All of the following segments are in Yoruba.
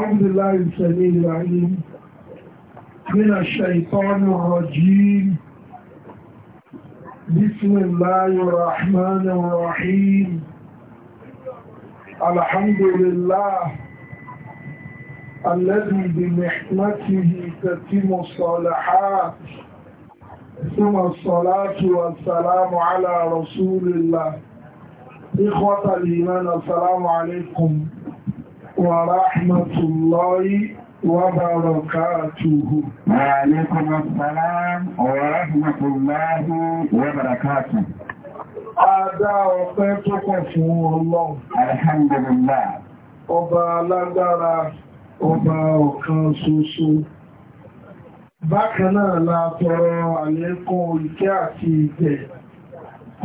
أعوذ بالله السميع العليم من الشيطان الرجيم بسم الله الرحمن الرحيم الحمد لله الذي بنحمته تتم الصالحات ثم الصلاة والسلام على رسول الله إخوة الإيمان السلام عليكم ورحمة الله وبركاته وعليكم السلام ورحمة Adá ọpẹ́ tó kọ̀ fún Ọlọ́run. Alhamdulillah. Ọba alágbára, ọba ọ̀kan ṣoṣo. Bákan náà àlékún ìkẹ́ àti ìgbẹ̀.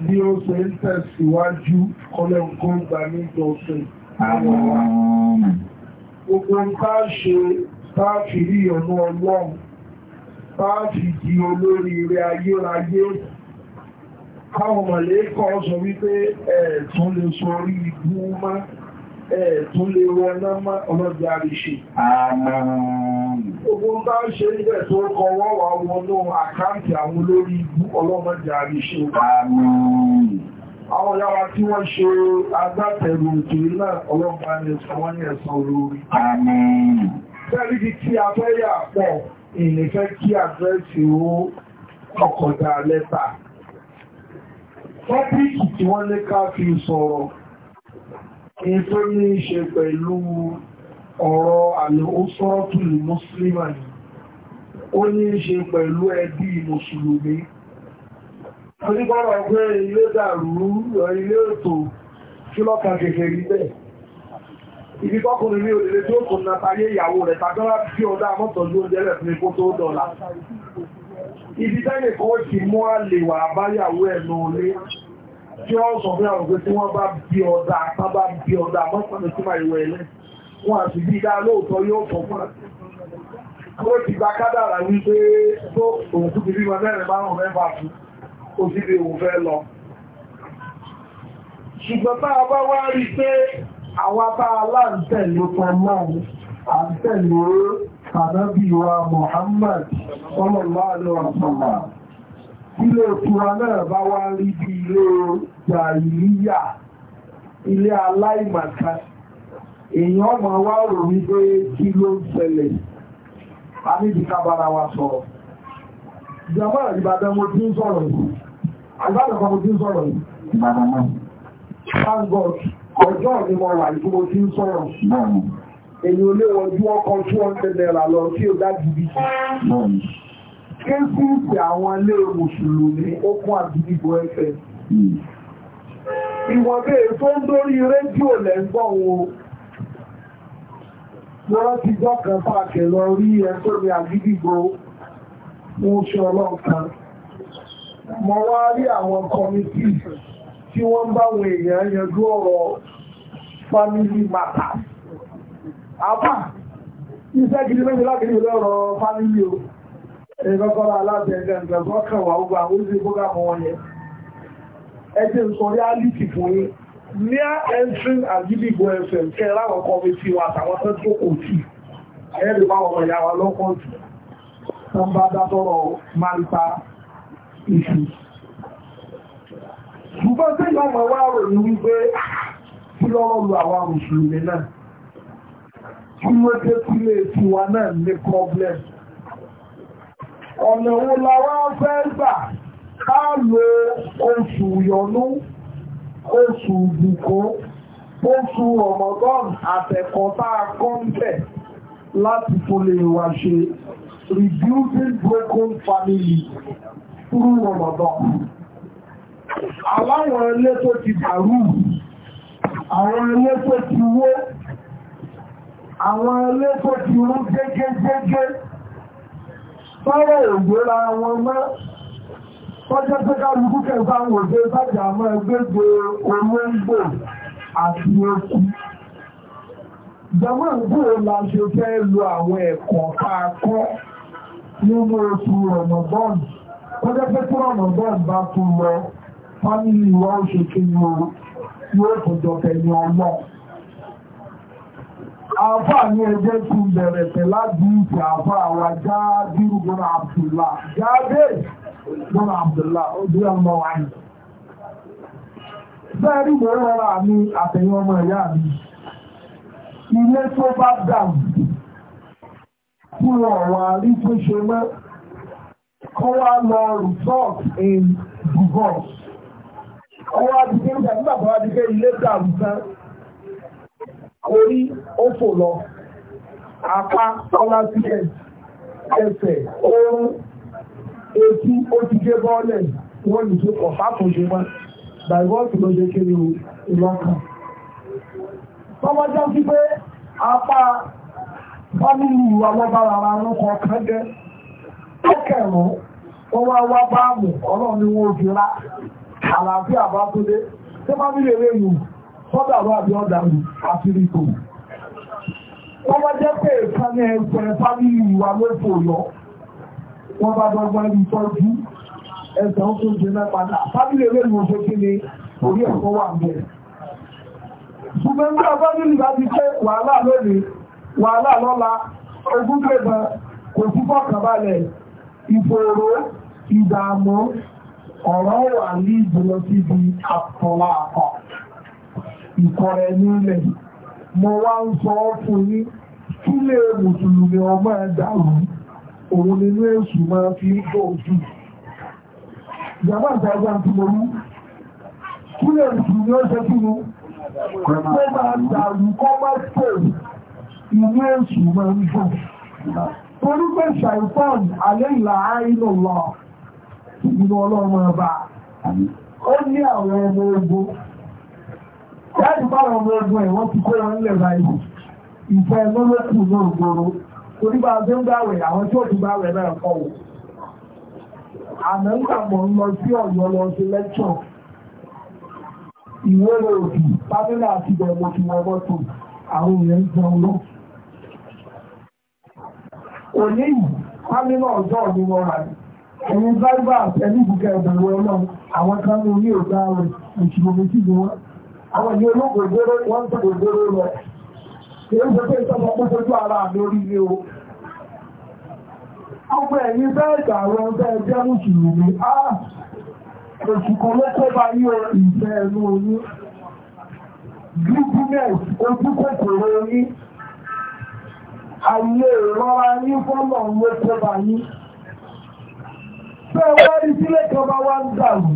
bí ó ṣe ń tẹ̀síwájú kọlẹ̀kún gbà ní ìjọsìn àwọn gbogbo ká ṣe táàfì rí ọ̀nà ọlọ́run táàfì di olórí rẹ̀ ayérayé káwọn mọ̀lẹ́kọ̀ọ́ sọ wípé ẹ̀ẹ̀tún lè sọ orí ìgbú máa ẹ̀ẹ̀tún lè wọná mọ́ ọlọ́dẹ àríṣì. Ogun bá ń ṣe níbẹ̀ tó kọ wọ́n wà wọnú àkáǹtì àwọn olórí ibú ọlọ́mọdé àríṣì. Àwọn yára tí wọ́n ṣe agbátẹrù òkè náà ọlọ́mọdé wọ́n ní ẹ̀san olórí. Fẹ́ríbi tí a fẹ́ yà pọ̀, ìnìfẹ́ kí àdírẹ́sì ó ọkọ̀dà lẹ́tà. Tọ́pìkì tí wọ́n lé ká fi sọ̀rọ̀ èyí tó ní ṣe pẹ̀lú ọ̀rọ̀ àlòósọ́ọ̀tùlù mùsùlùmá ni ó ní ṣe pẹ̀lú ẹbí mùsùlùmí onígbọ́rọ̀ pé ilé dàrú ilé ètò tí lọ́ka kẹfẹ́ rí bẹ́ẹ̀ ibi tọ́kùnrin ní òdìlé tí ó kùn náà tayé ìyàwó rẹ̀ tàbílá tí ọdá mọ́tọ̀lú oúnjẹ rẹ̀ fún epo tó dọ̀la ibi tẹ́lẹ̀ kan ti mú àlèwà àbáyàwó ẹ̀nà olé tí wọ́n sọ fún àwọn òpin tí wọ́n bá bí ọ̀dà bá bí ọ̀dà mọ́sánà tí máa ìwẹ̀ ẹ̀lẹ́ wọn àti bí dá lóòtọ́ yóò sọ fún àti ó ti gba kádàrà wípé tó òun kú ti bí mẹ́rin márùn-ún mẹ́fà fún ó sì lè òun fẹ́ lọ ṣùgbọ́n tá a bá wá rí pé àwa bá aláǹtẹ̀lé kan náà àǹtẹ̀lé tàbí wa Muhammad sallallahu alaihi wasallam ilé ìtura náà bá wá rí bí ilé gbàìlíyà ilé aláìmàkà èèyàn ọmọ wá rò wípé kí ló ń ṣẹlẹ̀ àníjìká sọ̀rọ̀ ìjọba ìbàdàn mo ti ń sọ̀rọ̀ yìí mo ti ń sọ̀rọ̀ thank God ọjọ́ ni mo wà ìfún mo ti ń sọ̀rọ̀ èyí ò lè wọ́n ọkọ̀ 200 naira lọ sí ọ̀dà jìbìtì kéfíìsì àwọn ilé mùsùlùmí okun àdúgbò ẹ̀fẹ́ ìwọ̀nbẹ̀ tó ń dórí rédíò lẹ́gbọ́n o lọ́rọ́ ti jọ́ kan pàkẹ̀ lọ rí ẹ̀tọ́ ní àdúgbò fún oṣù ọlọ́ọ̀kan mọ́ wá rí àwọn kọmitì tí wọ́n bá wọn èèyàn yanjú ọ̀rọ̀ family matter àbá iṣẹ́ gidi méjì láti rí ọ̀rọ̀ family o ẹgbẹ́gbọ́lá alábẹ̀ẹ́gbẹ̀ ìgbẹ̀gbọ́kànwà ogun àwọn orí ìgbógàmọ́ wọn yẹ ẹgbẹ́ ìsọ̀rí alìtì fún yí ní entering agidigbo fm kẹ́ láwọn kọmitì wa àtàwọn tó tó kò tí ẹ̀rì máa wọ̀ ìyàwó lọ́kọ̀ọ̀tù tó ń bá dátọ́rọ̀ márípa ìṣù ṣùgbọ́n tí ìlànà wà rò ní wípé kí lọ́rọ̀ lu àwọn mùsùlùmí náà kí wọ́n tẹ́ sílé tiwa náà ní problem ọ̀nà òun làwọn fẹ́ gbà ká lo oṣù yọnú oṣù ìbùkún oṣù ọmọdọ́n àtẹ̀kọ́ tá a kọ́ ń bẹ̀ láti tó lè wá ṣe rebuilding broken family through ọmọdọ́n aláwọn ilé tó ti dàrú àwọn ilé tó ti wó àwọn ilé tó ti rú gẹ́gẹ́gẹ́gẹ́ sọ́rọ̀ ògbéra wọn mọ́ tọ́jọ́ pẹ́ká lukú kẹfà ń wòdé bájà mọ́ ẹgbẹ́gbẹ́ olóńgbò àti okú jọmọ́ ìgbò la ṣe fẹ́ lo àwọn ẹ̀kọ́ káàkọ́ nínú oṣù Ramadan tọ́jọ́ pẹ́kú Ramadan bá tún lọ fámìlì wa ó ṣe kí ni ó yóò tọ́jọ́ tẹ̀yìn ọlọ́run àfà ní ẹgbẹ́ kú bẹ̀rẹ̀ pẹ̀lá dìísì àfà àwà jáàbírù gbọ́nà àbdùlá jáàbẹ̀ gbọ́nà àbdùlá ó dé ọmọ wa ní bẹ́ẹ̀rí mọ̀ rọra mi àtẹ̀yìn ọmọ ìyá mi ilé tó bá dàmù tí wọ́n wà rí tó ṣe mọ́ kọ́ wá lọ resort in divorce ọwọ́ adìgbé nígbà tó wá di pé ilé dàmù tán orí ó fò lọ apá ọlá sílẹ̀ ẹsẹ̀ oorun etí ó ti gé bọ́ọ̀lẹ̀ wọ́n ní tó ọ̀fà kò ṣe mọ́ dàgbọ́ọ̀sì ló ṣe kiri ìlọ́kàn. tọ́mọjọ́ sí pé apá fámìlì àwọn bára wa ń kọ kẹ́gẹ́ ó kẹ̀rún wọ́n wá wá báàmù ọlọ́run ni wọ́n fi ra àlàáfíà bá tó dé tó bá nílé lẹ́yìn kọ́dà wà bí ọ̀dà mi àti ríkò. Wọ́n bá jẹ́ pé ìkànnì ẹ̀sẹ̀ fámìlì wa ló fò lọ. Wọ́n bá dọ́gbọ́n ẹni tọ́jú ẹ̀sẹ̀ ó tó jẹ náà padà. Fámìlì eré ìwò ṣe kí ni orí ẹ̀kọ́ wà ń bẹ̀. Ṣùgbọ́n ní ọjọ́ nílùú bá ti pé wàhálà lónìí, wàhálà lọ́la, ogún gbẹ̀gbẹ̀ kò sí fọ́kànbalẹ̀, ìfòòró, ìdààmú, ọ̀rọ̀ wà ní ìjùlọ síbi àtọ̀lá àkọ́ ìkọrẹ nílẹ̀ mo wá ń sọ fún yín kílé mùsùlùmí ọmọ ẹ̀dàrú òun nínú èṣù máa fi ń tó ojú ìjàmbá ìjàmbá ti mọ̀ mú kílé mùsùlùmí ó ṣe kí ni kó máa dàrú kọ́ máa tó inú èṣù máa ń bọ̀ torí pé ṣàìfọ́n alẹ́ ìlà àìlò ìgbìmọ̀ ọlọ́run ọba ó ní àwọn ọmọ ogun láti báwọn ọmọ ogun ẹ̀ wọ́n ti kó wọn lẹ̀ báyìí ìfẹ́ lọ́lọ́kù náà gbòòrò torí bá ọdún gbàwẹ̀ àwọn tí ó ti gbàwẹ̀ náà kọ̀ wò àmọ́ nígbàgbọ́ ń lọ sí ọ̀yọ́ lọ sí lẹ́kṣọ̀ ìwé òbí pámílà àti ìbẹ̀rù ti wọ mọ́tò àwọn èèyàn ń jẹun lọ. òní yìí pámílà ọjọ́ ọdún wọn rà ní ẹ̀yin driver ẹ̀mí ìbùkẹ́ ìbẹ̀rù ọlọ́run àwọn kan ní orí ògbà rẹ̀ òṣìṣẹ́ omi sí ni wọ́n àwọn ìyẹn olóògbòdóró wọ́n tó gbòdóró lọ èyí tó pé ìtọ́mọ púpọ̀jú ara àmì oríire o ọgbọ̀ ẹ̀yìn bẹ́ẹ̀gà àwọn ọgbẹ́ ẹgbẹ́ mùsùlùmí á oṣù kan ló kó bá yí ìfẹ́ ẹnu oyún gígúnẹ̀s ojú kòkòrò oyún àyè ìrọra yín fọ́nà ló kó bá yí bẹ́ẹ̀ wá rí sílé kan bá wá ń dàrú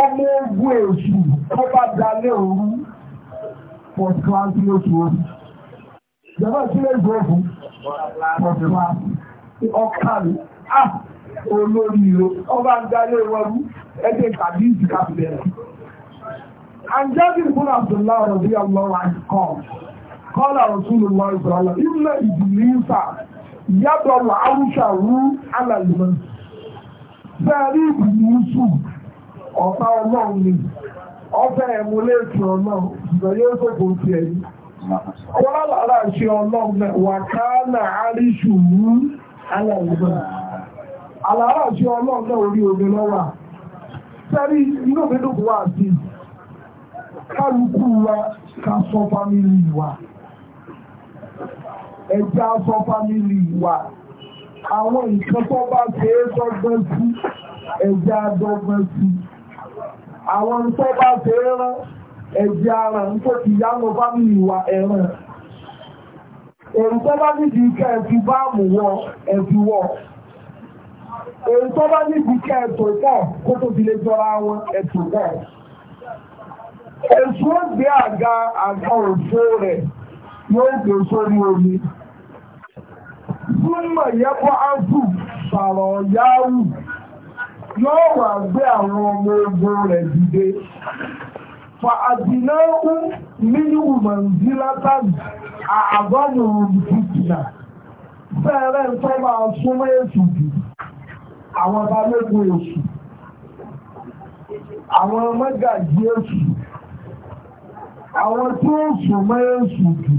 ọmọ ogun èṣù tó bá dalé òru first class ní oṣù oṣù jẹ́bọ́ sí lè gbọ́ fún first class ọkàlù á olórí ìlú ọba ń dalé ìwọ́rú ẹgbẹ́ tàbí ìsìká bẹ̀rẹ̀ and Jabir bin Abdullah radiyallahu anhu qala qala Rasulullah sallallahu alaihi wasallam inna Iblisa yad'u 'arshahu 'ala al-maut sari ibn Yusuf ọ̀tá ọlọ́run ni ọfẹ́ ẹmúlẹ́ẹ̀tì ọlọ́run ṣùgbọ́n yóò sọ́kò ti ẹ̀yí wọ́n lára ṣe ọlọ́run wà káàlà àríṣù mú aláìgbọ́n àlàárà ṣe ọlọ́run náà orí omi lọ́wà sẹ́rí inú mi dùn wá sí kálukú wa ká sọ fámìlì wa ẹ̀já sọ fámìlì wa àwọn nǹkan tó bá ṣe é dọ́gbọ́n sí ẹ̀já dọ́gbọ́n sí i àwọn tó bá ṣe rán ẹ̀jẹ̀ ara ń tó ti yá lọ bá mi ìwà ẹ̀ràn èyí tó bá nídi ikẹ́ ẹ̀fì bá mú wọ ẹ̀fì wọ èyí tó bá nídi ikẹ́ ẹ̀tò pọ̀ kó tó ti lè jọra wọn ẹ̀tò pọ̀ èṣù ó gbé àga àga òṣó rẹ̀ yóò gbé sórí omi súnmọ̀ yẹ́pọ̀ áńtù sàrọ̀ yáwù yóò wà gbé àwọn ọmọ ogun rẹ̀ dìde fa àdínáwó nínú mọ̀nzílátàbí àbọ̀nù ìfìtìnà bẹ́ẹ̀rẹ̀ tó máa súnmọ́ èṣù jù àwọn balógun èṣù àwọn mẹ́gàjí èṣù àwọn tí ó súnmọ́ èṣù jù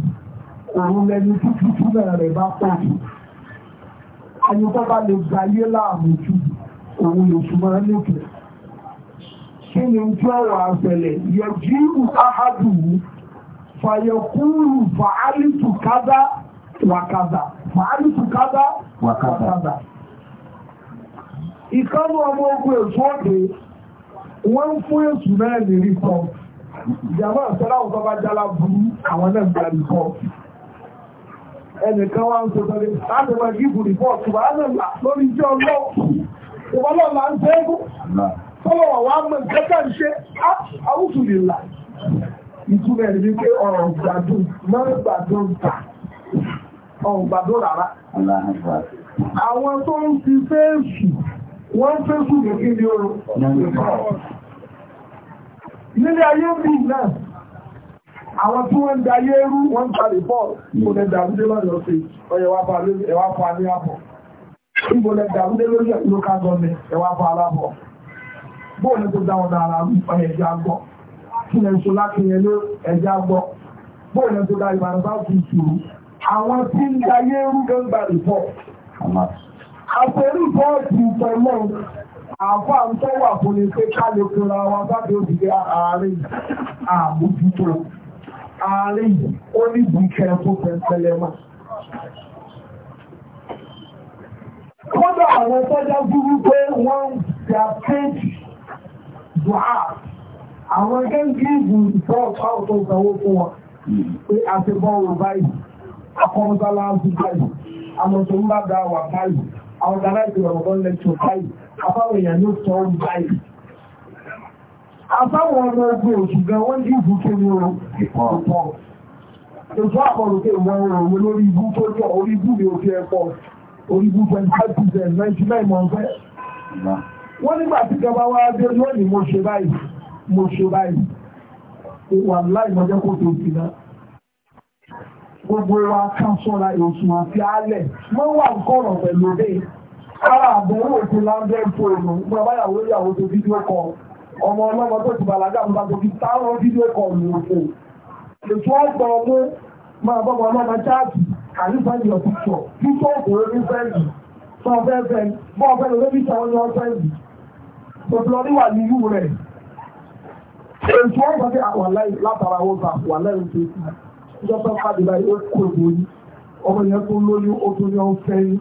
òun lẹni títí túnmọ̀ rẹ̀ bá pọ̀ jù ẹni tó bá lè gbáyé láàmú jù jù òun ló tún máa nífẹ̀ẹ́ kí ni tí ó wà àfẹ̀lẹ̀ yọjíìrù ahadùwù fàyẹkúrù fàálìtù kádà wàkádà fàálìtù kádà wàkádà ìkánú ọmọ ogun èso òde wọ́n ń fún èsù náà ní ríkọ ìjàmbá àtẹ́lá ọ̀tọ́ bá jálá burú àwọn náà gba ríkọ ẹnìkan wá ń sọ sọ́dẹ̀ láti máa gígùn rípọ̀ ṣùgbọ́n á lórí iṣẹ́ ọlọ́ọ̀kù ìwọ́lọ́ là ń tẹ́gùn tọ́lọ̀ wà mọ̀ ìjẹ́kà ń àwùsùlìlà ìtumẹ̀ ní pé ọ̀rọ̀ gbàdùn mọ́ gbàdùn tà ọ̀rọ̀ gbàdùn rárá àwọn tó ń fi fẹ́ẹ̀sù wọ́n fẹ́ẹ̀sù àwọn tí wọ́n ń da ayé rú wọ́n ń ta bọ́ọ̀lù kò ní dàrú dé lọ́yọ̀ọ́ ní àpọ̀ ìbòlẹ̀ dàrúdé lórí local government ẹwà fún alábọ̀ bóòlù tó dáwọn dára ọmọ ẹ̀já gbọ́ kí lè so láti yẹn ló ẹ̀já gbọ́ bóòlù tó dá ìbàdàn bá fi ìṣòro àwọn tí ń dayé rúgbẹ́ ń gba kọ́dọ̀ àwọn tọ́já gúrú pé wọ́n ya page dùá àwọn gẹ́gìrìbù ìfọ́ọ̀tọ́ àwọ̀tọ́ ìsanwó fún wọn pé a ti bọ́ òun báyìí akọ́mọ́sálá sí báyìí àmọ̀tò ń bá dá wà báyìí àwọn dára ìgbìmọ̀ orí gbogbo ẹni five percent ninety nine mọ̀ fẹ́. wọ́n nígbà tí ìjọba wa dé lónìí mo ṣe báyìí mo ṣe báyìí wà láì mọ́jẹ́ kó tó ti náà gbogbo wa kan sọ́ra ìrùsùn àti alẹ̀ wọ́n wà kọ̀rọ̀ pẹ̀lú dé ara àbẹ̀wò ti láńdẹ́ fóònù gbọ́n báyàwó ìyàwó tó fídíò kọ ọmọ ọlọ́mọ tó ti bàlágà ń bá tó fi táwọn fídíò kọ lòfò ètò ọgbọ̀n ọmú máa bọ́mọ ọlọ́mọ chaàtì can you find your picture picture kò ló ní fẹ́ẹ̀lì sọ fẹ́ẹ́ fẹ́ẹ́ bọ́ ọ fẹ́ẹ́ lọ lórí ìṣàwọn ní ọ́fẹ́ẹ̀lì tòtò lọ níwà ní irú rẹ̀ èso ọ̀gbọ́n ti àwọn aláì látara wọn gbà wà lẹ́yìn tó ti ìjọ tó pàdé báyìí ó kó èbó yìí ọmọ yẹn tó lóyún ó tó ní ọ́n fẹ́yìn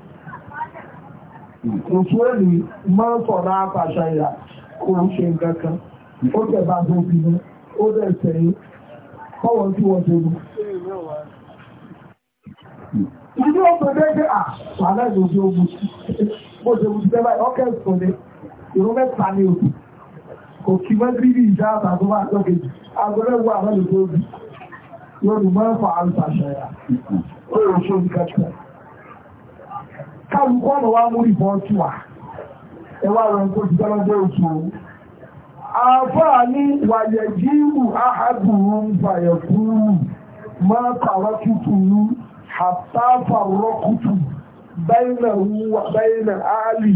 èso èlì máa ń sọ̀rọ̀ àpàṣà ìyà kò ń ṣe nǹkan kan ó tẹ̀ bá tó bínú ó dẹ̀ sẹ́yìn kọ́wọ́n tí wọ́n ṣe lù. Ìdí ọ̀pọ̀ déédé àṣàlẹ̀ lójú ogun. Mo ṣe mú ṣẹ́ báyìí, ọkẹ́ ìsọ̀lẹ̀, ìrún mẹ́ta ní òkú. Kò kí wọ́n bí ìjà àtàkó máa tọ́ kejì. Agbẹ́rẹ́ wọ àwọn lójú ogun. Lórí mọ́fà àlùfàṣàyà. Ó àtàfà rọ́kùtù bẹ́ẹ̀nà wúwa bẹ́ẹ̀nà áàlì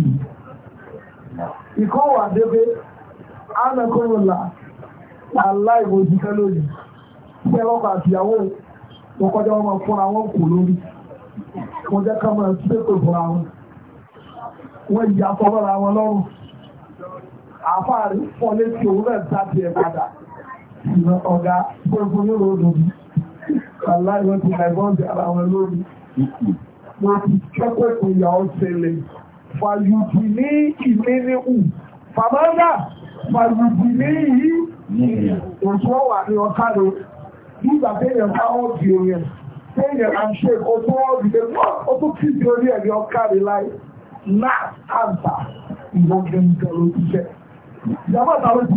ìkọ́wà débé ánàkọ́rọ̀lá aláìwòjúkẹ́ lónìí tí ẹlọ́kọ̀ àtìyàwó wọn kọjá wọn máa fúnra wọn kò lórí wọn jẹ́ ká máa ṣépè fúnra wọn wọn yà fọlọ́ra wọn lọ́rùn àfáà rí fọ́ létí òun náà sáà tiẹ̀ padà ọ̀gá gbogbo yóò lòdì aláìwọ́n ti dàgbọ́ǹdì ara wọn lórí wọ́n ti kẹ́kọ̀ọ́ ìpìyà ọ̀sẹ̀lẹ̀ fàyùjì ní ìmínú fàmọ́dà fàyùjì ní yìí òṣùwọ́ wà ní ọ̀kadò nígbà téèyàn bá wọ́n di orin téèyàn à ń ṣe òtún wọ́n dìde ó tún kí di orí ẹ̀rí ọ̀kadì láì náà àǹtà ìwọ̀n gẹ̀ǹgẹ̀ ló ti jẹ́ ìjàmbá ta ló ti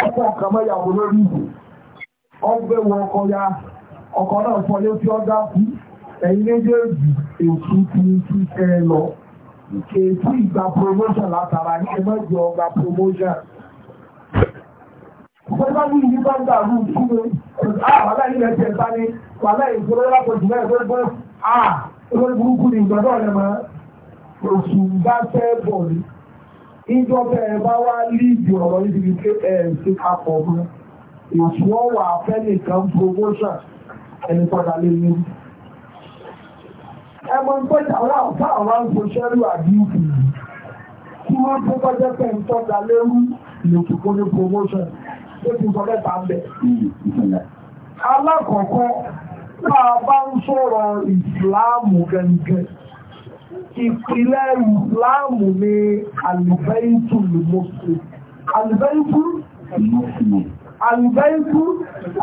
ọkọ̀ nǹkan mẹ́yàwó lórí ìlú ọgbẹ́ wọ ọkọ̀ ya ọkọ̀ náà fọ yóò fi ọgá kú ẹ̀yin méjèèjì èkú ti ti tẹ lọ èkú ìgbà promotion látara ní ẹmẹ́jọ ọgbà promotion Ìjọba ní ìlú bá ń dàrú ìṣúlé, àwàlá ilẹ̀ ti ẹ̀ta ni, wàlá ìṣòro lápò jùlọ ẹ̀gbẹ́gbẹ́, àà, olórí burúkú ni ìgbàdọ̀ rẹ̀ máa, òṣùgbà tẹ́ bọ̀ ni ìjọba ẹ̀ bá wá líìdì ọ̀rọ̀ ibi pé ẹ̀ ṣe papọ̀ mọ́ ìṣúọ́ wà fẹ́nìkan promotion ẹni padà lé ní. ẹmọ ń pẹ́jà wà fún àwọn àǹfọ̀ṣẹ́rù àdínkù kí wọ́n tó kọjá pé ń tọ́jà lérú ìlòkù fún ní promotion tó ti sọ mẹ́ta ń bẹ̀. alákọ̀ọ́kọ́ tá a bá ń sọ̀rọ̀ ìsìláàmù gẹ́gẹ́ ìpìlẹ̀ ìsìláàmù ni àlùbẹ́ìtù lùmọ́sí àlùbẹ́ìtù àlùbẹ́ìtù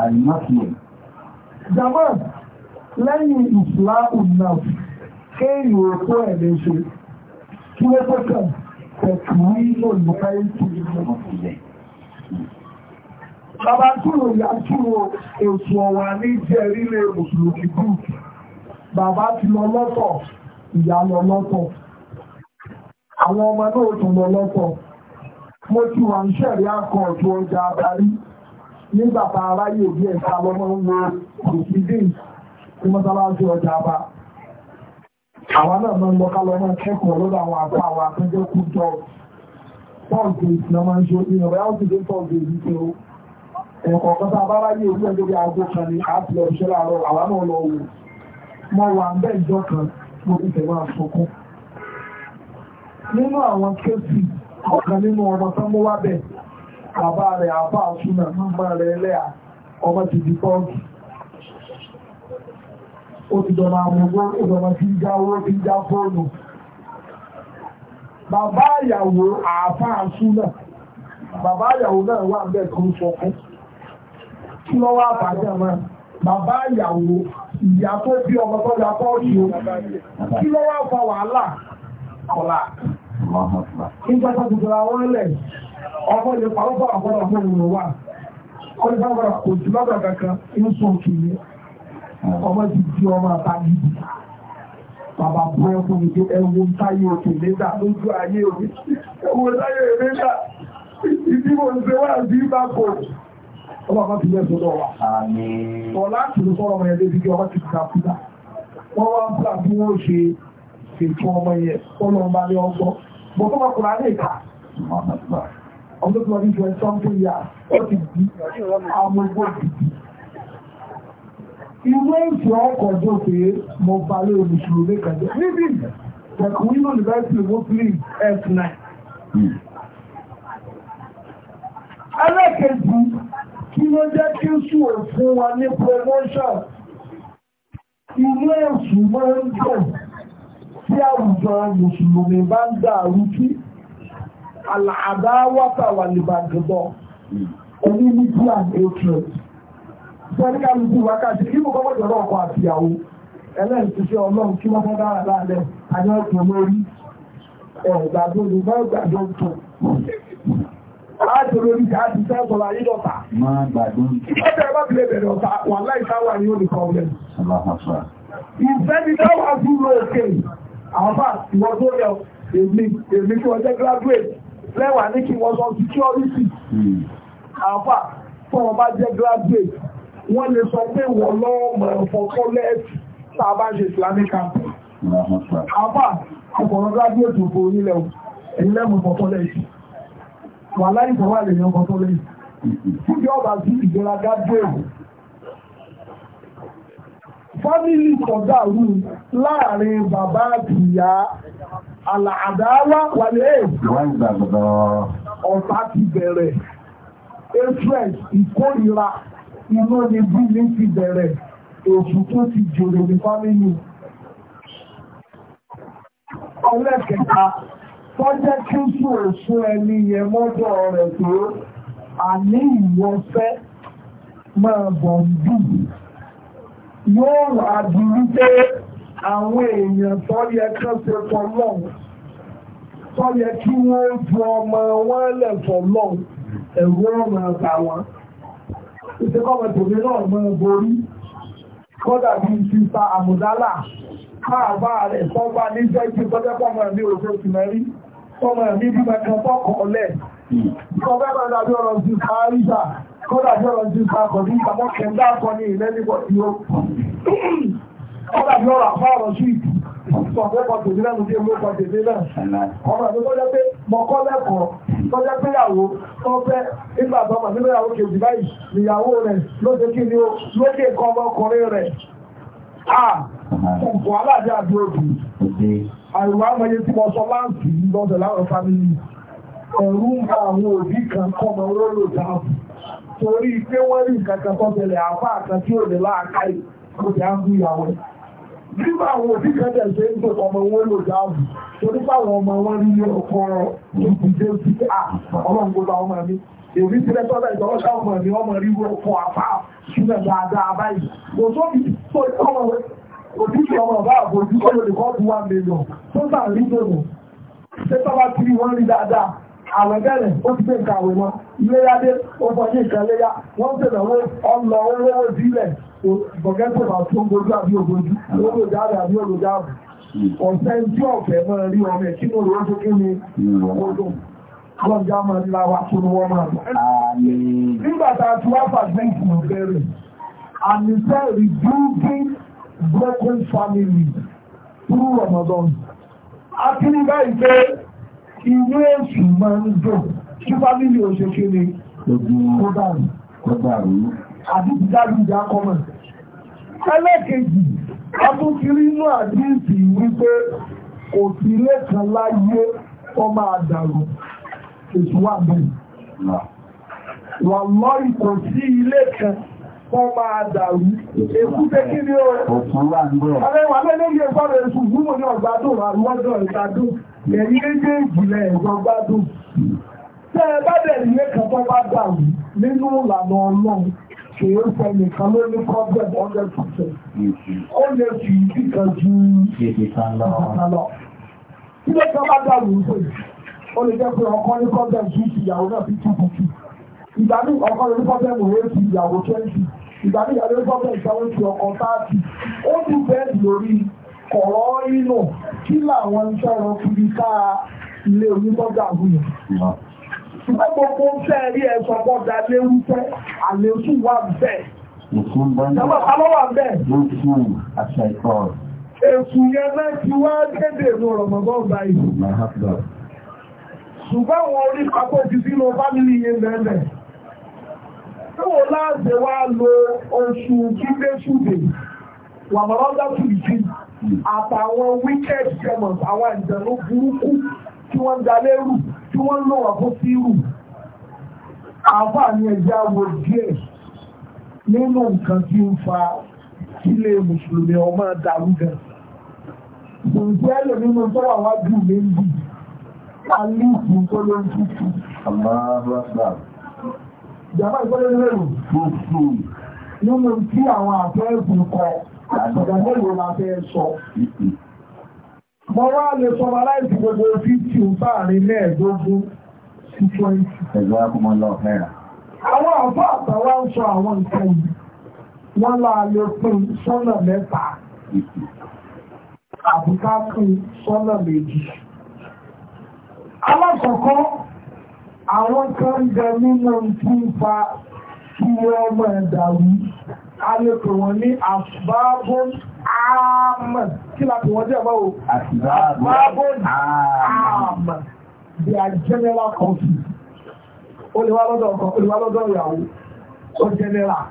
àlùmọ́sí jama lẹ́yìn ìsìláàmù náà kéèyàn òkú ẹ̀mí ṣe kí ó pẹ́kẹ̀ pẹ̀kùrí lòlùbẹ́ìtù lùmọ́sí Bàbá túrò ìyá túrò èsù ọ̀wà ní jẹ́rí lè Mùsùlùmí gúùsù. Bàbá ti lọ lọ́tọ̀ ìyá lọ lọ́tọ̀ àwọn ọmọ náà tún lọ lọ́tọ̀ mo ti wà ń ṣẹ̀rí akọ̀ ọ̀tún ọjà adarí ní aráyè bí lọ́mọ ń wo tí ọjà bá àwọn náà máa ń lọ ká lọ́mọ kẹ́kọ̀ọ́ lọ́dọ̀ àwọn àgbà àwọn kú jọ ìsinmi máa ń ṣe àwọn kan a bí aago kan ní àpilẹ̀ àwọn náà lọ wò mo kan lásìkò ìbẹ̀wà àsọkún nínú àwọn kéèsì ọ̀kan nínú ọmọ tó bẹ̀ bàbá rẹ̀ àbá àsúnà mọ́mọ́ rẹ̀ ẹlẹ́à ọmọ ti di pọ́ọ̀kì ó ti dọ̀nà àmúgbó ó dọ̀nà tí ń já owó tí ń já fóònù bàbá ìyàwó bàbá ìyàwó náà wà kan kí lọ́wọ́ máa bàbá ìyàwó ìyá tó bí ọmọ tó ya tó ṣe o kí ló wá fa wàhálà kọ̀lá nígbà tó tuntun ra wọ́n lẹ̀ ọmọ ilé pàrọ́pọ̀ àwọn ọmọ ìrìn wà ó ní báwọn kò sí lọ́dọ̀ kankan ń sùn kìíní ọmọ ti di ọmọ àtàgídì bàbá bọ́ fún mi pé ẹwọ táyé òkè lẹ́dà lójú ayé òkè ẹwọ táyé òkè lẹ́dà ìdí mo ń ṣe wá ọlọ́pàá ti lẹ́sọ lọ́wọ́ ọ̀lá ti lọ sọ́rọ̀ ọmọ yẹn lébi kí ọmọ ti ta fúdà wọ́n wá ń fúlà bí wọ́n ṣe ètò ọmọ yẹn ọlọ́ọ̀bá ní ọgbọ́ bọ́ tó máa kọ̀ọ̀lá ní ìka ọdún tó wà ní twenty something years ó ti di amúgbó dìdì ìwé ìfẹ́ ọkọ̀ jọ pé mo balẹ̀ olùsùlùmí kàjọ níbi ìdẹ̀kùn nínú university muslim f9 hmm. ẹlẹ́kẹ̀ẹ́jì kí ló jẹ́ kí sùn ò fún wa ní promotion ilé èṣù máa ń dùn tí àwùjọ mùsùlùmí bá ń dà rúkí àlàdá wátàwà nìbàgbọ́ oní nígbí àgbẹ̀ẹ́tù sẹ́ríkàlùkù wákàtí kí mo kọ́kọ́ jọ̀rọ̀ ọkọ̀ àtìyàwó ẹlẹ́ẹ̀kùsẹ́ ọlọ́run kí wọ́n fọ́dá rà láàrẹ̀ àjọ́ ọkọ̀ lórí ẹ̀ẹ̀gbàgbọ́ àádọ́rọ̀ ní àti sẹ́sọ̀rọ̀ ayé lọ́ta. Máa gbàdún. Ìgbẹ́bẹ̀rẹ̀ bá bẹ̀rẹ̀ bẹ̀rẹ̀ ọ̀ta wà láìsáwà ní olùkọ́ ọ̀rẹ́. Ìfẹ́ ni káwà dúró òkè. Àbá ìwọ tó yọ èmi èmi kí wọ́n jẹ́ graduate lẹ́wà ní kí wọ́n sọ security. Àbá fún ọba jẹ́ graduate wọ́n lè sọ pé wọ́n lọ́mọ ẹ̀fọ́ kọ́lẹ́ẹ̀tì tá a bá ń ṣe Islamic campus. Àbá ọkọ̀ graduate òfò onílẹ̀ ẹ̀yìn lẹ́mọ̀ ẹ̀fọ́ kọ́lẹ́ẹ̀tì wà láì fọwọ́ àlèyàn kan tó lè fúdí ọba sí ìgbéraga gbèrò fámílì kọ̀dàrú láàrin bàbá àti ìyá àlàádáwà wàlẹ̀ ọ̀tá ti bẹ̀rẹ̀ hatred ìkórìíra inú ni bí ní ti bẹ̀rẹ̀ èṣù tó ti jòrò ní fámílì ọlẹ́kẹta tọ́jẹ́ kí sùn òṣù ẹni yẹn mọ́jọ́ rẹ̀ tó àní ìwọ́fẹ́ máa bọ̀ ń bì yóò rà bí wípé àwọn èèyàn tó yẹ kán ṣe fọlọ́hún tó yẹ kí wọ́n ju ọmọ wọn lẹ̀ fọlọ́hún ẹ̀rú ọ̀rọ̀ àgbà wọn. Ìṣèkọ́mọ tòmí náà máa borí kọ́dà bí sísa àmùdálà káàbá rẹ̀ sọ́gbà níjẹ́ ìpínlẹ̀ pọ̀ mọ́ ẹ̀mí òṣèlú mẹ́rin tọ́mọ ẹ̀mí bí mẹ́kan tọ́kọ̀ ọlẹ̀ ìkọ̀gbẹ́gbẹ́ dàbí ọ̀rọ̀ sí sáárìsà kọ́dà bí ọ̀rọ̀ sí sáàkọ̀ ní ìkàmọ́ kẹ̀ndà kan ní ilẹ̀ nígbọ̀ tí ó kọ́dà bí ọ̀rọ̀ àfá ọ̀rọ̀ sí ìsọ̀gbẹ́kọ̀ tòbí lẹ́nu tí èmi kọ̀ tèmi náà ọmọ ẹ̀mí tó jẹ́ pé mọ̀kọ́ lẹ́kọ̀ọ́ tó jẹ́ pé ìyàwó tó fẹ́ nígbà tó mọ̀ nínú ìyàwó kejì báyìí ìyàwó rẹ̀ ló ṣe kí ni ó lókè kọ́ ọmọkùnrin rẹ̀ Kòkò aláàjá àti òbí. Àìwá mọye tí mo sọ láǹtì lọ́dọ̀ láwọn fámìlì. Ẹ̀rú ń bá àwọn òbí kan kọ́mọ rólò dáàbò. Torí pé wọ́n rí nǹkan kan tó tẹ̀lẹ̀ àbá kan tí ò lè láàkáì kò dé áńgú ìyàwó. Nígbà àwọn òbí kan tẹ̀ ṣe ń tó ọmọ wọn lò dáàbò. Torí báwọn ọmọ wọn rí ní ọkọ ìdíje sí à ọlọ́run gbogbo àwọn ọmọ mi. Èmi ti rẹ́ tọ́lá ìjọba sáwọn ọmọ mi ọmọ rí wọ́n fọ àpá ṣúlẹ̀ dáadáa báyìí. Kò sóbi tó ìtọ́mọ̀ òbíkì ọmọ ọba àbòjú olùdíkọ́ ti wá mílíọ̀n tó bá rí lòrò ṣé tọ́wá tí wọ́n rí dáadáa àwẹ̀ bẹ̀rẹ̀ ó ti gbé nǹkan àwẹ̀ wọn iléyàdé ó bọ̀ ní nǹkan léyà wọ́n bẹ̀rẹ̀ wọn ọlọ olówó sílẹ̀ bọ̀gẹ́ tó bá tún gbójú àbí ògbójú olódàbí àbí olódàbí ọ̀sẹ̀ tí ọ̀fẹ́ máa rí ọmọ ẹ̀ kí mo lọ́ọ́ tó kí ni ọdún wọ́n já máa rí láwa tó ni wọ́n máa lọ. nígbà tá a ti wá fàgbẹ́ ìgbìmọ̀ bẹ̀rẹ̀ àmì sẹ́ẹ̀rì dúdú broken family through Ramadan akíní báyìí pé inú èsù máa ń dùn kí fámìlì ò ṣe kí ni kó dàrú kó dàrú àdìsí dájú ìjà kọ́mọ̀ ẹlẹ́kejì abúkiri inú àdìsí wípé kò sí ilé kan láyé ọmọ àdàrú èsù wà wà lọ́ọ̀rì kò sí ilé kan kọ́ máa dàrú èkú pé kí ní ọ̀rẹ́ àwọn abẹ́lẹ́ ilé ìfọ́rọ̀ èṣù gúnmù ní ọ̀gbádùn àlúwọ́dọ̀ ìgbádùn ẹ̀yìn méjèèjì lẹ̀ ìgbọ́gbádùn tẹ́ ẹ bá dẹ̀ ilé kan tó bá dàrú nínú ìlànà ọlọ́run kì í fẹ́ nìkan ló ní problem hundred percent ó lè fi ìdí kan ju ìdí kan lọ ilé kan bá dàrú ń pè ó lè jẹ́ pé ọkọ ní problem ju ìyàwó náà fi túbùtù ìgbà ní ọkọ ní problem rẹ̀ ti ìyàwó twenty ìgbà tí ìyàwó gbọ́dọ̀ ìṣàwó ti ọkàn táàtì ó dùn bẹ́ẹ̀ lórí kọ̀rọ̀ inú kí làwọn ń sọ̀rọ̀ kiri ká ilé onímọ̀gà wúyọ̀. ṣùgbọ́n gbogbo ń fẹ́ rí ẹ̀sọ́ gbọ́dọ̀ léwu fẹ́ àlékún wà bẹ́ẹ̀. ìjọba àlọ́ wà bẹ́ẹ̀. èsù yẹn náà ti wá kéde ìlú rọ̀mọ̀gbọ́n báyìí. ṣùgbọ́n àwọn orí kakó ti sínú fámìlì yẹn bẹ́ẹ̀ bẹ́ẹ̀ kó láàṣẹ wá lo oṣù kíndésùdè wà mọ́lọ́dá tùlùjì àtàwọn wicked demons àwọn ìjẹ̀lú burúkú tí wọ́n ń dalérù tí wọ́n ń lò wọ́n fún sírù àǹfààní ẹ̀jẹ̀ àwọ̀ díẹ̀ nínú nǹkan tí ń fa ilé mùsùlùmí ọmọ dàrúgà ǹjẹ́ ẹ̀lò nínú tó wájú mi ń bì alíkùn tó ló ń tútù. àmọ́ Ìjàmbá ìgbọ́lẹ̀ lẹ́rù gbogbo nínú tí àwọn àfẹ́ẹ̀kùn kọ àtọ̀dọ̀ mélòó la sọ. Mo lè sọ wa láìsí gbogbo sí twenty. Ẹ̀gbọ́n akọ́mọ lọ fẹ́ra. Àwọn sọ́nà méjì. Alákọ̀ọ́kọ́ àwọn kan ń jẹ nínú tí ń fa kí ọmọ ẹ̀dà wí a lè pè wọ́n ní àbábọ́n àmà kí la pè wọ́n jẹ́ báwo àbábọ́n àmà they are general conflict ó ìyàwó ó general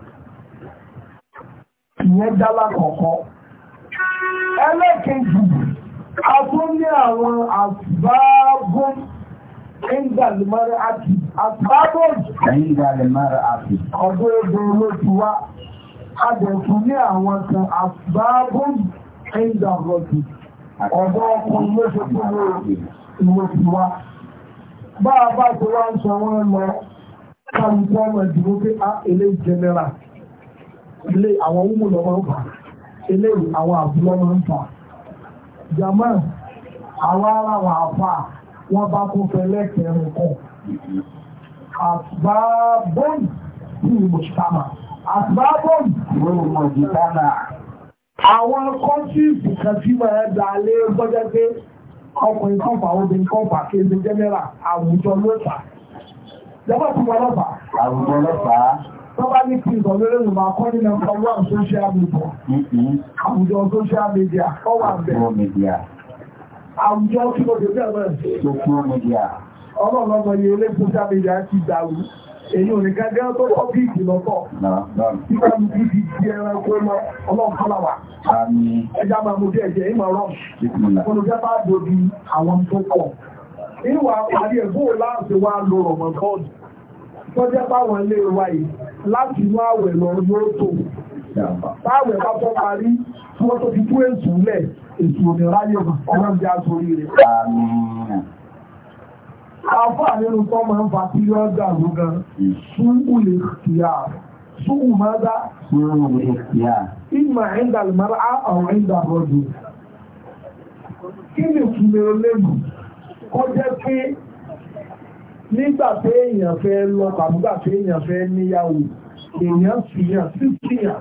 ìyẹn dálá kọ̀ọ̀kan ẹlẹ́kejì a tún ní àwọn àbábọ́n àmà Ẹ̀ńdàlùmọ́rẹ́ àti àtàbọ̀jù. Ẹ̀ńdàlùmọ́rẹ́ àti. Ọdún egbò ló ti wá. A jẹ̀ fún ní àwọn kan àtàbọ̀jù ẹ̀ńdàlùmọ́rẹ́. Ọ̀dọ́ ọkùnrin ló ṣe fún ìwò wá. Bá a bá ti wá ń sọ wọ́n lọ, kálukú ọmọ ìdìbò pé a ah, ilé jẹnẹra. Ilé àwọn ọmọ lọ́mọ ń fà. Ilé àwọn àbúlọ́mọ wọ́n bá tó fẹ́lẹ́ kẹrin kan àtìbábọ́ọ̀nì ní ìmọ̀ṣítàmà àtìbábọ́ọ̀nì ní ìmọ̀ṣítàmà àwọn kọ́ńtíìsì kan tí máa dà lé gbọ́jẹ́ pé ọkùnrin kọ́fà obìnrin kọ́fà kéde jẹ́nẹ́rà àwùjọ lọ́fà jẹ́bọ̀ tí wọ́n lọ́fà àwùjọ lọ́fà tọ́bá ní kí ìtọ̀ lórí ìlú máa kọ́ nínú ọwọ́ social media mm-hmm. àwùjọ social media ọwọ́ àbẹ̀ àwùjọ kí ló dé bẹ́ẹ̀ mẹ́rin. Social media. Ọlọ́lọ́mọ yìí ilé social media ti dàrú. Èyí ò ní gẹ́gẹ́ tó kọ́ bí ìkìlọ́tọ̀. Nígbà mi kì í fi di ẹranko lọ, ọlọ́run kọ́ làwà. Ẹja máa mú bí ẹ̀jẹ̀ ìmọ̀ rọ̀. Olùjẹ́ bá dòbí àwọn tó kọ̀. Ìwà àpàdé ẹ̀gbọ́n láti wá lo Rọ̀mọ̀kọ́ọ̀dù. Tọ́jẹ́ báwọn ilé wa yìí láti inú àwẹ̀ lọ yóò tó. Báwẹ̀ bá tọ́ parí, wọ́n tó ti tú èsù lẹ̀ ètò òmìnira yóò ọmọ ìjà sórí rẹ̀. Àfáà nínú tó máa ń fa tí yọ́ dà ló gan, ṣúgbù lè kìíyà. Ṣúgbù máa dá? Ṣúgbù lè kìíyà. Ìmọ̀ ẹ̀ńdà lè máa á àwọn ẹ̀ńdà rọ̀jù. Kí ni ìtumẹ̀ olébù? Kọ́ jẹ́ pé nígbà èèyàn fẹ́ lọ tàbí èèyàn fẹ́ níyàwó, èèyàn fìyàn sí fìyàn.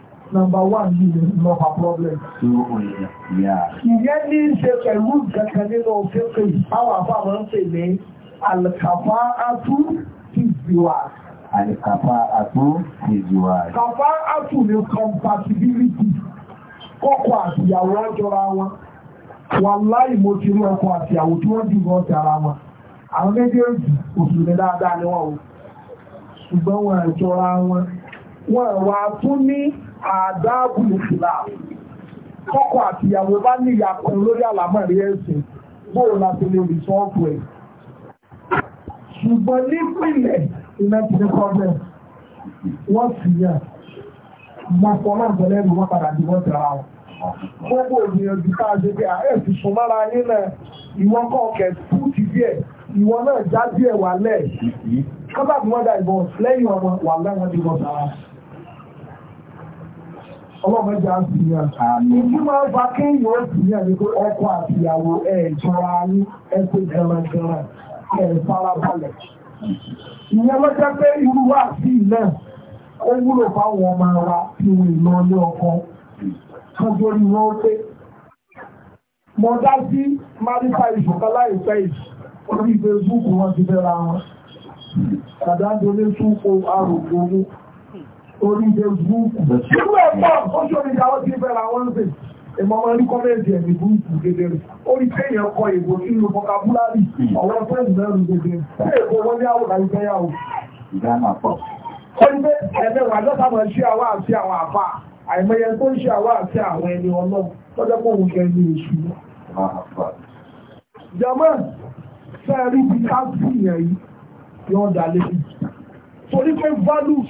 number one ní ìlọ́pàá problem. Oh, Ìyẹn ní í ṣe pẹ̀lú kankan nínú fífi àwọn àbá máa ń pè ní Alkafa Atu Tiziwa. Alkafa Atu Tiziwa. Kafa Atu ni compatibility. Kọ́kọ́ àtìyàwó ọjọ́ra wọn. Wàláì mo ti rí ọkọ àtìyàwó tí wọ́n dìbò ọjà ara wọn. Àwọn méjèèjì òṣèlú dáadáa ni wọ́n o. Ṣùgbọ́n wọn àjọra wọn wọ́n wà tún ní àdáàbù ìfìlà kọ́kọ àtìyàwó bá ní ìyàpọ̀ lórí àlámọ̀rí ẹ̀sìn bóò láti lè rí sọ́ọ̀tù ẹ̀ ṣùgbọ́n nípìnlẹ̀ ìmẹ́tìrí kọ́bẹ̀ wọ́n sì yàn mọ̀pọ̀ náà tẹ̀lé ẹ̀rù wọn padà dìbò tẹ̀ra wọn gbogbo ìgbìyànjú tá a ṣe pé àárẹ̀ ti sùn lára yín náà ìwọ́n kọ́ kẹ̀ fúùtì díẹ̀ ìwọ náà já díẹ̀ wà lẹ́ẹ̀ kábàbí wọ́n dá ìbọn lẹ́yìn ọmọ wà láwọn dìbò tẹ̀ra wọn ọlọ́mọ ìjà ń sìn yàn. Ìdí máa ń fa kéèyàn ó sìn yàn ní pé ọkọ àti ìyàwó ẹ̀ jọra ní ẹsẹ̀ gẹ̀rẹ́gẹ̀rẹ́ ẹ̀ farabalẹ̀. Ìyẹn ló jẹ́ pé irú wà sí náà ó wúlò fáwọn ọmọ wa tí wọ́n lọ ní ọkọ. Gbogbo ni wọ́n pé. Mo dá sí Máríkà Ìṣọ̀kan láìpẹ́ yìí orí Facebook wọn ti fẹ́ ra Kàdá ń tún kó àròkò owó orí Facebook. Irú ẹ̀pọ̀ ojú omi ìdáwọ́ ti fẹ́ ra wọ́n ṣe. Èmọ̀ máa ní kọ́mẹ́ǹtì ẹ̀mí búrúkú kékeré. Orí kéèyàn kọ èbò sínú vocabulary hmm. ọ̀wọ́ fẹ́ẹ̀sì náà lù kékeré. Ṣé èkó wọ́n ní àwòrán ìfẹ́ yà o? Ìdáná pọ̀. Ó ní pé ẹ̀mẹ́wàá lọ́ta máa ṣe àwọn àti àwọn àfà. Àìmọye tó ń ṣe àwọn àti àwọn ẹni ọlọ́run lọ́jọ́ pé òun kẹ́ ní èṣù. Jọ̀mọ́ sẹ́ẹ̀rí bí ká sí ìyẹn yìí yóò dá lé torí pé values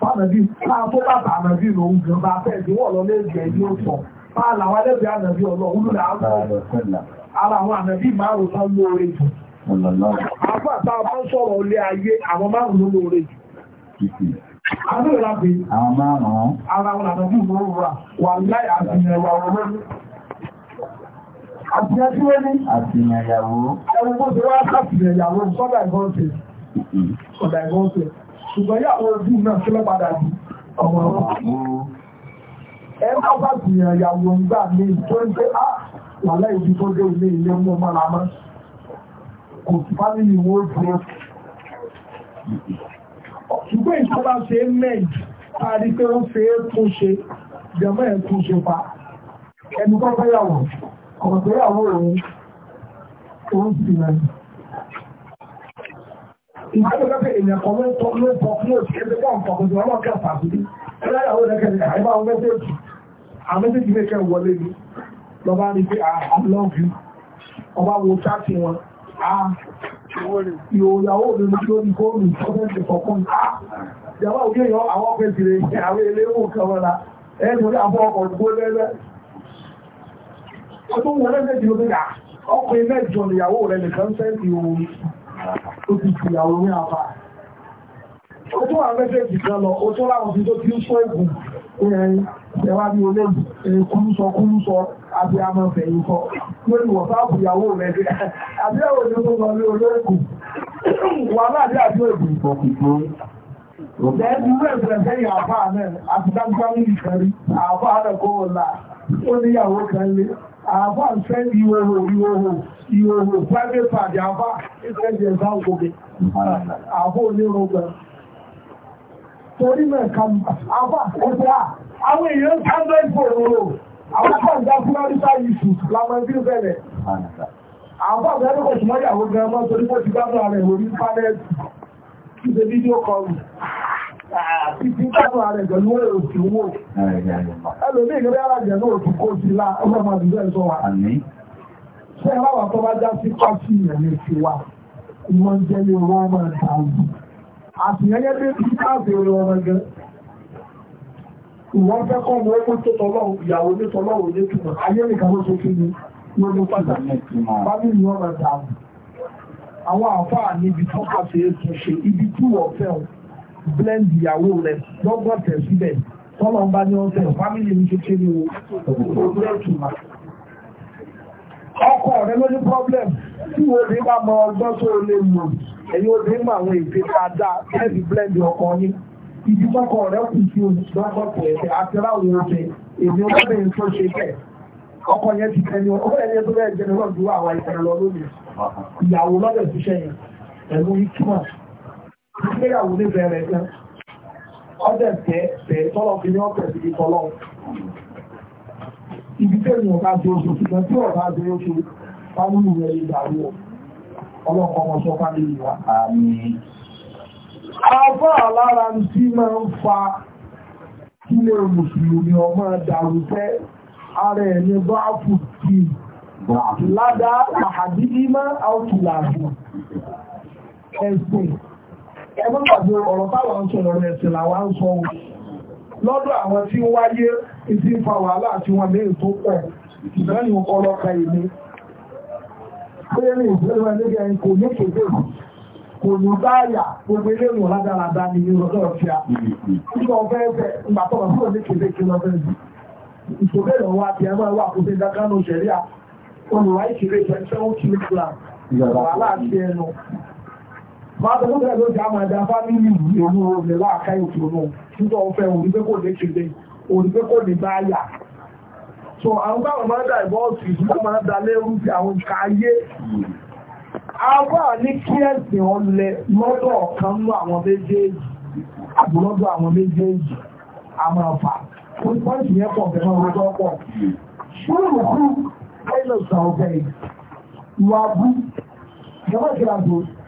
fànàbí máa tó bàbà ànàbí lòun gan bá fẹ́ ìdíwọ̀ lọ lẹ́gbẹ̀ẹ́ ní òsàn máa làwọn ẹlẹ́gbẹ̀ẹ́ ànàbí ọlọ́run lórí ara àwọn ànàbí márùn tán lóore jù àfà tá a bá ń sọ̀rọ̀ ilé ayé àwọn márùn ló lóore jù Adó ìlàpé, àwọn márùn-ún, ara wọn àtàkì ìmọ̀ràn wà, wà láì àtìyàn ìwà ọ̀rọ̀ Àtìyàn tí ó ní? Àtìyàn ìyàwó. wá sàtìyàn sọ́dà ìgbọ́nsẹ̀. Sọ́dà ìgbọ́nsẹ̀ ṣùgbọ́n yà wọ́n ojú náà kí ló padà di ọmọ ọmọ ẹ má bá gbìyàn ìyàwó ń gbà mí tó ń pé á wàlẹ́ ìdí tó dé ilé ilé mú mọ́ra mọ́ kò sí fámìlì wọn ó dúró ṣùgbọ́n ìjọba ṣe é mẹ́ẹ̀d parí pé ó ṣe é tún ṣe jẹ̀mọ́ ẹ̀ tún ṣe pa ẹni tó fẹ́ yàwó ọ̀rọ̀ tó yàwó òun òun sì rẹ̀ ìjọba pé èèyàn kan ló ń tọ́ ló ń tọ́ fún òsì ẹgbẹ́ bá ń tọkùn jùlọ náà kẹfà sí bí ẹlẹ́yàwó rẹ̀ kẹfà àìbá wọn méjèèjì àméjèèjì lè kẹ wọlé ni lọ́ba ní pé ah, I love you ọba wo ṣáàtì wọn ah, ìyàwó rẹ̀ ló tó ní góòlù ọ̀fẹ́sì kọ̀ọ̀kan ìjọba òkè yọ àwọn ọ̀fẹ́sì rẹ̀ àwọn eléwò kan wọn la ẹ̀ẹ́dùn àbọ̀ ọkọ̀ gbó lẹ́lẹ́ ọdún wọn lẹ́sẹ̀ tí ó ti rà ọkùnrin mẹ́jọ ìyàwó rẹ̀ nìkan sẹ́ńtì òun ó ti fi àwọn ní àbá ó tún àwọn mẹ́sẹ̀jì kan lọ ó tún láwọn fi tó ti ń sọ ègùn ẹ̀wà bí olóògùn kúrúsọ kúrúsọ àbí àmọ́ fẹ̀yìn kọ lórí wọ̀sáàpù ìyàwó rẹ̀ àbí ẹ̀wọ̀n ni ó lọ ní olóògùn wà láàbí àbí òògùn ìfọ̀kùnkùn Lẹ́ẹ̀dì rẹ̀ fẹ̀yìn àbá náà àti dágbárí ìfẹ̀rí àbá náà kó wọ́n là ó níyàwó àbá ń fẹ́ ìhòhò ìhòhò ìhòhò private party àbá ìfẹ́jẹ̀ ìfáwògbè àbá onírúgbẹ̀ torí mẹ́ka àbá ẹgbẹ́ àwọn èèyàn sáńdọ̀ ìfòòrò àwọn kọ̀ǹda fúnárísà yìí lámọ́bí bẹ̀rẹ̀ àbá bẹ̀rẹ̀ kò súnmọ́ ìyàwó gẹ̀ẹ́mọ́ torí mọ́ ti gbádùn ààrẹ ìwòrí Ìfì kápọ̀ rẹ̀ pẹ̀lú òkè owó. Ẹlòmí ìgbẹ́ alájẹ̀ náà tún kó sí lá, ọmọ ọmọ ìgbẹ́ sọ wa. Ṣé ẹ̀rọ àwọn tó bá já sí pàṣí ìyẹn lè fi wa? Ìwọ́n jẹ́ ní ọmọ ọmọ ìtàwùn. Àtìyẹ́yẹ́ bí kí káàfin orí ọmọ gẹ́. Ìwọ́n fẹ́ kọ́ ọmọ ọmọ tó tọ́lọ́ ìyàwó ní tọ́lọ́ òní túnmọ̀. Ayé nìkan ló ṣe kí ni wọ́n ló pàtàkì. Bábí ni ọmọ ìtàwùn. Àwọn àfáà níbi tó pàṣẹ ètò ṣe ibi tí wọ́n fẹ́ wọn blend ìyàwó rẹ̀ lọ́gbọ̀n tẹ̀ síbẹ̀ tọ́lọ̀ ń bá ní ọ̀sẹ̀ fámìlì mi ṣeṣe ni o ọkọ rẹ ló ní problem tí wo ní bá mọ ọgbọ́n tó lè mọ̀ ẹ̀yin obìnrin mọ àwọn èdè dáadáa ẹ̀bí blend ọkọ yín ibi tọkọ rẹ kù sí olùdókọ̀ tó ẹ̀fẹ̀ àti ráwọn ọbẹ̀ èmi ọlọ́bìnrin tó ṣe bẹ́ẹ̀ ọkọ yẹn ti tẹni ọkọ yẹn tó bẹ́ẹ̀ jẹ́ lọ́dún àwọn ìṣẹ̀lẹ̀ lọ lónìí ìyàwó lọ́dẹ̀ ṣiṣẹ́ yẹn ẹ̀mú ikimọ̀ ìgbéyàwó ní bẹ̀rẹ̀ gan ọdẹ tẹ́ tẹ́ tọ́lọ̀ fi ní ọ̀tẹ̀ sí ti tọ́lọ̀ ibi tẹ́ ní ọ̀gá jẹ́ oṣù ṣùgbọ́n tí ọ̀gá jẹ́ oṣù fámìlì rẹ̀ lè dàrú ọlọ́kọ̀ ọmọ sọ fámìlì wa. afọ́ àlára tí máa ń fa kílé mùsùlùmí ọmọ dàrú tẹ́ ara ẹ̀ ní bá fùtì ẹ̀sìn ẹgbẹ́ pàdé ọ̀rọ̀ táwọn ń sọ lọ́rọ̀ ẹ̀sìn làwọn ń sọ ohun lọ́dọ̀ àwọn tí wáyé ìdí fa wàhálà àti wọn lè tó pọ̀ ìdánù ọlọ́ka ìlú bóyá ní ìgbẹ́lú ẹlẹ́gẹ̀ kò ní kéde kò ní báyà gbogbo ilé ìwọ̀n ní ìrọ̀lọ́ máa tó fún ẹ̀rọ ìjà máa dá fámìlì ìlú rẹ̀ láàká ìṣòro nígbà ọ̀fẹ́ òrùgbé kò lè kéde òrùgbé kò lè bá yà so àwọn báwọn máa ń dá ìbọ́ọ̀sì ìṣúná máa ń dá lẹ́rú sí àwọn ìka ayé àwa ní kí ẹ̀sìn ọlẹ lọ́dọ̀ ọ̀kan lọ àwọn méjèèjì àbúrọ́dọ̀ àwọn méjèèjì àmọ́ ọ̀fà fún pọ́ǹtì yẹn pọ̀ bẹ̀rẹ̀ ọ̀rọ̀ pọ̀ ṣúrùkú ẹ̀lọ́sàn ọ̀fẹ́ ìwà bú ìjọba ìjọba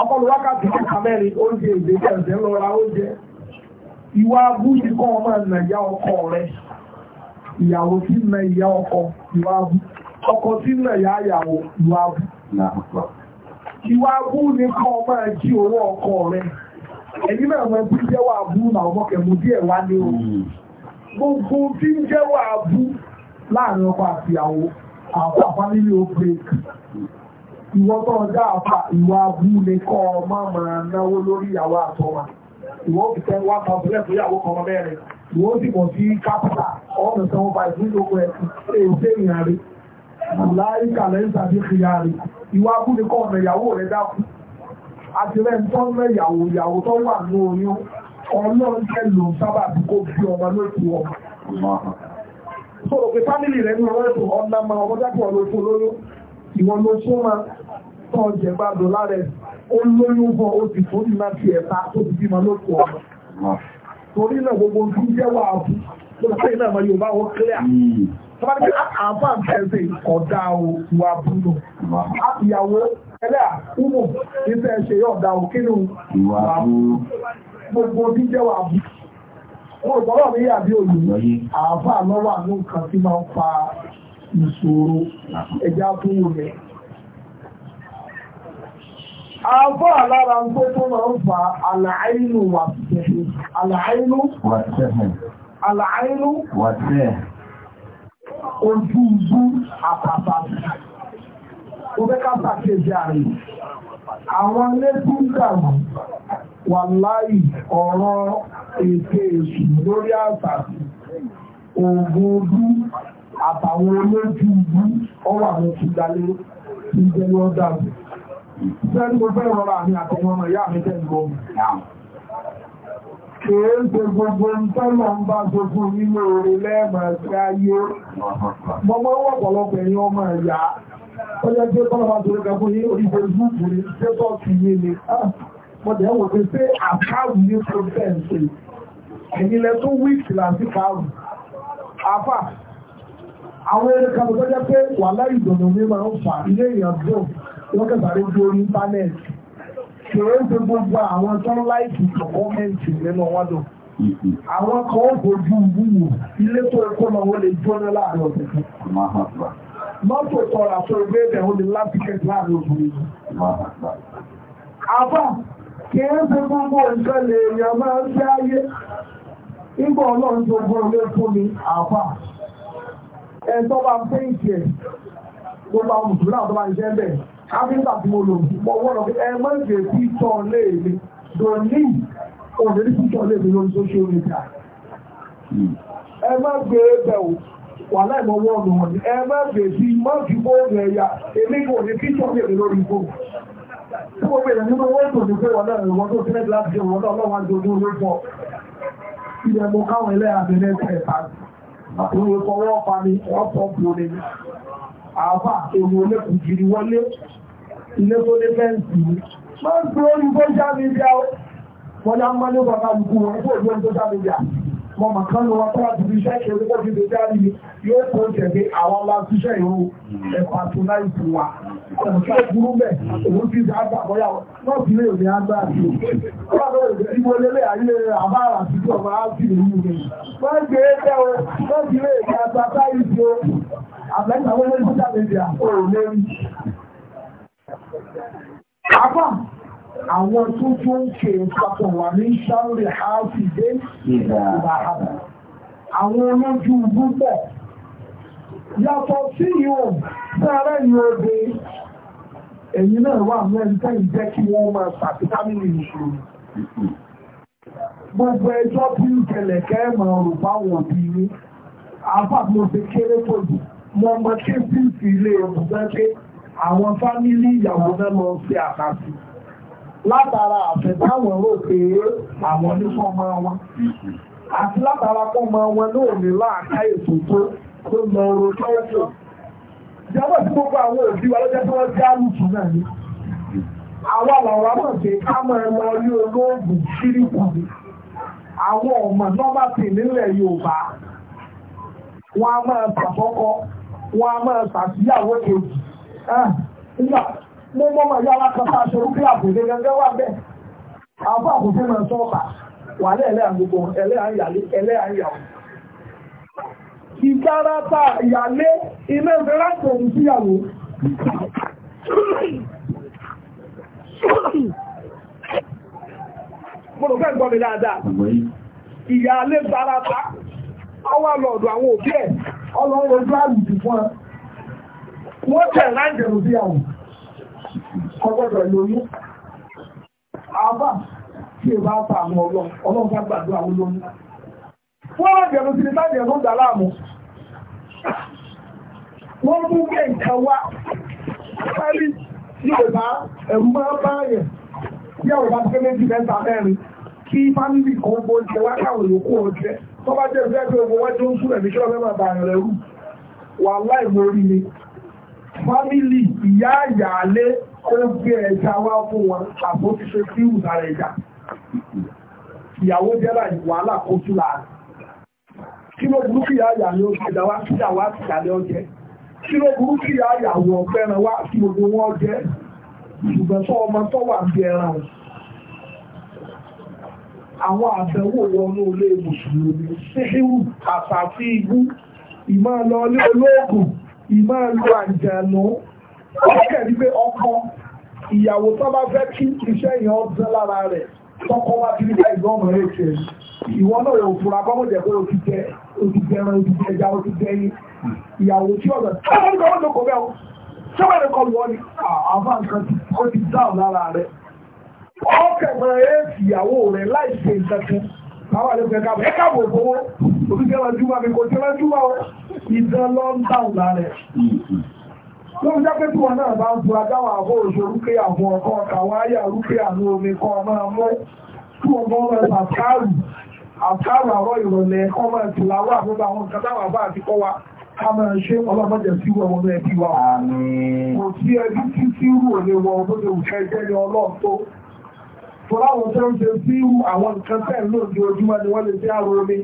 ọkọlù wákàtí kẹta mẹ́rin oúnjẹ ìgbésẹ̀ ẹ̀sẹ̀ lọ́ra oúnjẹ ìwà abúlé kọ́ ọmọ nàìjà ọkọ rẹ ìyàwó tí ń na ìyá ọkọ ìwà abú ọkọ tí ń na ìyá ìyàwó ìwà abú ìwà abú ní kọ́ ọmọ ẹ̀jí owó ọkọ rẹ ẹni náà mọ̀ tí ń jẹ́wọ́ abú nà ọmọkẹ̀mú díẹ̀ wá ní o gbogbo tí ń ìwọ́n tó ń dáàfà ìwà abúlé kọ́ ọmọ máa náwó lórí ìyàwó àtọ́wà ìwọ́n fi tẹ́ wá tàbílẹ̀ fún ìyàwó kan mẹ́rin ìwọ́n sì mọ̀ sí kápítà ọ̀nà sanwó bá ìpínlẹ̀ ogun ẹ̀sìn èèfé ìyàn rẹ̀ láì kàlẹ́ ìsàdé fìyà rẹ̀ ìwà abúlé kọ́ ọ̀nà ìyàwó rẹ̀ dákú àti rẹ̀ ń tọ́ ń rẹ̀ ìyàwó ìyàwó tó wà ní oyún ọlọ́run jẹ́ lò sábà bí kò bí ọmọ lóṣù ọmọ sọ̀rọ̀ pé fámìlì rẹ̀ ní ọwọ́ ètò ọ̀nà ọmọ ọmọdé tó jẹ gbádùn lára ó lóyún bọ́ ó ti tó nínú àti ẹ̀ta tó ti bímọ lóko ọmọ torí náà gbogbo ojú jẹ́ wà áfú tó ṣe náà mọ Yorùbá ó clear tọ́ba ní àbá kẹsẹ̀ ọ̀dà o wà búrò àtìyàwó ẹlẹ́à kúmọ̀ iṣẹ́ ṣe ọ̀dà o kí ni wà gbogbo ojú jẹ́ wà áfú ọ̀rọ̀ mi yà bí olùwọ́ àbá lọ́wọ́ àwọn nǹkan tí máa ń fa ìṣòro ẹ̀já tó wù mí. Àbọ́ alára ń tó tó máa ń fa àlàáìlú wà tẹ́hìn. Àlàáìlú wà tẹ́hìn. Àlàáìlú wà tẹ́hìn. Ojú ìbú àpàpà. Ó fẹ́ ká pàkejì àrẹ. Àwọn lẹ́gbùn dàmù wà láì ọ̀rọ̀ èké èṣù lórí àtàkì. Ògùn ojú àtàwọn olójú ọwà mọ̀ ti dalé ìjẹ́ Sẹ́ni mo fẹ́ rọra àmì àtọ̀wọ̀n ọmọ ìyá mi tẹ́ ìgbọ́n. Kèé ṣe gbogbo ń tọ́lọ̀ ń bá gbogbo nínú orí lẹ́ẹ̀mọ̀ sí ayé. Mọ́mọ́ wọ̀pọ̀lọpọ̀ ẹ̀yìn ọmọ ìyá. Ó yẹ kí bọ́lá bá torí kan fún yín orí Facebook ní Tẹ́tọ́ọ̀kì yín ni. Ah, mo jẹ́ wò pé pé àkáàrù ní Prọfẹ́ǹsì. Ẹ̀yin lẹ tó wíìkì láti kàrù. Àfà, àwọn eré kan tó jẹ́ pé wà láì dọ̀nà mi wọ́n kẹsàrí bí orí íńtánẹ́ẹ̀tì kì í ṣe gbogbo àwọn tó ń láìsí kọ̀kọ́mẹ́ǹtì nínú wọn dùn mm-hmm. àwọn kan ó bójú wúwo ilé tó kó lọ wọ́n lè jóná láàrin ọ̀sẹ̀ kan mọ́tò tọ̀rọ̀ àtọ́ ìgbé ẹ̀bẹ̀ ó lè láti kẹ́kẹ́ láàrin obìnrin àbá kì í ṣe gbogbo nǹkan lè èèyàn máa ń gbé ayé nígbà ọlọ́run tó gbọ́ ilé fún mi àbá ẹ̀ tó bá ń pèǹtì ẹ̀ gbogbo àwọn mùsùlùmí àtọ́ bá ń bẹ́ẹ̀ áfíríkà tí mo lò mọ́ wọ́n pé ẹ mọ́ ìgbè tí tọ́ lé mi dòní òní tí tọ́ lé mi lórí social media ẹ má gbé bẹ̀wò wà láìmọ̀ wọ́ọ̀nù wọn ni ẹ má gbé sí má fi fóònù ẹ̀yà èmi kò ní tí tọ́ lé mi lórí fóònù tí mo gbèrè nínú wọ́n tó ní pé wọ́n náà wọ́n tó sílẹ̀ láti jẹun wọ́n náà lọ́wọ́ àjọ ní orí pọ̀ ilẹ̀ mo káwọn ilẹ̀ àbẹ̀lẹ̀ ẹ̀ka ẹ̀ka àti òwe kọ́ wọ́n pa ni wọ́n pọ̀ bù ni àbá ewu olókùn kiri wọlé ilé tó lé fẹ́ǹsì yìí máa ń pè orí social media ó wọ́n dá mọ́ ní bàbá àbùkù wọn kó òjò social media mọ́ mà kán ló wá tó láti fi iṣẹ́ ṣe owó fi bèjá rí ni yóò kó jẹ̀bi àwọn ọlá ṣiṣẹ́ ìhó ẹ̀fà tó náà ìfò wa ọ̀nà tó burú bẹ̀ òun ti dá gbà bọ́yá náà fi lè ní agbá o òkú wọ́n bẹ̀rẹ̀ sí mo lélẹ̀ ayé àbára àti tí ọmọ á sì lè yí mi. wọ́n gbé ẹgbẹ́ e o náà fi lè ní agbá o àbẹ́ta wọlé ní sàbẹ̀bẹ̀ àkóò lórí. Apá àwọn tó tó ń ṣe papọ̀ wà ní Sáúrì Háàfì dé ìbáhàbà. Àwọn olójú púpọ̀. Yàtọ̀ sí yóò fẹ́rẹ́ ní obe. Ẹ̀yin náà wà mẹ́ta ìjẹ́ kí wọ́n máa sàtìkámìlì ìṣòro. Gbogbo ẹjọ́ bí ìkẹlẹ̀kẹ́ mọ̀ ọ̀rùn báwọn bí ní. Àbá mo ti kéré mo mọ kí sí sí ilé ibùgbẹ́ pé àwọn fámílì ìyàwó náà lọ sí àkàtì látara àfẹ́ táwọn rò pé àwọn onífọ́n máa wọn àti látara pọ́ máa wọn náà ní láàká ètò tó tó lọ ro tọ́wọ́ ìjọba tí gbogbo àwọn òbí wa lọ́jọ́ tí wọ́n já lùtù náà ni àwọn àlàwà mọ̀ pé ká máa lọ olóògùn síríkù ni àwọn ọmọ nọ́mbà tì nílẹ̀ Yorùbá wọn a máa tàkọ́kọ́ wọn a máa ṣàtìyàwó èjì ah, nígbà mo mọ́ mọ̀ yára kan tá a ṣe rúkúlà kò dé gẹ́gẹ́ wà bẹ́ẹ̀ àwọn àkókò máa tọ́ ọ̀pá wà lẹ́ẹ̀lẹ́ àgbogbo ẹlẹ́ àyàwó ìkárata ìyàlé ilé ìfẹ́rẹ́ pẹ̀lú síyàwó mo rò fẹ́ gbọ́ mi dáadáa ìyàlé barata ọwọ́ lọ́ọ̀dọ̀ àwọn òbí ẹ̀ ọlọ́run ojú àrùjù fún ẹ wọ́n tẹ̀ láìjẹ̀rù sí àwọn ọgbọ́dọ̀ lóyún àbá tí èbá pa àwọn ọlọ́run ọlọ́run bá gbàdúrà àwọn olóyún wọ́n láìjẹ̀rù sí ní láìjẹ̀rù ń dà láàmú wọ́n mú gbé nǹkan wá pálí Yorùbá ẹ̀rù máa bá yẹ̀ bí àwọn bá ti fẹ́ méjì mẹ́ta mẹ́rin kí fámìlì kan gbó jẹ wákàwé yòókù ọjẹ́ tó bá jẹ́ ìfẹ́ pé ogun wájú ń súnrẹ̀ ní kílọ́fẹ́ máa bàrẹ̀ rẹ̀ rú wà láì ni fámílì ìyá àyàlé ó gbé ẹja wá fún wọn àbó ti ṣe sí ìwù lára ẹja ìyàwó jẹ́ láì wàhálà kó tú láàrin kí ló burú kìyà àyàlé ó gbé ẹja wá kí ìyàwó àti ìyàlé ọjẹ́ kí ló burú kìyà àyàwó ọ̀fẹ́ràn wá kí gbogbo wọn jẹ́ ṣùgbọ́n tó ọmọ tó wà bí ẹran àwọn àbẹ̀wò wọnú ilé mùsùlùmí síhírù àtàfí ibú ìmọ̀ lọ ní olóògùn ìmọ̀ lu àjẹ̀nú ọkẹ́ ní pé ọkọ ìyàwó tó bá fẹ́ kí iṣẹ́ yẹn ọdún lára rẹ̀ tọkọ wá sí nípa ìgbọ́mọ̀ rẹ̀ tẹ̀ ìwọ náà yóò fura bọ́mọ̀ jẹ́ pé o ti jẹ o ti jẹ ẹran o ti jẹ ẹja o ti jẹ yín ìyàwó tí ọ̀dọ̀ tí wọ́n ní kọ́ wọ́n lóko bẹ́ẹ̀ o ṣé wọ́n ní kọ́ lù ọ́ ni ah, àwọn nǹkan ti dáhùn lára rẹ̀ ọkẹ̀ mọ̀ ẹ́ fìyàwó rẹ̀ láì ṣe ìtẹ̀kùn àwọn àlejò ẹ̀ka ẹ̀ka bò fowó òfìsẹ́ lọ júmọ́ mi kò tí wọ́n júmọ́ ọ ìdán lọ ń dáhùn lálẹ́ ló ń jápé tí wọn náà bá ń bu adáwọ̀ àbọ̀ òṣò rúkè àwọn ọkọ̀ ọ̀kà wọn ayé àrúkè àánú omi kan ọmọ ọmọ tí wọn bọ́ ọmọ àkárù àkárù àwọ̀ ìrọ̀lẹ́ ọmọ ìtìláwọ̀ àbúgbà àwọn nǹkan táwọn àbá àti kọ́ wa ká máa ṣe ọlọ́mọdé sí wọn ọmọ ẹbí wa kò sí ẹbí títí rú òlé wọn ọmọdé òṣèjẹ́ ni ọlọ́ọ̀tó tọ́lá àwọn tó ń ṣe sí irú àwọn nǹkan tẹ́ ń lò ní ojúmọ́ ni wọ́n lè fi ara omi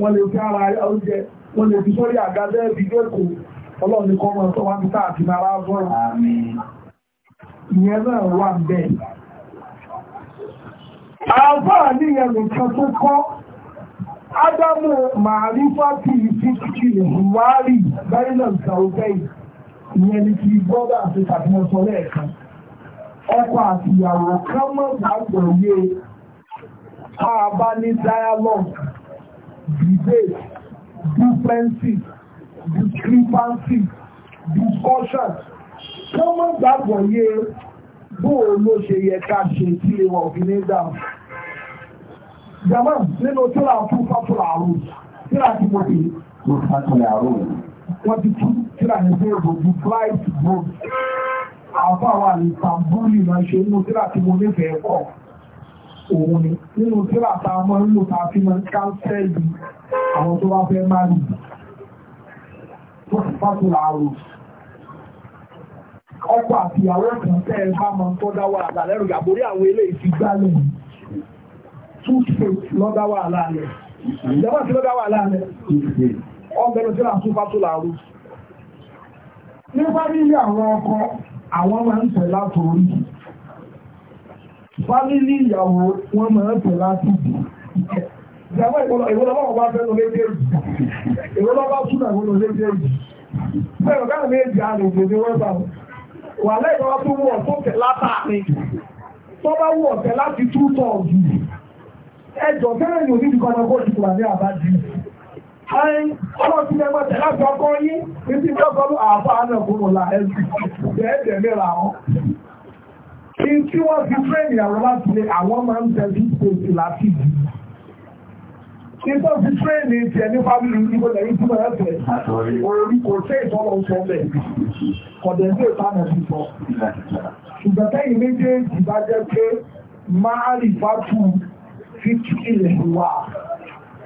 wọ́n lè fi ara oúnjẹ wọ́n lè fi sórí àgádẹ́ ibi lẹ́kọ̀ọ́ ọlọ́run ní kọ́mọ tó wá ní káàkiri ara bọ́ọ̀rọ̀ ìyẹn náà wà bẹ́ẹ̀. àbáà níyẹn nìkan tó kọ́ ádámù màrífàtì ìfìkì ìhùwárì bẹ́ẹ̀ náà sàrùbẹ́ẹ̀ ìyẹn ni ti gbọ́dọ̀ àti tàbí mọ́sọ lẹ́ẹ̀kan ọkọ àti ìyàwó ká mọ̀ gbàgbọ́ yé tá a bá ní dialogue debate differences discrepancies discussions ká mọ̀ gbàgbọ́ yé bóò ló ṣe yẹ ká ṣe tí wọn fi ní dáhùn. jama nínú tíra fún fàtúrà àrùn tíra ti mọ̀ pé wọ́n ti tú tíra ní pé gbogbo flight boat àbá wà ní tambúlì máa ṣe nínú tíra tí mo nífẹ̀ẹ́ kọ̀ òun ni nínú tíra tá a máa ń lò tá a fi máa ń káńsẹ́ẹ̀lì àwọn tó bá fẹ́ máa lù tó sì fàtúrà rò ọkọ àti ìyàwó kan tẹ́ ẹ bá máa ń tọ́ dá wàhálà lẹ́rù yàgbórí àwọn eléyìí ti gbálẹ̀ toothpaste lọ́dá wàhálà rẹ̀ ìjọba ti lọ́dá wàhálà rẹ̀ ọgbẹ́ni tíra tó nílé àwọn ọkọ àwọn máa ń tẹ̀ látòrí fámílì ìyàwó wọ́n máa ń tẹ̀ látòrí ìjàmbá ìwọ́lọ́wọ́ bá fẹ́ lọ léjèèjì ìwọ́lọ́wọ́ súnà ìwọ́lọ́ léjèèjì bẹ́ẹ̀ ọ̀gá mi èjì àrèjì ni wọ́n bá wà lẹ́yìn wọn tó wọ̀ tó tẹ̀ látàrin tó bá wọ̀ tẹ̀ láti tútọ̀ ọ̀gì ẹjọ́ fẹ́rẹ̀ ní onídìí kan náà kó ti wà ní àbájú ọlọ́tí lẹ́gbọ́n tẹ̀lá fi ọkọ yí ní tí tọ́kọlú àáfàá náà fún ọ̀la ẹ̀sìn ẹ̀ẹ́dẹ̀ mẹ́ra wọn. kí tí wọ́n fi tírẹ́nì àwọn láti lé àwọn máa ń tẹ̀lé ìpèsè láti jù. kí tó fi tírẹ́nì tiẹ̀ ní fábílì ìdíbò lẹ́yìn tí wọ́n ẹ̀fẹ̀ orí kò sí ìtọ́lọ̀ sọ bẹ́ẹ̀ kọ̀dẹ̀ ní ìtànà ti sọ. ṣùgbọ́n tẹ́yìn méjèèjì bá jẹ́ pé máa rí fátù fífi ilẹ̀ wà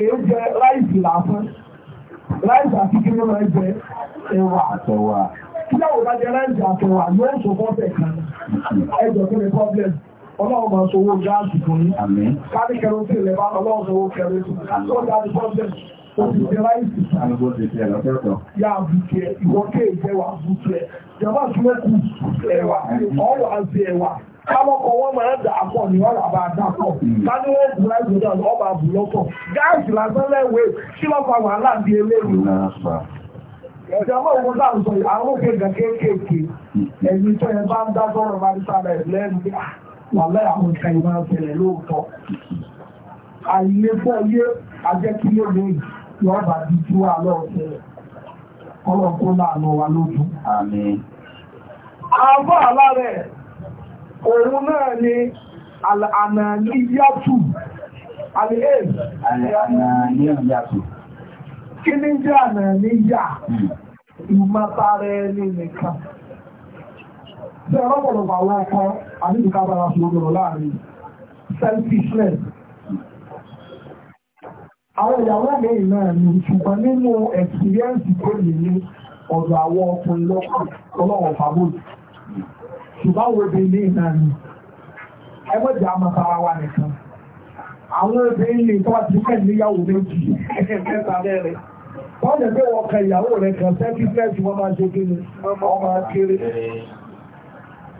kìí jẹ ráìsì lásán ráìsì àti kí ló máa jẹ ẹwà àtẹwà kí láwọ bá jẹ ráìsì àtẹwà yóò sọ fọ́fẹ̀ kan ẹjọ́ tó ní problem ọlọ́run máa sọwọ́ gáàsì fún yín káàdì kẹrin sí ilẹ̀ bá ọlọ́run sọwọ́ kẹrin sí ọlọ́run gáàsì problem òsì jẹ ráìsì yà bùkẹ́ ìwọ́kẹ́ ìjẹwà bùkẹ́ jàmbá súnmọ́kù ẹ̀wà ọ̀rọ̀ àti ẹ̀wà káwọ́kọ̀ wọ́n máa ń dà pọ̀ ní ọ̀rọ̀ àbá àdàpọ̀ hmm. káni wọ́n bu láìpẹ́ náà lọ́ bá bu lọ́pọ̀ gáàsì lásán lẹ́wẹ̀ẹ́ kí lọ́ fa wàhálà bí eléyìí. ìjọba òun náà sọ àwọn òkèèkà kéékèèké hmm. tó bá ń dá sọ́rọ̀ òun náà ni ànàníyàtù ànàníyàtù kí ní jẹ́ ànàníyà hmm. ìmọ̀tara ẹni nìkan tí ọlọ́pọ̀lọpọ̀ àwọn ọkọ̀ àdínkà bára fòrò láàrin selfishness àwọn ìyàwó mẹ́rin náà ni ṣùgbọ́n nínú experience tó lè ní ọ̀dọ̀ àwọn ọkùnrin lọ́pọ̀ ọlọ́wọ̀ fàbóòtù ṣùgbọ́n wo obìnrin ní náà ni ẹgbẹ́ jẹ́ àmọ́ sára wa nìkan àwọn obìnrin ní tọ́wọ́ ti fẹ́ níyàwó méjì ẹ̀ẹ́dẹ́gbẹ́ta lẹ́rẹ̀ẹ́ wọ́n lè gbé wọ́n kan ìyàwó rẹ̀ kan sẹ́kí fẹ́ẹ̀sì wọ́n máa ṣe kí ni ọmọ kéré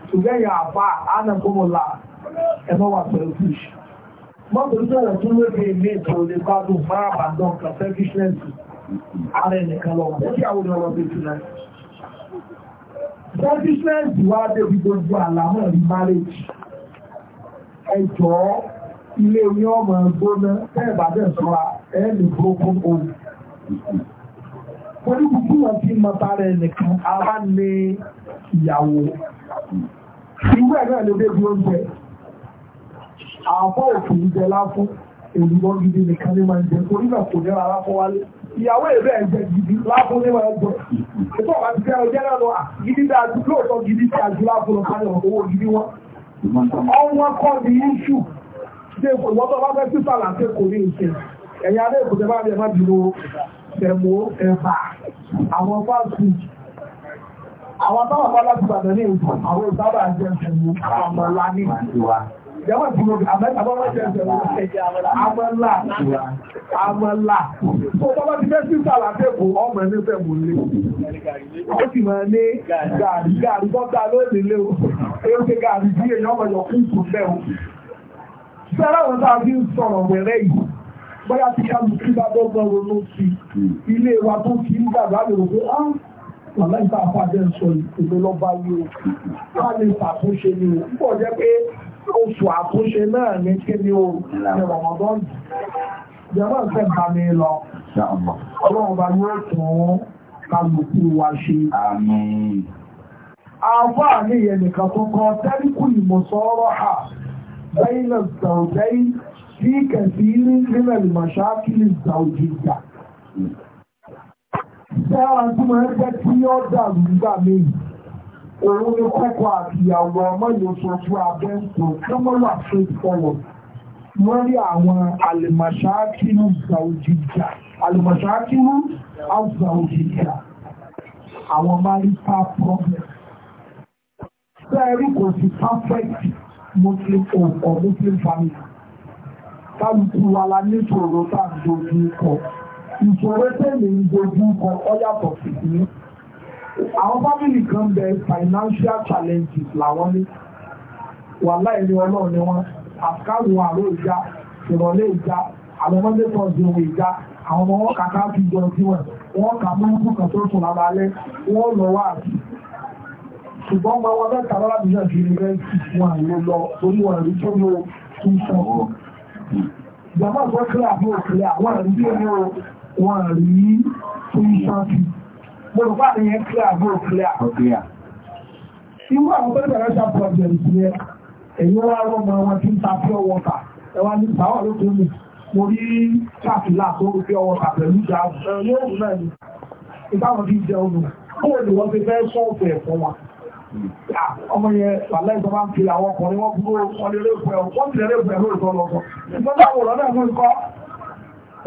ṣùgbẹ́ ìyà àpá ánàkómọ̀lá ẹ̀mọ́ wà selfish mọ́tò tó wọ̀ tún lóde ilé ìtò lè gbádùn máa bàdàn kan selfishness ara ẹnìkan lọ wọ́n tí àwọn ọmọ bèèrè náà Selfishness wá débi gbogbo àlámọ̀ ní marriage. Ẹ jọ̀ọ́ ilé ní ọmọ gbóná bẹ́ẹ̀ bá bẹ́ẹ̀ sọ́ra ẹ lè broken home. Pẹ̀lú gbogbo wọn ti mọ tara ẹnìkan, ara ní ìyàwó. Ìwé ẹ̀ náà ló dé bí oúnjẹ. Àwọn òfin jẹ láfún èlùbọ́ gidi nìkan ní máa ń jẹ torí náà kò ní rárá fọwálé ìyàwó èrè ẹ̀jẹ̀ gidi láàbù ní wọn ẹgbẹ́ ètò ọ̀gá ti fẹ́ràn jẹ́ lọ́nà gidi dáa ju lóòótọ́ gidi ti àjù láàbù lọ káyọ̀ owó gidi wọn. ọwọ́n kọ́ di iṣu ṣe kò wọ́n tó bá fẹ́ sísà láti kò ní ìṣe àwọn táwọn bá láti bàdàn ní ìfọ̀ àwọn ìsábà jẹ́ tẹ̀mó àmọ̀lá ní ìwà. Ìjọba tí mo àbábá jẹ́ ìṣẹ̀lẹ̀ àmọ́là àmọ́là. Tó bọ́bá ti fẹ́ sí sàlàtẹ́kù ọmọ ní o. Ó ṣe gàrí bí èèyàn ọmọ yọ kún kún bẹ́ẹ̀ o. Sẹ́rẹ̀ wọn tá a fi ń sọ̀rọ̀ wẹ̀rẹ́ yìí. Bóyá ti ká lu kí bá bọ́ ronú sí ilé wa tó kí ń gbàgbá lè rò pé ah, wàláì bá àfáàdé ń sọ ìpínlẹ̀ lọ́ba yìí o wọ́n lè ṣàtúnṣe ni o púpọ̀ jẹ́ pé oṣù àtúnṣe náà ní kí ni o ṣe rọ̀mọ́dọ́n jẹ́mọ́ ìfẹ́ bá mi lọ ọlọ́run bá yóò tún kálukú wa ṣe. àfáà ní ìyẹn nìkan tó kọ tẹ́lifù ìmọ̀sọ́rọ̀ hà bẹ́yìn zàwùjẹ́yìn sí kẹ̀sí nílẹ̀ ìmọ̀ṣákìlì zàwùjìyà. Hmm. Ẹ̀rọ tí mo ń jẹ́ kí ó dàrú nígbà míì. Òun ni kókó àtìyàwó ọmọ ìyóṣoṣù abẹ́ǹkò tó mọ́ wà fún ìfọwọ́ lórí àwọn àlèmọ̀ṣáàkìrú ìgbàòjìjà. Àlèmọ̀ṣáàkìrú àgbàòjìjà. Àwọn marital problem. Sẹ́ẹ̀rí kò sí perfect Muslim home or Muslim family. Kálukú wa la nítorò tá à ń dojú kọ ìṣòro tẹ́lẹ̀ ń dojú kọ ọ̀yàtọ̀ fìdí. Àwọn fámìlì kan bẹ financial challenges làwọn ní. Wàhálà ẹni ọlọ́run ni wọ́n. Àfikàrù àrò ìjà, ìrọ̀lẹ́ ìjà, àwọn ọmọdé kan di ohun ìjà, àwọn ọmọ wọn kàkà fi jọ sí wọn. Wọ́n kà mọ́ ikú kan tó sùn lábalẹ́, wọ́n lọ wá àti. Ṣùgbọ́n máa wọn mẹ́ta lọ́la bí yàn ju yunifásitì wọn àìlè lọ torí wọn rí tó ló tún sọ̀rọ̀. Ìjọba ìgbọ́kẹ́lẹ̀ àbúrò kẹ́lẹ̀ àwọn àrùn bí ó o wọ́n rí fún ṣọ́ọ̀tì gbogbo pàdé yẹn clear go clear irú àwọn tó bẹ̀rẹ̀ ṣá problem yẹn èyí wá rọ́ mọ wọn tí ń ta pure water ẹ wá ní ìpàwọ̀ ló tó mi mo rí káàkiri láàkó pure water pẹ̀lú ìjà ọ̀rọ̀ yóò wù náà ni ìbáwọn fi jẹ ọdún kóò lè wọ́n ti fẹ́ sọ́ọ̀fù ẹ̀ fún wa ọmọ yẹn wàlá ìjọba máa ń fi àwọn ọkùnrin wọn kúrò wọn lè rẹ́ ìpẹ́ wọn ti lè rẹ́ ìpẹ́ lóòótọ́ lọ́kọ́ ìgbọ́n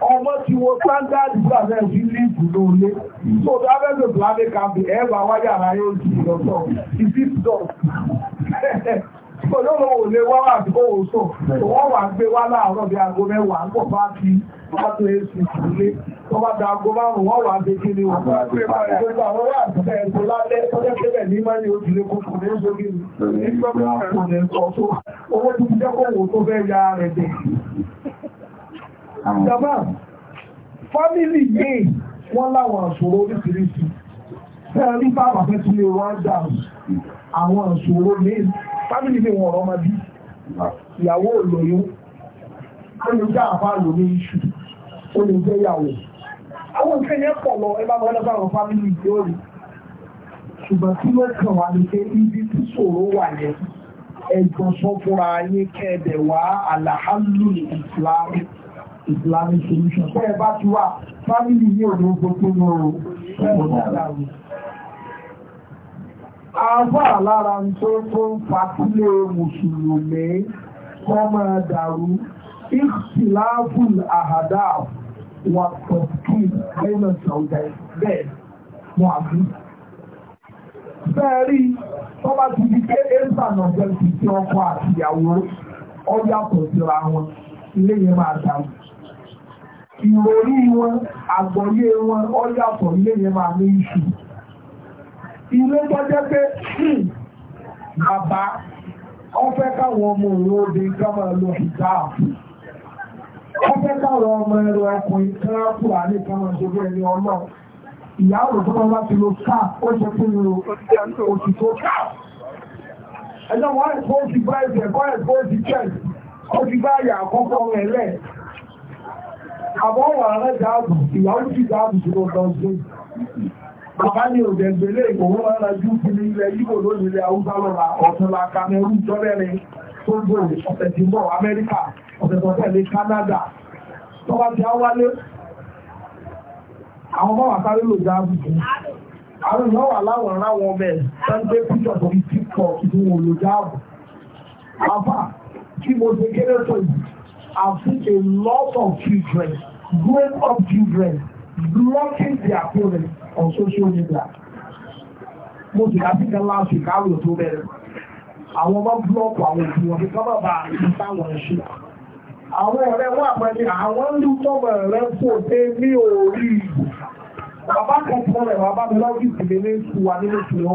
ọmọ tí wo standard gbàgbé sí líìpù lóore so abẹ́gbẹ̀ gbàgbé kàbí ẹ̀rọ àwájà ara yóò ti lọ́sọ̀ ìsìt dọ̀t olóòrò ò lè wá wà bí ó sọ wọ́n wà gbé wá láàárọ̀ bí aago mẹ́wàá pọ̀ bá ti látò èsì ìdílé tó bá da aago márùn-ún wọ́n wà gbé kí ni wọ́n bá gbé gbogbo àwọn wà bẹ̀ ẹ̀kọ́ lálẹ́ tọ́jọ́ Jọba, fámílì yìí wọ́n láwọn àṣòro oríṣiríṣi. Bẹ́ẹ̀ rí bàbá fẹ́ tún lè wọ́n dà àwọn àṣòro míì. Fámílì mi wọ̀n ọ̀rọ̀ máa bí. Ìyàwó olóyún. Ó lè jẹ́ àbá lórí iṣu. Ó lè jẹ́ ìyàwó. Àwọn nǹkan yẹn pọ̀ lọ ẹ bá wọn lọ bá àwọn fámílì yìí ó rí. Ṣùgbọ́n kí ló kàn wá ní pé ibi tí ṣòro wà yẹn ẹ̀gbọ́n sọ fúnra yín kẹ́ẹ̀dẹ̀ wá àlàhálù ìsìlámù. Islamic solution. Ṣé ẹ bá ti wà fámìlì ní òní gbogbo lóòrò ẹ̀wọ̀n dáadáa. Àbá lára ń tó tó ń fatílé Mùsùlùmí kọ́ máa dàrú. Ìkìláàfù àhàdá wà pọ̀kì lẹ́nà ṣàwùjá bẹ́ẹ̀ mọ́ àbí. Bẹ́ẹ̀ rí, wọ́n bá ti di pé Ẹ́ńsà jẹ́ ti ti ọkọ àtìyàwó ọjà pọ̀ síra wọn. Ilé yẹn máa dàrú ìròrí wọn àgbọ̀yé wọn ọ̀yàtọ̀ ilé yẹn máa ní iṣu ilé tó jẹ́ pé hmm, bàbá ọfẹ́ káwọn ọmọ òun òde ká máa lo ìdáàbò ọfẹ́ káwọn ọmọ ẹrọ ọkùnrin kárápù àní ká máa ṣe bẹ́ẹ̀ ní ọlọ́run ìyáwó tó máa bá ti lo sáà ó ṣe fún mi o oṣù tó sáà ẹjọ́ wọn ẹ̀kọ́ ti bá ẹ̀jẹ̀ kọ́ ẹ̀kọ́ ti chẹ́ẹ̀sì ó ti bá àyà àkọ́kọ́ rẹ̀ lẹ́ẹ̀ àbọ̀ wà rẹ̀ dáàbù ìyàwó sì dáàbù sí lọ́dọ̀ sí bàbá ní òdẹ̀gbẹ̀lẹ̀ ìgbòhún máa ra jú kí ní ilẹ̀ Ìgbò lónìí ilẹ̀ Haúsá lọ́la ọ̀túnla Kamẹrún jọ́lẹ́rin Tógò ọ̀sẹ̀ tí mọ́ Amẹ́ríkà ọ̀sẹ̀ tó tẹ̀lé Kánádà tó bá ti á wálé àwọn bá wà sáré lò já, sí àwọn ìyàn wà láwọn ráwọn ọmọ ẹ̀ sẹ́ńdé píjọ tó ti kọ̀ ìdúnwò lò dáàbù àfà kí mo ṣe kéré tó I've seen a lot of children, growing up children, blocking their parents on social media. Mo sì ká síkẹ́ láti káwé tó bẹ̀rẹ̀. Àwọn ọmọ búlọ́ọ̀kù àwọn òbí wọn kíkọ́ bá bá ìta wọn ṣe. Àwọn ọ̀rẹ́ wà pẹ̀lú àwọn ìlú tọ́mọ̀ rẹ̀ fò dé ní orí ìbò. Bàbá kan fún ọ̀rẹ́ bá mi lọ́gì sílé ní ìsúwa nínú ìsúná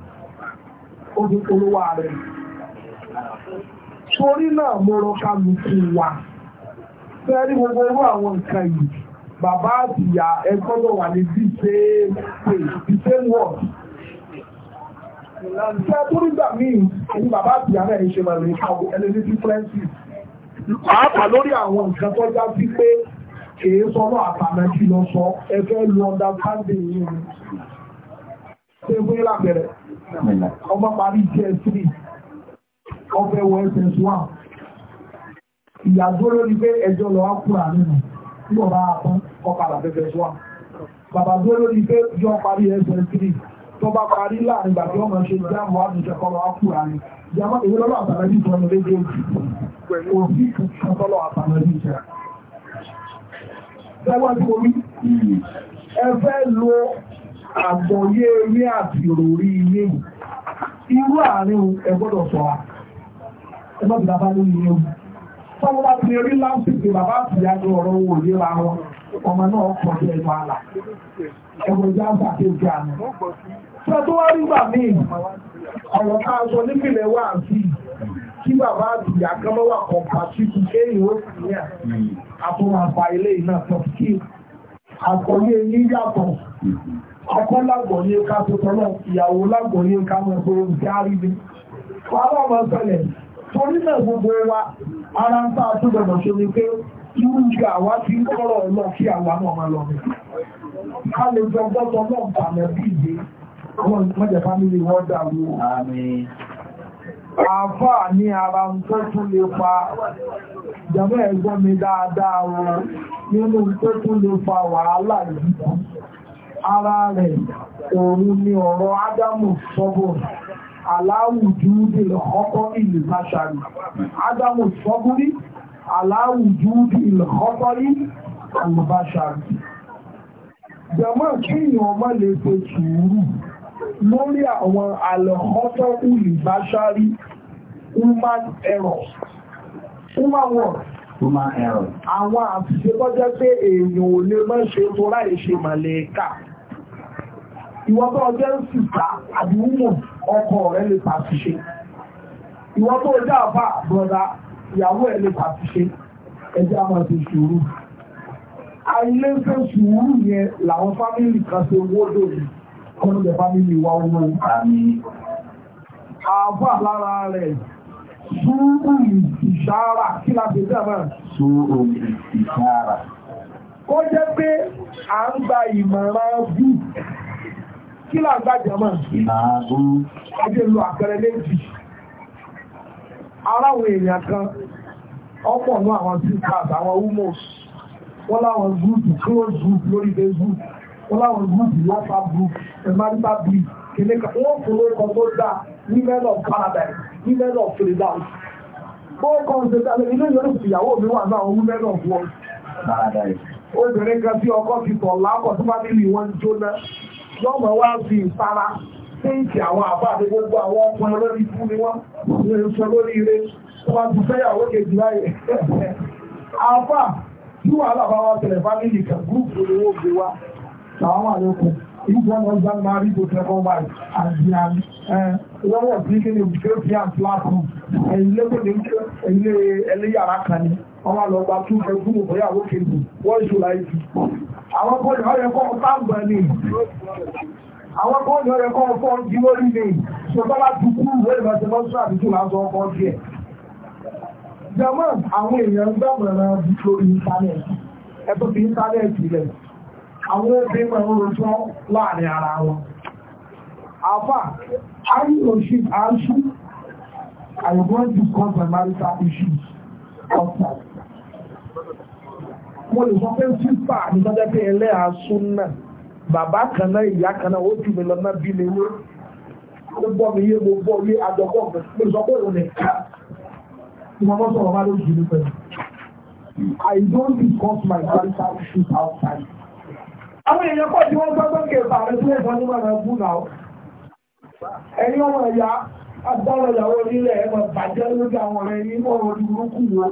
ó ti polówó ààrẹ torí náà mo rọ kálukú wa fẹ́rí gbogbo irú àwọn nǹkan yìí bàbá àtìyà ẹ̀kọ́ náà wà ní bíi ṣe pé the same word ṣe tó nígbà míì ní bàbá àtìyà náà ṣe máa lè kàwé ẹlẹ́ni differences pàápàá lórí àwọn nǹkan tó já sí pé kìí sọ náà àtàlẹ́ kí lọ sọ ẹ fẹ́ lu understanding yìí ṣé fún yín lápẹẹrẹ ọmọ parí js3 ọfẹ́ wọ ss1 ìyàdó lórí pé ẹjọ́ lọ ápùrà nínú nígbà bá apán ọkàlà ss1 bàbá dó lórí pé yọ parí ss3 tó bá parí láàrin gbàgbé ọmọ ṣe jáàmù àdùnṣe kọlọ ápùrà ní ìjàmọ́ ìwé lọ́lọ́ àtàlẹ́bí tọ́nu méjèèjì òfin kan tọ́lọ́ àtàlẹ́bí ìṣẹ́ ẹwọ́n tí mo rí ẹfẹ́ lo àgbọ̀yé yé àti ìròrí yé irú àárín ẹgbọ́dọ̀ sọ ṣọ́ra ẹ má bìlà bá o bá ti rí láǹsìkì bàbá àti ìyá ọ̀rọ̀ owó òye ra wọn ọmọ náà kọ̀ sí ẹnu àlà ìjà ń sọ tó wá rí gbà ọ̀rọ̀ ká sọ nípìnlẹ̀ kí bàbá wà ti ọkọ lágbọ̀nyé ká tó tọ́lọ̀ ìyàwó lágbọ̀nyé ká mọ̀ tó ń gárí ni wọ́n bá mọ̀ sọlẹ̀ torí náà gbogbo wa ara ń tá a tó gbọdọ̀ ṣe ni pé irú ìgbà wa ti ń kọ́rọ̀ lọ kí àwa náà máa lọ mi ká lè jọ gbọ́dọ̀ náà bàmẹ́ bí ìdè àwọn fámílì wọ́n dàrú ara rẹ̀ òun ni ọ̀rọ̀ ádámù sọ́bọ̀ aláwùjúúdì lọ́kọ́ ìlú báṣàrí ádámù sọ́búrí aláwùjúúdì lọ́kọ́ ìlú báṣàrí jẹmọ́ kí èèyàn ọmọ lè ṣe sùúrù lórí àwọn àlọ́kọ́ ìlú báṣàrí human error human work human error àwọn àṣìṣe tó jẹ́ pé èèyàn ò lè mọ́ ṣe tó láì ṣe màlẹ́kà ìwọ́n tó ọjọ́ ń sìta àbí wúmọ̀ ọkọ rẹ̀ lè pàṣẹ. ìwọ́n tó ọjọ́ àbá bọ́dá ìyàwó ẹ̀ lè pàṣẹ ẹjẹ́ a máa ti sùúrù. àìlẹ́sẹ̀ sùúrù yẹn làwọn fámìlì kan ṣe owó lòdì kọ́nù bẹ̀ fámìlì wa owó. àbá lára rẹ̀ sùúrù ìṣàrà kí la fi dáná. sùúrù ìṣàrà. ó jẹ́ pé à ń gba ìmọ̀ràn bíi kí là ń gbàjẹ̀ mọ́ ọjọ́ ìlú àpẹẹrẹ méjì aráwọ̀ èèyàn kan ọ̀pọ̀ ní àwọn sisters àwọn humors wọ́n láwọn group close group lórí facebook wọ́n láwọn group whatsapp group emmanuel blee kìnìkà wọ́n fún lórúkọ tó dá women of paradise women of freedom bókọ̀ ń ṣẹta lè ilé ìyọ́nù ìyàwó mi wà náà women of world obìnrin kan tí ọkọ ti tọ̀ lákọ̀ tó bá nílùú wọn jóná yọ́ mọ̀ wá fi ìfara tíǹkì àwọn àbáàdé gbogbo àwọn ọkùnrin lórí fún ni wọ́n ní ìṣọ́ lórí ire tó wá ti fẹ́yàwó kejì láyé àfà tí wà lábáwá tẹ̀lẹ̀ bá ní ìkà gúrùpù owó gbé wá sàwọn àlékún ìgbọ́n náà gbá máa rí bó tẹ́kọ̀ wáyé àti àmì wọ́n wọ̀ sí kí ni òkè fi àǹtí láàkùn ẹ̀yìn lẹ́gbẹ̀ẹ́ ẹ̀yìn ẹlẹ́yàrá kan ni ọmọ lọ gba tún fẹ́ fún ìbòyàwó kejì wọ́n ṣù láìsí àwọn bọ́ọ̀lù ọ̀rẹ́ kọ́ pàǹgbà ni àwọn bọ́ọ̀lù ọ̀rẹ́ kọ́ fọ́ jí lórí ni ṣọgbọ́n bá dúkú lórí bá ṣe lọ sí àdúgbò láti ọkọ̀ díẹ̀ jọmọ́ àwọn èèyàn ń gbàmọ̀ràn lórí íńtánẹ́ẹ̀tì ẹ̀tọ́ fi íńtánẹ́ẹ̀tì rẹ̀ àwọn obìnrin máa ń rojọ́ láàrin ara wọn àfà àyíòṣì àṣù I want to compromise our issues outside mo lè sọ pé sísà ní sọ́jọ́ pé ẹlẹ́ àásùn náà bàbá kan ìyá kan ó jù mí lọ náà bí lè ó bọ́ mi yé mo bọ́ yé àjọpọ̀ I don't discuss my marital issues outside. Àwọn èèyàn kọ́ tí wọ́n gbọ́dọ̀ kẹfà rẹ̀ sílẹ̀ kan ní màmá fún náà. Ẹ̀yin ọmọ ìyá agbára ìyàwó onílẹ̀ ẹ̀ bàjẹ́ lórí àwọn ọ̀rẹ́ yín mọ́ wọn.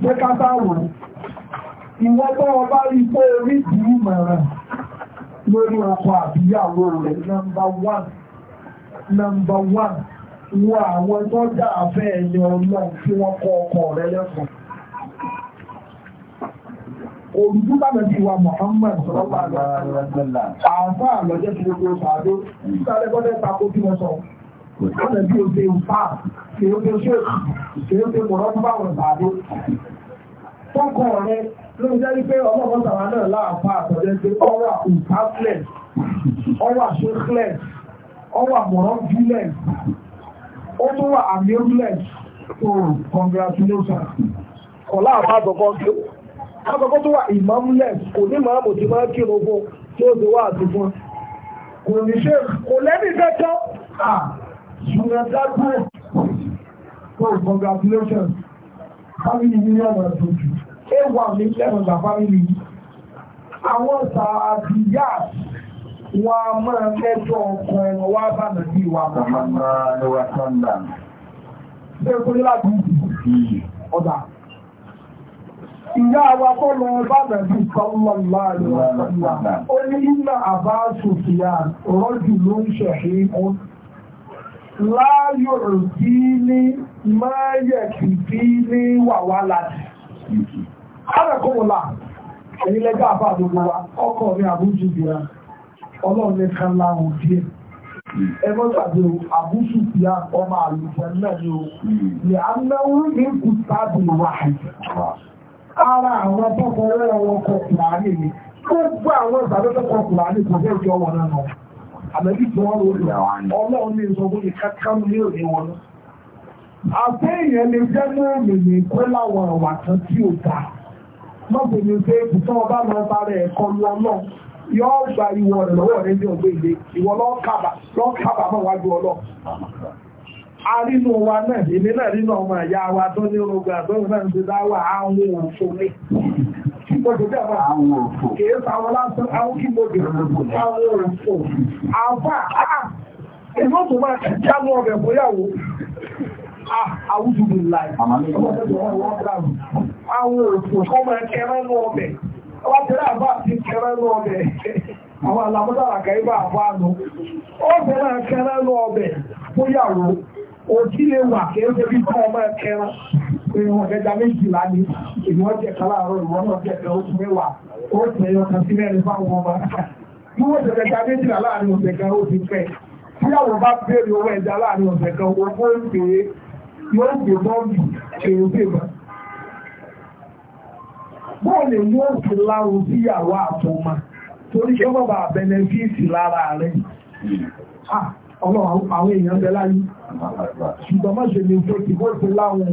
pé ká bá wọ́n ìwọ́n tó ọba rí pé orí ìdìí mẹ́rin lórí ọkọ àbíyàwó rẹ̀ nọmba wán nọmba wán wo àwọn tó dá àfẹ́ ẹni ọlọ́run tí wọ́n kọ́ ọkọ rẹ̀ lẹ́kọ̀ọ́ olùdó bá bẹ̀ ti wa Muhammad sọ́lọ́pàá àgbà àfáà lọ́jẹ́ tí ó gbé pàdé sáré gbọ́dẹ́ tako tí wọ́n sọ kò sọ́nà bí o ṣe ń fà kí o ṣe ṣe kí ṣe mọ̀rọ̀ bá wọn bàdé. Tọ́kọ̀ rẹ ló ń jẹ́rí pé ọmọ ọmọ náà láàpá àtọ̀jẹ́ pé ọwà ọwà ọwà mọ̀rọ̀ tó wà ìmọ̀múlẹ̀ kò ní màámù tí máa kírun fún tí ó ti wá àti fún. Kò ní ṣe kò lẹ́nìí fẹ́ tán ṣùgbọ́n dákú so congratulations family million and twenty a one ní lẹ́nu gba family àwọn sàbíyà wọn a máa mẹ́jọ ọkọ̀ ẹ̀rọ wá bá nàbí wa mọ̀hánmá ṣe kó ní láti hmm. ọ̀dà ìyá wa kọ́ lọ bá nàbí sọ́lọ́lá àríwá ó ní ìlà àbá sòfìyà rọ́jù ló ń ṣẹ̀ṣẹ̀ ìkún láyòrò kí ní mẹ́yẹ̀ kì kí ní wàwá láti. Àrẹ̀kọ́wọ̀lá, ẹ̀yìn lẹ́gbẹ́ àbá àdúgbò wa, ọkọ̀ mi àbújú bìíra, ọlọ́run ní kan láhùn díẹ̀. Ẹgbọ́n tàbí àbújú bìíra ọmọ àlùfẹ́ náà ni ó, ní ní kùtàbí àmẹ́bí tí wọ́n lórí ọlọ́run ní ìsọ fún ìkankan ní òní wọn lọ. àti èèyàn lè jẹ́ náà mèmí láwọn àwà kan tí ò dá lọ́pọ̀ ní pé ìbùsọ̀ ọba máa bá rẹ̀ ẹ̀kọ́ ńlá náà yóò gba ìwọ rẹ̀ lọ́wọ́ rẹ̀ ní ọgbẹ́ ilé ìwọ lọ́kàbà lọ́kàbà wájú ọlọ́ arínú wa kí gbogbo jẹ́wà àwọn òfò kìí sáwọn lásán àwọn kí gbogbo àwọn òfò àfà ìlú tó máa jánú ọbẹ̀ fóyàwó àwùjúbù láì àwọn òfò ọmọ ẹkẹrẹ́nú ọbẹ̀ ọwá tẹ́lẹ̀ àbá àti kẹrẹ́nú ọbẹ̀ àwọn alamọ́dára kẹ́ẹ̀bà àbánu ó bẹ̀rẹ̀ kẹrẹ́nú ọbẹ̀ fóyàwó òtí lè wà kẹ́ẹ̀ẹ́ pé wọ́n jẹja méjìlá ni ìwọ jẹ kaláàárọ̀ ìwọ náà jẹ kan oṣù mẹ́wàá ó tẹ ẹyọ kan sí mẹ́rin fáwọn ọmọ bí wọ́n jẹ jẹja méjìlá láàrin ọ̀sẹ̀ kan ó ti pẹ́ tí àwọn bá béèrè owó ẹja láàrin ọ̀sẹ̀ kan owó ń pè é yóò gbé bọ́ọ̀lù èrò bèbà bọ́ọ̀lù yóò fi láhùn síyàwó àtọ́mà torí ṣé bọ́ọ̀bà bẹnẹfíìsì lára rẹ̀ ah, ọlọ́run àwọn èèyàn bẹ láyé ṣùgbọ́n má ṣe lè fẹ́ kí bọ́ọ̀lù láhùn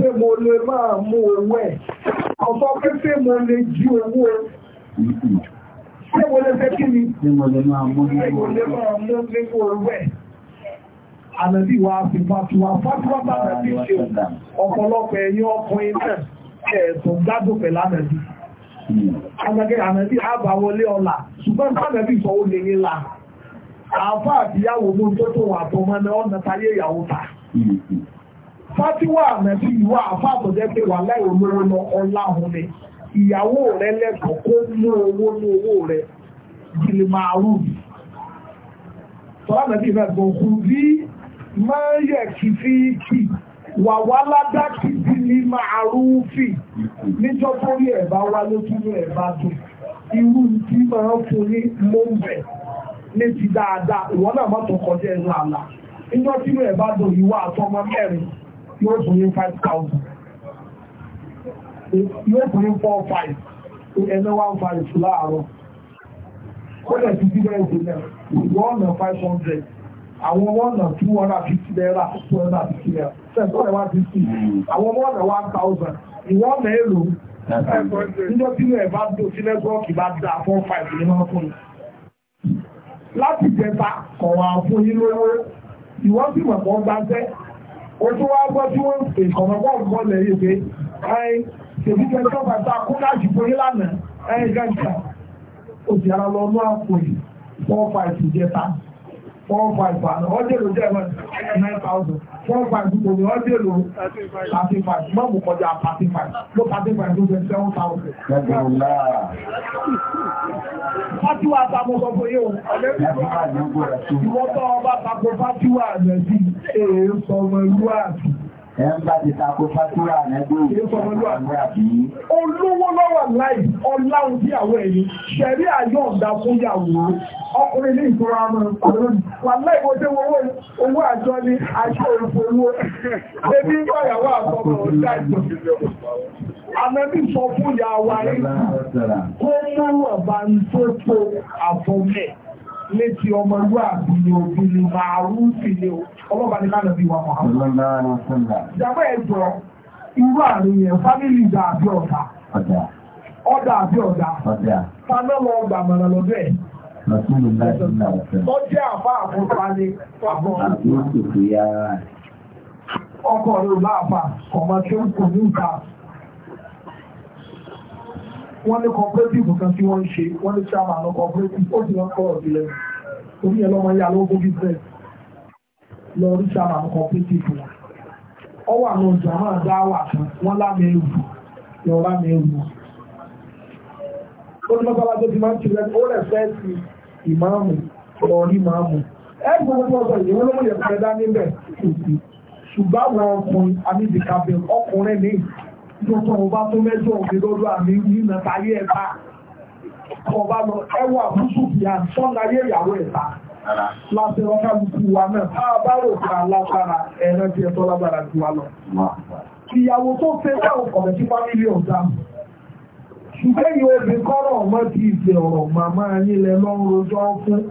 pé mo lè máa mú owó ẹ̀ ọ̀sọ́ pé pé mo lè jí owó ẹ̀ pé mo lè fẹ́ kí ni pé mo lè máa mú nínú owó ẹ̀ ànàbí wa fi fàtíwà fàtíwà bá ànàbí ṣe ọ̀pọ̀lọpọ̀ ẹ̀yìn ọkùnrin náà ẹ̀ẹ̀tọ̀ gbádùn pẹ̀lú ànàbí Àgbàgbẹ́ àmẹ́bí àbàwọlé ọlà, ṣùgbọ́n àmẹ́bí sọ ó lè ní la. Àfáà àti ìyàwó mú tó tó wà tó mọ́ ní ọ̀nà tayé ìyàwó ta fátíwà ànàbí ìwà àfáàtọ̀jẹ́ pé wà láì olówó lọ ọlá òun ni ìyàwó rẹ lẹ́kọ̀ọ́ kó mú owó ní owó rẹ gìlì màálù tọ́lá ànàbí ìfẹ́ gbọ̀nkú bí máa ń yẹ kí fi kì wà wá ládákì bí ní màálù fì níjọ́ rí ẹ̀bá wá lójú ní ẹ̀bá dùn irú tí máa ń fún ní mọ́ǹbẹ̀ ní ti dáadáa ìwọ́n náà mọ́tò kọjá ẹnu àlà níjọ́ tí ẹ̀bá dùn ìwà àtọmọ mẹ́rin yóò fún ní five thousand yóò fún ní four five ẹ̀ẹ́dẹ́ five láàárọ̀ ó lẹ̀ ti bí bẹ́ẹ̀ sílẹ̀ one na five hundred àwọn one na two hundred fifty naira two hundred fifty naira sẹ́ńtọ́ ẹ̀ wá fifty àwọn one na one thousand ìwọ́n na èlò níjọ́ tí ẹ̀ bá dò sí nẹ́tíwọ́ọ̀kì bá dà four five ní máa fún mi láti jẹta kọ̀wà fún yín lówó ìwọ́n sì mọ̀ pọ̀ ojú wá gbọ́ tí wọ́n pè kọ̀mọ̀gbọ́ gọ́lẹ̀ yìí pé ẹ̀yìn tèbíkẹ́ tó bàtà kó láti borí lánàá ẹ̀yìn gẹ́gẹ́ òsì ara lọ mú àpò yìí four jẹ́ four five kò ní ọdún èlò thirty five mọ́mù kọjá thirty five ló thirty five ló jẹ seven thousand. fatiwa àtàwọn sọ fún yóò ìwọ́n tó ọba tako fatiwa rẹ̀ sí èé ìlú àti. Ẹ̀mbá ti tako fásúrà nẹ́gbẹ́ Olówó lọ́wọ́ láì ọláhun tí àwọn ẹ̀yìn ṣẹ̀rí àyọ̀ ọ̀dà fún yàwó ọkùnrin ní ìtura ọmọ ọdún wà láì mo dé owó àjọ ní àṣọ òfòwò ẹbí ń bọ̀yàwó àtọmọ̀ ọ̀dà ìjọ. Àmẹ́bí sọ fún ìyá wa rí kó mú ọ̀bá ń tó tó àfọ̀mẹ́ létí ọmọ ìlú àbílẹ̀ òbílẹ̀ màárù fìlẹ̀ ọlọ́ba ní kánà bí wọn kọ́. ìjàmbá ẹ̀jọ̀ irú àrùn yẹn fámìlì ìdá àbí ọ̀dà ọ̀dà àbí ọ̀dà paná lọ ọgbà màrà lọ́dọ̀ ẹ̀. Ọjọ́ àbá àfọ́fà ni pàbọ̀. Ọkọ̀ rẹ̀ wọ́n ní cooperative kan tí wọ́n ń ṣe wọ́n ní chairman lọ cooperative ó sì lọ́kọ́ ọ̀dílẹ̀ orí ẹ̀ lọ́mọ yà lọ́wọ́ business lọ rí chairman cooperative wọn. ọwọ́ àwọn ọjà náà dá wà kan wọ́n lámì ẹ̀rù lọ lámì ẹ̀rù wọn. ó ní mọ́tàlá tó ti máa ń ti rẹ́ ó rẹ̀ fẹ́ sí ìmáàmù lọ rí máàmù. ẹ gbọ́dọ̀ tó ọ̀sán ìyẹn ló mú yẹ fẹ́ dá níbẹ̀ ṣùgbọ́n àwọn ọkùnrin àbí ìdìkàbẹ̀ ọkùnrin ní Tọ́tọ̀ ọba tó mẹ́jọ òbí lọ́dọ̀ àmì nínà táyé ẹ̀ta. Ọba lọ ẹwà búṣù fi à sọ́nayé ìyàwó ẹ̀ta. Láti ọkà lùkù wa náà, tá a bá rò ká lágbára ẹ̀rẹ́ ti ẹ̀tọ́ lágbára ju wa lọ. Ìyàwó tó fẹ́ dáhùn kọ̀mẹ̀ sí fámílì ọ̀dà. Ṣùgbẹ́ yìí obì kọ́rọ̀ ọmọ ti ìfẹ́ ọ̀rọ̀ màmá yín lẹ lọ́rùn rojọ́ fún.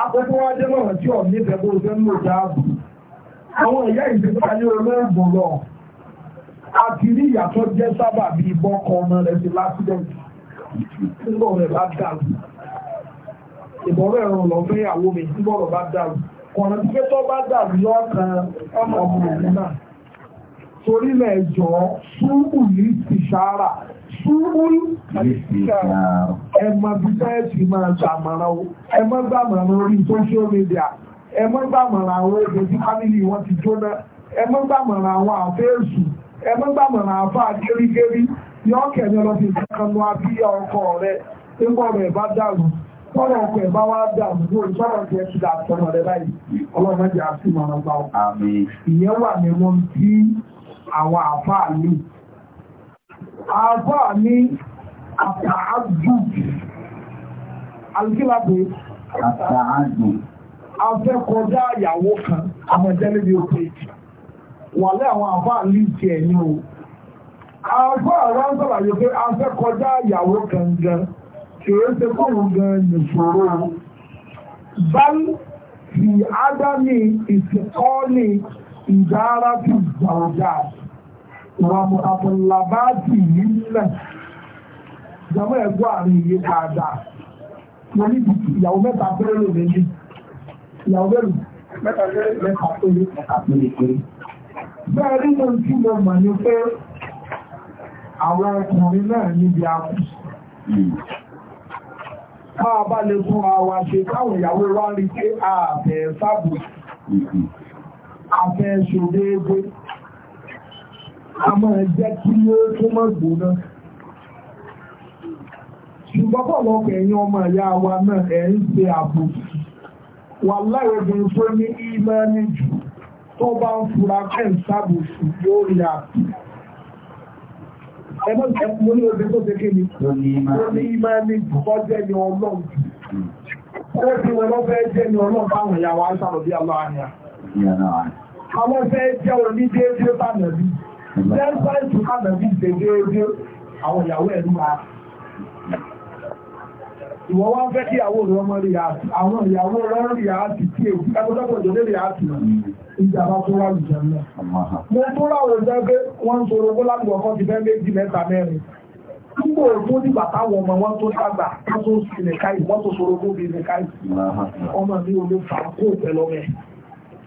Àkókò wájẹ́ náà tí ọ̀ nífẹ̀ẹ́ bó ṣe ń lò dáàbò. Àwọn ìyá ìdíkọ́ ayé olóògùn lọ àti rí ìyàtọ̀ jẹ́ sábà bí ìbọn kọ ọmọ rẹ̀ sí lásìdẹ̀ntì nígbà rẹ̀ bá dàrú ìbọn rẹ̀ rán lọ fún ìyàwó mi nígbà rẹ̀ bá dàrú kọ̀nà tí pé tó bá dàrú lọ́kàn ọmọ ọmọ òun náà torí lẹ́jọ́ súnkù ní ìṣàrà súnkù ẹ̀mọ́ bí fẹ́ẹ̀sì máa ṣàmàrà o ẹ̀mọ́ gbàmàrà orí social media ẹ̀mọ́ gbàmàrà àwọn èdè tí fámìlì wọn ti jóná ẹ̀mọ́ gbàmàrà àwọn àfẹ́ẹ̀sùn ẹgbẹ́gbàmọ̀ràn àfà gẹ́rígẹ́rí yọ kẹ̀yìn lọ sí ìkànnù abíyá ọkọ rẹ̀ nígbà ọ̀rọ̀ bá dàrú sọ̀rọ̀ ọkọ̀ ẹ̀ wá dàrú ní ìsọ̀rọ̀ tiẹ̀ ti dà sọ̀rọ̀ rẹ̀ báyìí ọlọ́run àti ìmọ̀ràn ìyẹn wà nínú tí àwọn àfà ní. àfà ní àtàájú alùkílàbù àtàájú afẹ́kọjá ìyàwó kan àmọ̀jẹ́lẹ́bí ó wà lẹ́ àwọn àfáà lè ti ẹ̀yìn o àfáà rán sàlàyé pé a fẹ́ kọjá ìyàwó kangan kì í ṣe fóun gan nìṣòro báyìí fi ádámì ìsìnkọ́ọ̀lì ìdára ti gbàọ̀dà wà mùtàtàlábáàtì nílẹ̀ jàmọ́ ẹ̀gbọ́ àárín iye dáadáa mo ní ìyàwó mẹ́ta péré lò lé ìyàwó mẹ́ta péré mẹ́ta péré bẹ́ẹ̀ nínú tí mo mọ̀ ní pé àwọn ọkùnrin náà níbi akú máa bá lè fún àwa ṣe káwọn ìyàwó wá rí pé ààbẹ̀ sábò àfẹ́ ṣòdéégbé a máa jẹ́ kí ó tó mọ́ gbóná ṣùgbọ́n pọ̀lọpọ̀ ẹ̀yin ọmọ ìyá wa náà ẹ̀ ń ṣe àbò wà láìwọ̀n tó ní ìmọ̀ ní jù tó bá ń fura fẹ́ ń sábòsù yóò rí àpì ẹgbẹ́ ìjẹ́kùn lórí obìnrin tó ṣe kí ni ó ní ìmọ̀ ní bọ́jẹ́ ni ọlọ́run ó ti wọn lọ́fẹ́ jẹ́ ni ọlọ́run báwọn hmm. ìyàwó aṣáàrọ̀ ìwọ wá fẹ́ kí àwọn òun rí àti àwọn ìyàwó rán rí àti tí èkú ẹgbẹ́ ìjàmbá tó wà lùjàmbá. Mo tó ráwọ̀ jẹ́ pé wọ́n ń sọ̀rọ̀ bó láti ọkọ̀ ti fẹ́ méjì mẹ́ta mẹ́rin. Nígbò tó ní bàtà wọn ọmọ wọn tó dàgbà wọ́n tó sì lè káyì wọ́n tó sọ̀rọ̀ bó bèèrè káyì. Ọmọ mi ò lè fà á kó òfẹ́ lọ́mẹ.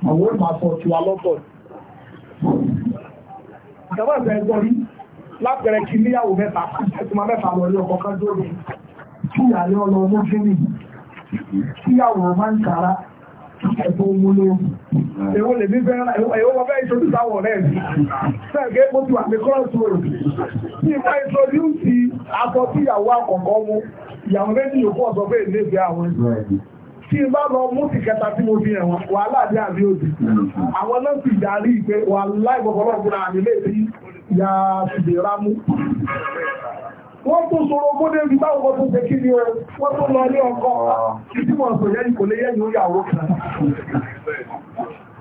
Àwọn ò máa sọ tiwa lọ́tọ̀. Ìjọba ìfẹ́ gbọ́ rí lápẹ̀rẹ̀ kí níyàwó mẹ́ta ẹ̀tùmá mẹ́ta lọ ilé ọkọ̀ kan mi ẹ̀fọ́ múlò èwo lè nífẹ́ èwo wọ́n fẹ́ ìṣojú sáwọ̀ rẹ̀ sẹ́ẹ̀gẹ́ ó ti wà ní crossroad tí ìfẹ́ ìṣojú ti aṣọ tí ìyàwó àkọ́kọ́ mú ìyàwó méjì yòókù ọ̀sọ̀ fẹ́ ìlébẹ̀ àwọn tí n bá lọ mú ti kẹta tí mo fi ẹ̀wọ̀n wàhálà dé àbí òdì àwọn náà sì darí pé wàhálà ìgbọ̀gbọ̀lọ́gbọ̀n àmì lè fi ya ṣùgbẹ́ra mú wọ́n tó sọ̀rọ̀ ọgbọ́dé ibi báwọn ọdún ṣe kí ni o wọ́n tó lọ ní ọkọ̀ títí mọ̀ sọ yẹ́ kò lè yẹ́ ní orí àwọn kan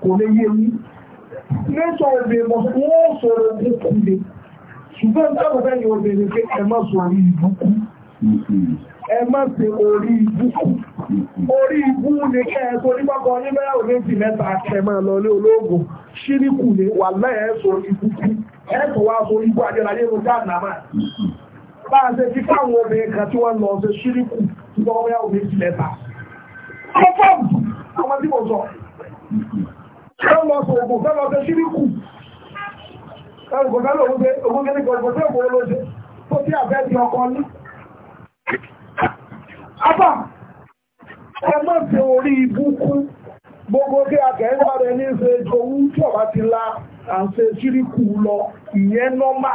kò lè yé ní lẹ́tọ̀ ọ̀bẹ̀ mọ̀ wọ́n sọ̀rọ̀ ọgbọ́n kú lè ṣùgbọ́n táwọn bẹ́ẹ̀ ni ọbẹ̀ ni pé ẹ má sọ orí ìbùkú ẹ má ṣe orí ìbùkú orí ìbú ni kẹ́ ẹ tó nípapọ̀ ní bẹ́ẹ̀ òní ti mẹ́ta kẹ́ máa lọ ní olóògùn wà lẹ́ẹ̀ sọ ìbùkú wá sọ ìbú adélayé ló dáná náà bá a ṣe fi káwọn obìnrin kan tí wọ́n lọ ṣe ṣíríkù tí wọ́n wáyà omi ti lẹ́ta. Ọfọ́m àwọn tí mo sọ. Kọ́ lọ sọ ògùn kọ́ lọ ṣe ṣíríkù. Ògùn kọ́ lọ ògùn kẹ́ ògùn kẹ́ ògùn kẹ́ ògùn olóṣè tó orí ibùkún gbogbo kí akẹ́ńtà rẹ̀ ní ṣe jowú tí ọ̀bá ti la à ń ṣe ṣíríkù lọ ìyẹn nọ́mà.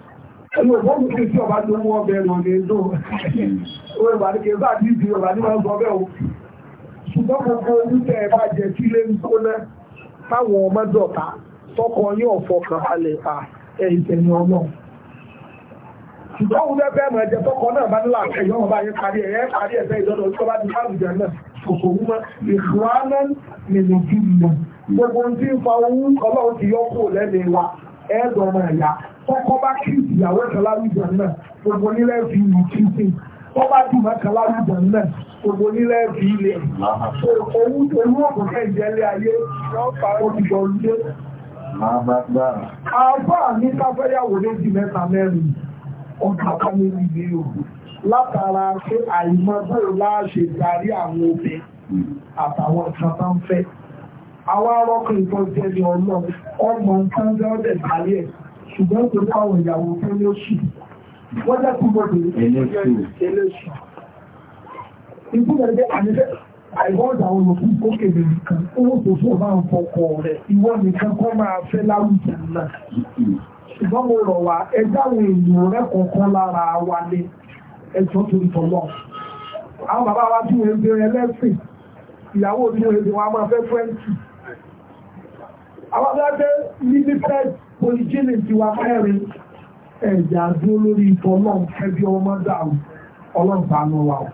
Ẹni òfóòmù kí tí ọba tó mú ọbẹ̀ ẹ̀nà ní ẹ̀dọ́. Owó ìgbà ní kí bá ti di ọba ní máa sọ bẹ́ẹ̀ o. Ṣùgbọ́n gbogbo oúnjẹ ẹ̀ bá jẹ tí lé ń kóná táwọn ọmọ dọ̀ta tọkọ yín ọ̀fọ̀ kan balẹ̀ à ẹ̀yìn tẹ̀mí ọmọ. Ṣùgbọ́n òun lẹ́fẹ́ mọ̀ ẹ̀jẹ̀ tọkọ náà bá nílà ẹ̀yọ́ ọba yẹn parí ẹ̀ parí ẹ̀fẹ́ ìdọ́dọ̀ tí ọba ti káàbùjẹ náà kòkò wú mọ́ ìṣúná nínú kí gbogbo ohun tí ń fa owó ọlọ́run ti yọ kúrò lẹ́nu wa ẹ̀ẹ́dọ̀ ọmọ ẹ̀yà tọkọ bá kí ìyàwó kàlárí ìjọ̀n náà gbogbo nílẹ̀ fi ìlú kí sí tọ́ bá dùn mọ́ kàlárí ìjọ̀n náà gbogbo nílẹ̀ fi ilẹ̀ owó òkú kẹ́ìjẹ́lé ayé òtùgbọ̀ olùdé. àbá ní káfẹ́yàwó méjì mẹ́ta mẹ́rin ọ̀gá kan ní ìlú yòókù látara pé àìmọ́ bóòlá ṣe darí àwọn obìnrin àtàwọn ìtàn tán fẹ́ àwọn arọ́kùn ìtọ́jú ẹni ọlọ́ ọmọ nǹkan bẹ́ọ̀dẹ̀ parí ẹ̀ ṣùgbọ́n tó káwọn ìyàwó tó ní oṣù wọ́n jẹ́ kú gbọdọ̀ eléṣù ikú rẹ̀ jẹ́ àníṣẹ́ àìwọ́dà olùkú ókèèrè nìkan owó tó fún ọba ń fọkọ rẹ̀ ìwọ nìkan kọ́ máa fẹ́ láwùjọ náà ṣùgbọ́n mo rọ̀ wá ẹjáwọn èèyàn rẹ̀ kọ̀ọ̀kan lára wa lé ẹjọ́ tó ń tọ́lọ́ àwọn bàbá wa tí wọ́n ń bẹ̀rẹ̀ lẹ́sìn ìyàwó tí wọ́n ń bẹ̀rẹ̀ wọn a máa fẹ́ fẹ́ǹtì àwọn adájẹ́ limited polygyny ti wá mẹ́rin ẹ̀jẹ̀ àdúró lórí ìtọ́ náà ẹbí ọmọ dáhùn ọlọ́ǹtàánú wa o.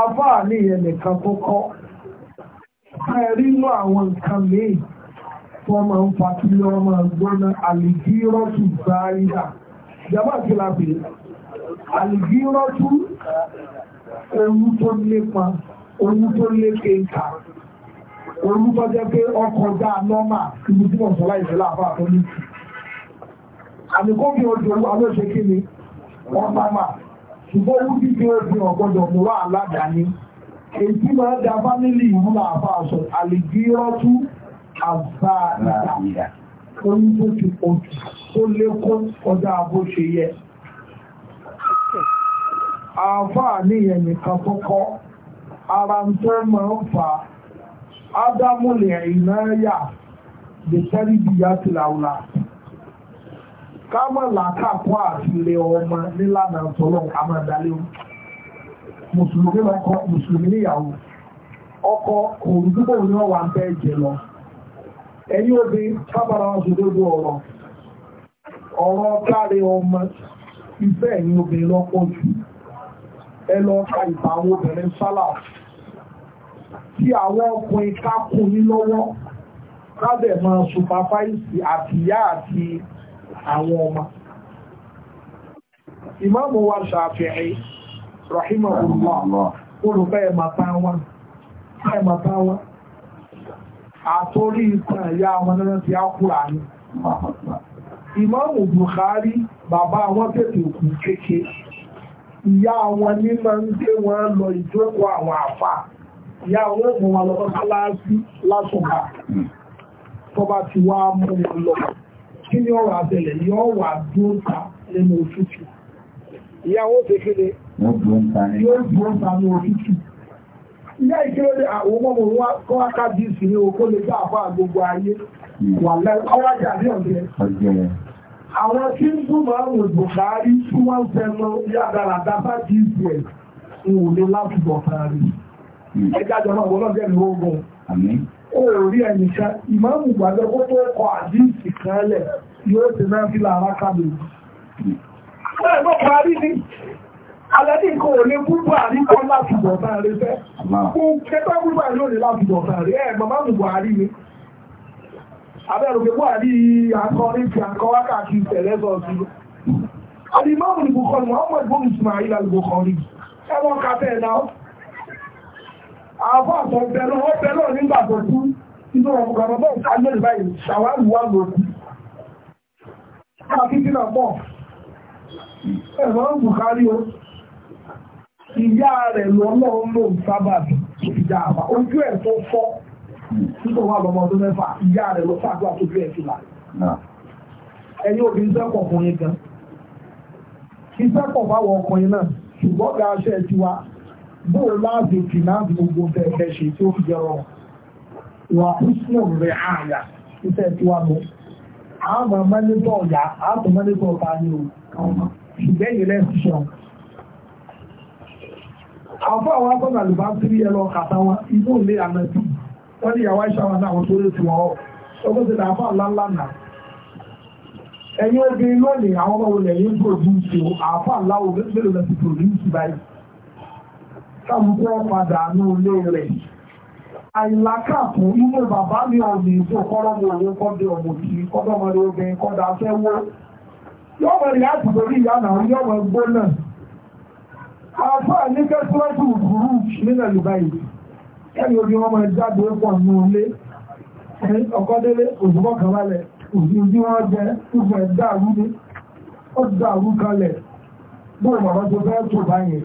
àbá ní ẹnìkan tó kọ́ ẹ̀rí inú àwọn nǹkan mìíràn tó máa ń fa kí ọmọ gbóná àlìgírọ́tù gbáyà ìjọba àti làbẹ̀ àlìgírọ́tù ewu tó lépa ewu tó lékè ń orúkọ jẹ́ pé ọkọ̀ dá nọ́mà ibi tí wọ́n sọ láì fẹ́ láàfáà tó ní àmìkóbi ojú olú alóṣe kí ni wọ́n pàmà ṣùgbọ́n orú bí kí ojú ọgbọ́dọ̀ mú wá aládàáni èyí máa da fámílì ìlú láàfáà sọ àlègírọ́tú àbáàdà orí tó ti ojú tó lékún ọjà bó ṣe yẹ ádámúlẹ̀ ìnáyà lè tẹ́rí bí yá ti làwùlà ká mọ̀ làákàkọ́ àti ilé ọmọ nílànà tọ́lọ̀ ká máa o mùsùlùmí lọ́kọ mùsùlùmí níyàwó ọkọ ní ọwà ń bẹ́ẹ̀ jẹ lọ ẹ̀yin kábàrà wọn ọ̀rọ̀ ọ̀rọ̀ káre ọmọ ìfẹ́ obìnrin lọ́pọ̀ jù ẹ obìnrin sálà ti àwọn ọkùnrin ká kù ní lọ́wọ́ kábẹ̀ máa sùpàfáìsì àtìyá àti àwọn ọmọ ìmáàmù wa Ṣàfi'í rahimahullah olùfẹ́ ẹ̀màtà wọn ẹ̀màtà wọn àtórí ìtàn ìyá wọn náà ti á kúrà ní ìmáàmù Bukhari bàbá wọn tètè kù kéke ìyá wọn ní máa ń gbé wọn lọ ìjókòó àwọn àfáà ìyá wọn mú wọn lọ láti lásùnkà tó bá ti wá mú wọn lọ kí ni ọ̀rọ̀ àtẹlẹ̀ ni ọ wà dúró ta nínú òtútù ìyá wọn ṣe kéde yóò dúró ta nínú òtútù ìyá ìkéde àwọn ọmọ wọn kọ́ akájí sí ní okó lè bá àbá gbogbo ayé hmm. wà lẹ́yìn ọwọ́ àjà ní ọ̀dẹ́ àwọn tí ń túnmọ̀ àwọn ìbùkárí tí wọ́n ń fẹ́ lọ yá dáradára láti bọ̀ kárí. Hmm. ẹjájọ́ náà wọ́n lọ́gbẹ́ ní ogun ó rí ẹnìkan ìmáàmù gbàgbẹ́ kó tó kọ àdíǹsì kan lẹ̀ yóò ti náà fi lára kábẹ̀ bẹ́ẹ̀ ló parí ní alẹ́dí nǹkan ò lè búrú àrí kọ́ láti bọ̀tà rẹ fẹ́ kó kẹta búrú àrí ò lè láti bọ̀tà rẹ ẹ̀ màmá mú Buhari ni abẹ́rù pé Buhari akọrin ti akọ wákàtí ìtẹ̀lẹ́ sọ̀tì alimọ́mù ni Bukhari Muhammad bọ́ọ̀lù Ismail al-Bukhari ẹ̀wọ̀n kafẹ́ náà àwọn àtọ̀ bẹ̀rẹ̀ ọ bẹ̀rẹ̀ nígbà tó kú inú ọmọdé kájẹ́lì báyìí ṣàwárí wà lórí káàkiri náà pọ̀ ẹ̀rọ ń bùkárí o ìyá rẹ̀ lọ́lọ́ ló ń sábàbí ìjà àbá ojú ẹ̀ tó fọ́ nígbà wà lọ́mọ ọdún mẹ́fà ìyá rẹ̀ ló fàdúrà tó bí ẹ̀ fi là ẹ̀yìn obìnrin sẹ́kọ̀ ọkùnrin gan iṣẹ́ pọ̀ báwọn ọkùnrin náà ṣùgbọ́n gà aṣọ ẹ̀ ti wa bóò láti fìnáàbì gbogbo bẹ̀ẹ̀kẹ́ ṣe tí ó fi jẹ́ rọrùn wà húsùnù rẹ̀ àyà títẹ̀ tí wà mú àmà mẹ́lẹ́tọ̀ ọ̀yà àtọ̀ mẹ́lẹ́tọ̀ ọ̀tà ni ò ṣùgbẹ́yìn lẹ́sùsùn àfọ́ àwọn akọ́nà àlùbá tírí ẹlọ kàtà wọn inú ilé àmẹ́tù wọ́n ní ìyàwó ìṣàwà náà wọ́n tó lè tù wọ́n ọgbọ́n ti dà obìnrin lónìí àwọn ọmọ wọlé yìí ń pòdúùsì àfọ́ àláwọ̀ mélòó lẹ́sìn pòdúùsì báyìí káàmùkú ọ̀padà ní ilé rẹ̀ àìlàkàpù ilé bàbá mi ọ̀nà ìfò kọ́lọ́mù òun kọ́dé ọmọ kì í kọ́dọ́mọ rẹ̀ obìnrin kọ́dà afẹ́wó yọ̀wọ̀ rẹ̀ láti ìyá náà náà àfáà ní kẹ́síwájú òkúrú nílẹ̀ yorùbá kẹ́mi obi wọn máa jáde ní òṣùpọ̀ kan wọn ẹ̀dá ó kalẹ̀ tó fẹ́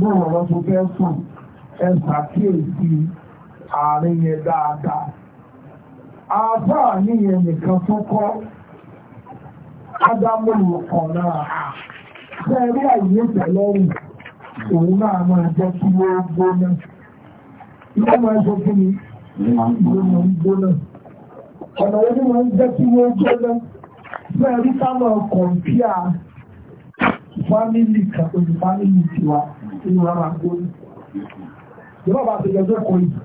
bóòrùn lọ tó fẹ́ sùn ẹ ṣàkíyèsí àárín yẹn dáadáa àbá níyẹn nìkan tó kọ́ ádámọ̀lù kan náà fẹ́ẹ́ rí àyè ìtẹ̀lọ́rùn òun náà máa jẹ́ kí ó gbóná ilé máa sọ fún mi ọ̀nà wo ni jẹ́ kí ó gbóná fẹ́ẹ́ rí kọ̀ǹpíà fámìlì kan pẹ̀lú tiwa inú rárá gbóyìn ìjọba bá ti jẹjọ kọ yìí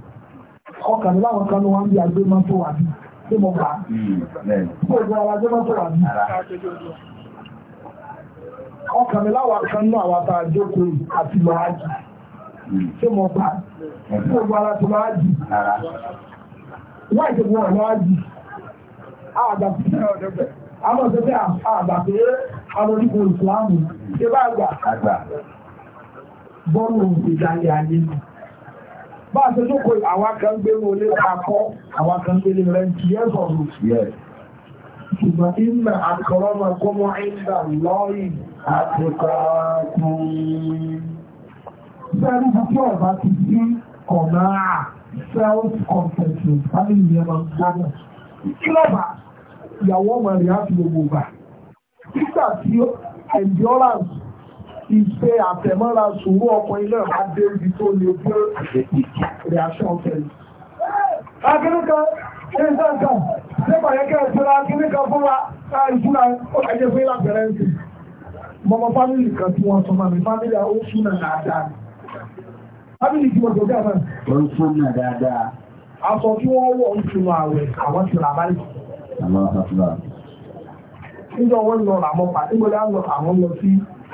ọkàn ní láwọn kanú wọn bí agbé mọ́tò wà ní tí mo bá kó ìjọ ara agbé mọ́tò wà ní ọkàn ní láwọn kanú àwọn àtà àjókò yìí àti lọ ájì tí mo bá kó ìjọ ara ti lọ ájì wọ́n ìjọ wọn lọ ájì àwọn ọ̀dọ́gbẹ̀ àwọn ọ̀dọ́gbẹ̀ àgbà pé àwọn onígbò ìsìlámù ṣe bá àgbà bọ́ọ̀lù ìdálẹ̀ ayé ni bá a ṣe lóko àwọn kan gbé wọlé akọ́ àwọn kan gbé lè yes or no yes ṣùgbọ́n ìmọ̀ àkọ́rọ́mọ̀ kọ́mọ́ ìgbà lọ́yìn àtìkọ́kùn sẹ́ni tí ọba ti sí kọ̀nà self-confession fáwọn ìyẹn máa ń gbọ́dọ̀ kí lọ́ba ìyàwó ọmọ rẹ̀ á fi gbogbo gbà nígbà tí endurance ìṣe àtẹ̀mọ́ra sùúrù ọkùnrin náà bá dé ibi tó lè gbé reaction fẹ́lú. akínníkan ìṣẹ́ǹkan nípa yẹ́kẹ́ ìṣúra akínníkan fún wa ká ìṣúra ó kàjẹ́ fún ìlàbẹ̀rẹ̀ ń sìn mọ́mọ́ fámìlì kan tí wọ́n sọ máa mi fámìlì ó súnà dáadáa fámìlì tí mo tó dáa náà. ó ń súnà dáadáa. aṣọ tí wọ́n wọ̀ ń túnú àwẹ̀ àwọn ti rà báyìí. àwọn aṣọ ti rà. níjọ wọn lọ ràmọ́pà nígbà wọn lọ àwọn lọ sí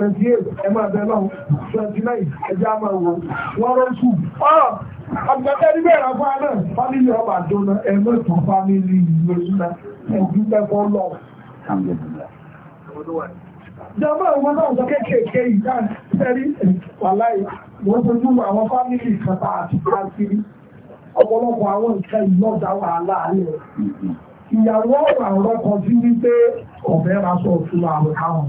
twenty eight ẹ máa bẹ lọ́hùn twenty nine ẹjẹ́ á máa wọ wọ́n rọ́ sùn. ọ̀rọ̀ àgbẹ̀tẹ́ ní bẹ́ẹ̀ rà fún aná fámìlì ọba àdóná ẹ mẹ́tọ̀ fámìlì ìlòsùnà ẹ̀dùn pẹ́pọ́ lọ. jọba ìwọ náà sọ kéékèèké yìí náà sẹ́rí wàláì wọ́n fojú àwọn fámìlì kàtà àti káàkiri ọ̀pọ̀lọpọ̀ àwọn nǹkan ìlọ́dà wàhálà rẹ̀ ìyàwó ọ̀rọ̀ kan sí wípé ọ̀fẹ́ ra sọ fún àwọn káwọn.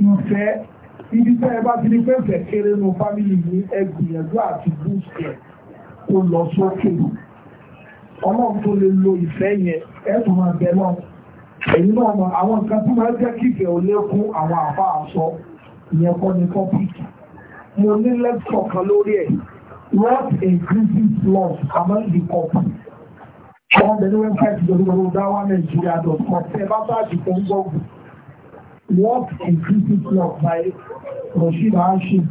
ìfẹ́ ibi tẹ́ ẹ bá ti ní pẹ́ẹ́fẹ́ kéré nu fámìlì ní ẹgbìyànjú àti búùsùn kó lọ sókè ọlọ́run tó lè lo ìfẹ́ yẹn ẹ̀sùn máa bẹ̀ náà èyí náà mọ àwọn nǹkan tó máa jẹ́ kíkẹ́ ò lékún àwọn àbá àṣọ ìyẹn kọ́ ní tọ́pìkì mo ní lẹ́kṣọ̀ kan lórí ẹ̀ what increases love among the couple ọmọ bẹ̀rẹ̀ wẹ́bsáìtì ìjọba ìjọba ìdáwà nàìjíríà dot com ẹ bá bá àdìpọ̀ ń gbọ́gbù What and Critic Club by Rashid Hashim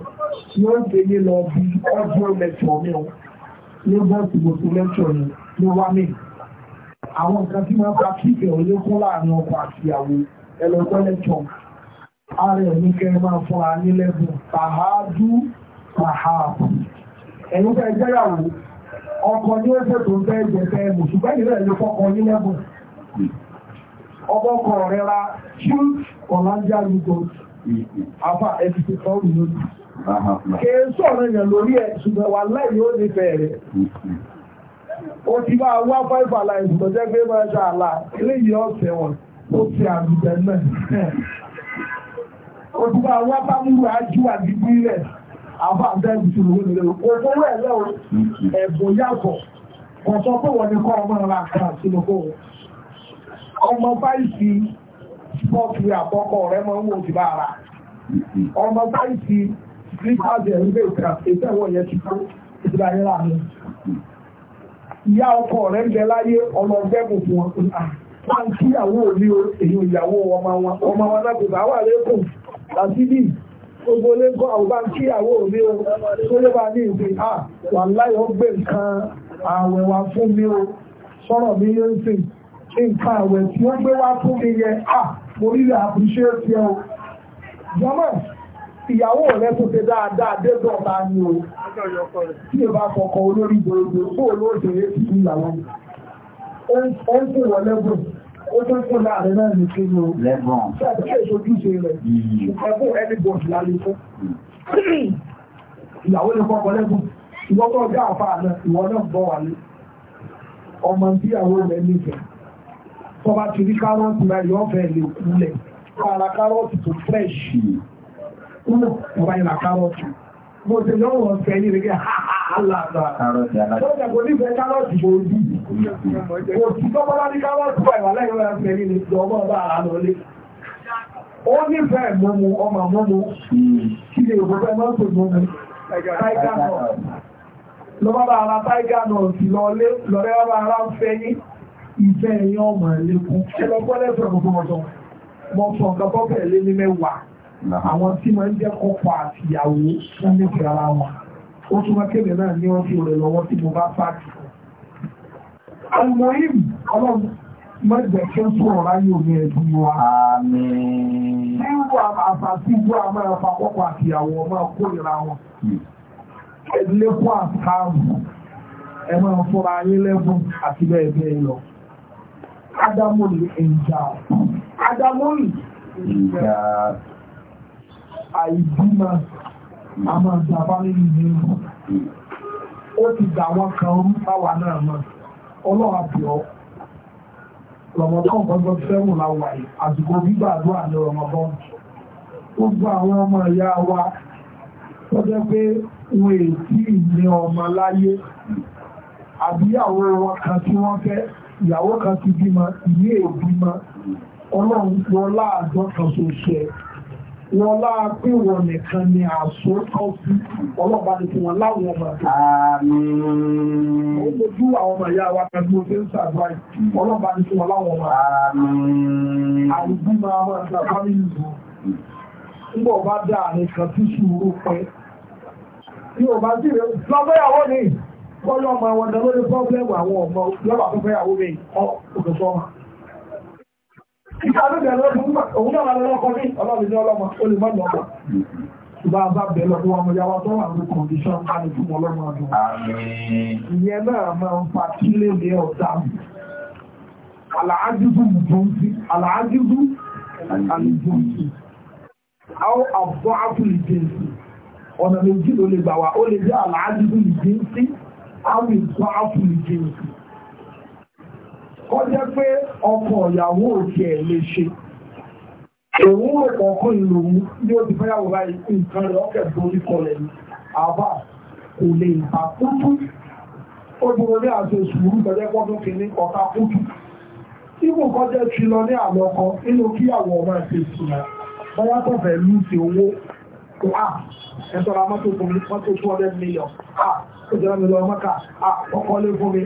tí ó ń tẹ̀lé lọ bí ọdún lẹ́tọ̀ mi ọ́ lébọ́ọ̀tì gbogbo lẹ́tọ̀ yẹn ló wá mí. Àwọn nǹkan tí wọ́n bá kíkẹ́ òye kún láàrin ọkọ̀ àti ìyàwó ẹlọ́gbọ́ lẹ́tọ̀. Ara ẹ̀ ní kẹ́ máa fún wa ní lẹ́bùn tàhádú tàhábù. Ẹ̀yin fẹ́ jẹ́yàwó ọkọ̀ ní ó ṣètò ń fẹ́ jẹ fẹ́ mùsùlùmí lẹ́yìn ló fọ́kọ̀ ní lẹ́bùn ọbọ̀kọ̀ rẹ̀ ra huge ọ̀lànjà lugos afa ẹ̀sìtì kan rù lórí kèé sọ̀rọ̀ èèyàn lórí ẹ̀ ṣùgbọ́n wà láì yóò ní fẹ́ rẹ̀ ó ti bá wá fáìfà láì tó jẹ́ pé máa ṣe àlà eléyìí ọ̀sẹ̀ wọn ó ti àgùjẹ náà ó ti bá wá bámúrú ajú àdìgbò rẹ̀ àbá àbẹ́rù ti lówó nílé owó ẹ̀ lẹ́wọ̀n ẹ̀bùn yàtọ̀ kò pé wọ́n ní kọ́ ọmọ rẹ̀ àkàrà sínú fóun ọmọ báyìí spọ́ọ̀tù àkọ́kọ́ rẹ máa ń wò sí bára ọmọ báyìí slippers ẹ̀rú bẹ́ẹ̀ kan ètò ẹ̀wọ̀n yẹn ti kó ìtura yẹn rà mí. ìyá ọkọ rẹ ń bẹ láyé ọmọ ọgbẹ́ kò fún wọn máa ń kí ìyàwó òní èyí ìyàwó ọmọ wọn ọmọ wọn náà kò bá wà lẹ́kùn láti bí gbogbo lẹ́kọ̀ọ́ àwọn ń kí ìyàwó òní o tó lè bá ní ìpín à wà láyọ̀ gbé nǹkan ààwẹ̀ wá fún mi o sọ̀rọ̀ mi yóò sìn nǹkan àwẹ̀ tí ó gbé wá fún mi yẹ à mo ríra àbúṣe ti ẹ o jọmọ ìyàwó rẹ tó ṣe dáadáa dédọ̀ bá ní o tí o bá kọkọ olórí gbogbo bó o lóò é ti fún ìyàwó ó ń fún wọn lẹ́gbọ̀n ó tó ń fún láàrin náà ní kí ni o lẹ́gbọ̀n tí a ti ṣe ìṣojúṣe rẹ̀ ṣùgbọ́n fún ẹni bọ̀dù lálẹ́ fún ìyàwó lè kọkọ lẹ́gbọ̀n ìwọ́n tó ọjọ́ àfa àná ìwọ náà bọ̀ wálé ọmọ ìyàwó rẹ̀ nífẹ̀ẹ́ tó bá ti rí kárọ́ọ̀tì náà yóò fẹ́ lè kúlẹ̀ ara kárọ́ọ̀tì tó fresh kúlò tó bá yẹra kárọ́ọ̀tì mo ṣe lọ́wọ́ ọ̀sẹ̀ yìí rẹ̀ aláàbà lọ́jà kò ní fẹ́ kárọ́ọ̀tì kò rí kò sí tọ́pọ́ láti kárọ́ọ̀tì wà ìwà lẹ́yìn ọ̀sẹ̀ yìí ni ìjọba ọba ara ń fẹ́ yìí ìfẹ́ ẹ̀yán ọmọ ẹ̀lẹ́kùn ẹlọgbọ́n lẹ́fẹ̀ẹ́ gbogbo ọ̀dọ́ mọ sọ nǹkan bọ́bẹ̀ lé ní mẹ́wàá àwọn tí máa ń jẹ́ kọ́kọ́ àti ìyàwó fún nífẹ̀ẹ́ ara wọn ó tún wá kébè náà ní ọ́n fi rẹ̀ lọ́wọ́ tí mo bá pààkì almohim ọlọ́run mọ́jẹ̀ kí ó sọ̀rọ̀ láyé omi ẹ̀dùn wa nínú àfàtì ìwú àmọ́ ẹ̀fà kọ́kọ́ àti ìyàwó ọmọ kórìíra wọn hmm. Adámọ́lì ẹ̀jà. Adámọ́lì ẹ̀jà. Àìbímọ a máa dàbá nínú ìlú. Ó ti dà wọ́n kan ń báwa náà mọ̀. Ọlọ́run àbíọ́. Rọ̀mọ̀tán gbọ́gbọ́ fẹ́ràn láwà yìí. Àsìkò gbígbàdúrà ní Rọ̀mọ̀tán. Gbogbo àwọn ọmọ ìyá wa tó jẹ́ pé wọn èsì ní ọmọ láyé. Àbíyàwó wọn kan tí wọ́n fẹ́ ìyàwó kan ti bímọ ìyé ìbímọ ọlọ́run fi ọlá àádọ́ta ṣoṣo ẹ̀ wọn láà pé wọn nìkan ni àṣọ tọ́ sí ọlọ́ba ní tiwọn láwọn ọmọ ẹ̀ka. ó lójú àwọn ọmọ ìyá wa kan tí mo fi ń ṣàdúrà ọlọ́ba ní tiwọn láwọn ọmọ ẹ̀ka. àìbí máa máa ń ṣàbá nígbà ọba dá àárín kan tí sùúrù pẹ́. bí ọba jìrè lọ́gbẹ́yàwó ni bọ́lọ́ ọmọ àwọn ọ̀dọ́ lórí pọ́blẹ́mù àwọn ọmọ lọ́wọ́ àfẹ́fẹ́ àwọn obìnrin kọ́ òkèsọ́ ọmọ. ìtàlú bẹ̀rẹ̀ lọ́dún òun náà lọ́wọ́ kọ́ ní ọlọ́run ní ọlọ́mọ ó lè mọ́nà ọmọ. ṣùgbọ́n abá bẹ̀rẹ̀ lọ́dún wọn yàwá tó wà ní kọ̀ǹdíṣọ́n kálí fún ọlọ́run ọdún. ìyẹn náà máa ń fa kílé ní ọ̀dà àlàájúdú ìjọ́nsí àlàájúdú àlìjọ́nsí àwọn àbọ̀ àfúlìjẹ́nsí ọ̀nà méjì ló lè gbà wá ó lè jẹ́ àlàájúdú ìjọ́nsí àmì ìgbà àpùlùjì nìkan kó jẹ́ pé ọkọ ìyàwó òkè ẹ̀ lè ṣe òun rẹ̀ kọ̀ọ̀kan ìlòmú ní ó ti fẹ́yàwó báyìí nǹkan rẹ̀ ọkẹ̀ borí kọlẹ̀ ní àbá kò lè bà kútú ó dúró ní àti òṣùwúrú gbẹ̀dẹ́ pọ́dún kìíní ọ̀ka kútú tí kò kọjá ti lọ ní àlọ́ kan nínú kíyàwó ọmọ ẹ̀ fèsì náà bọ́yá tó fẹ́ lù sí owó ẹ̀tọ́ra mọ́tò fún mi mọ́tò 200 million ah ó jẹ́ mi lọ mọ́kà ah ọkọ̀ lé fún mi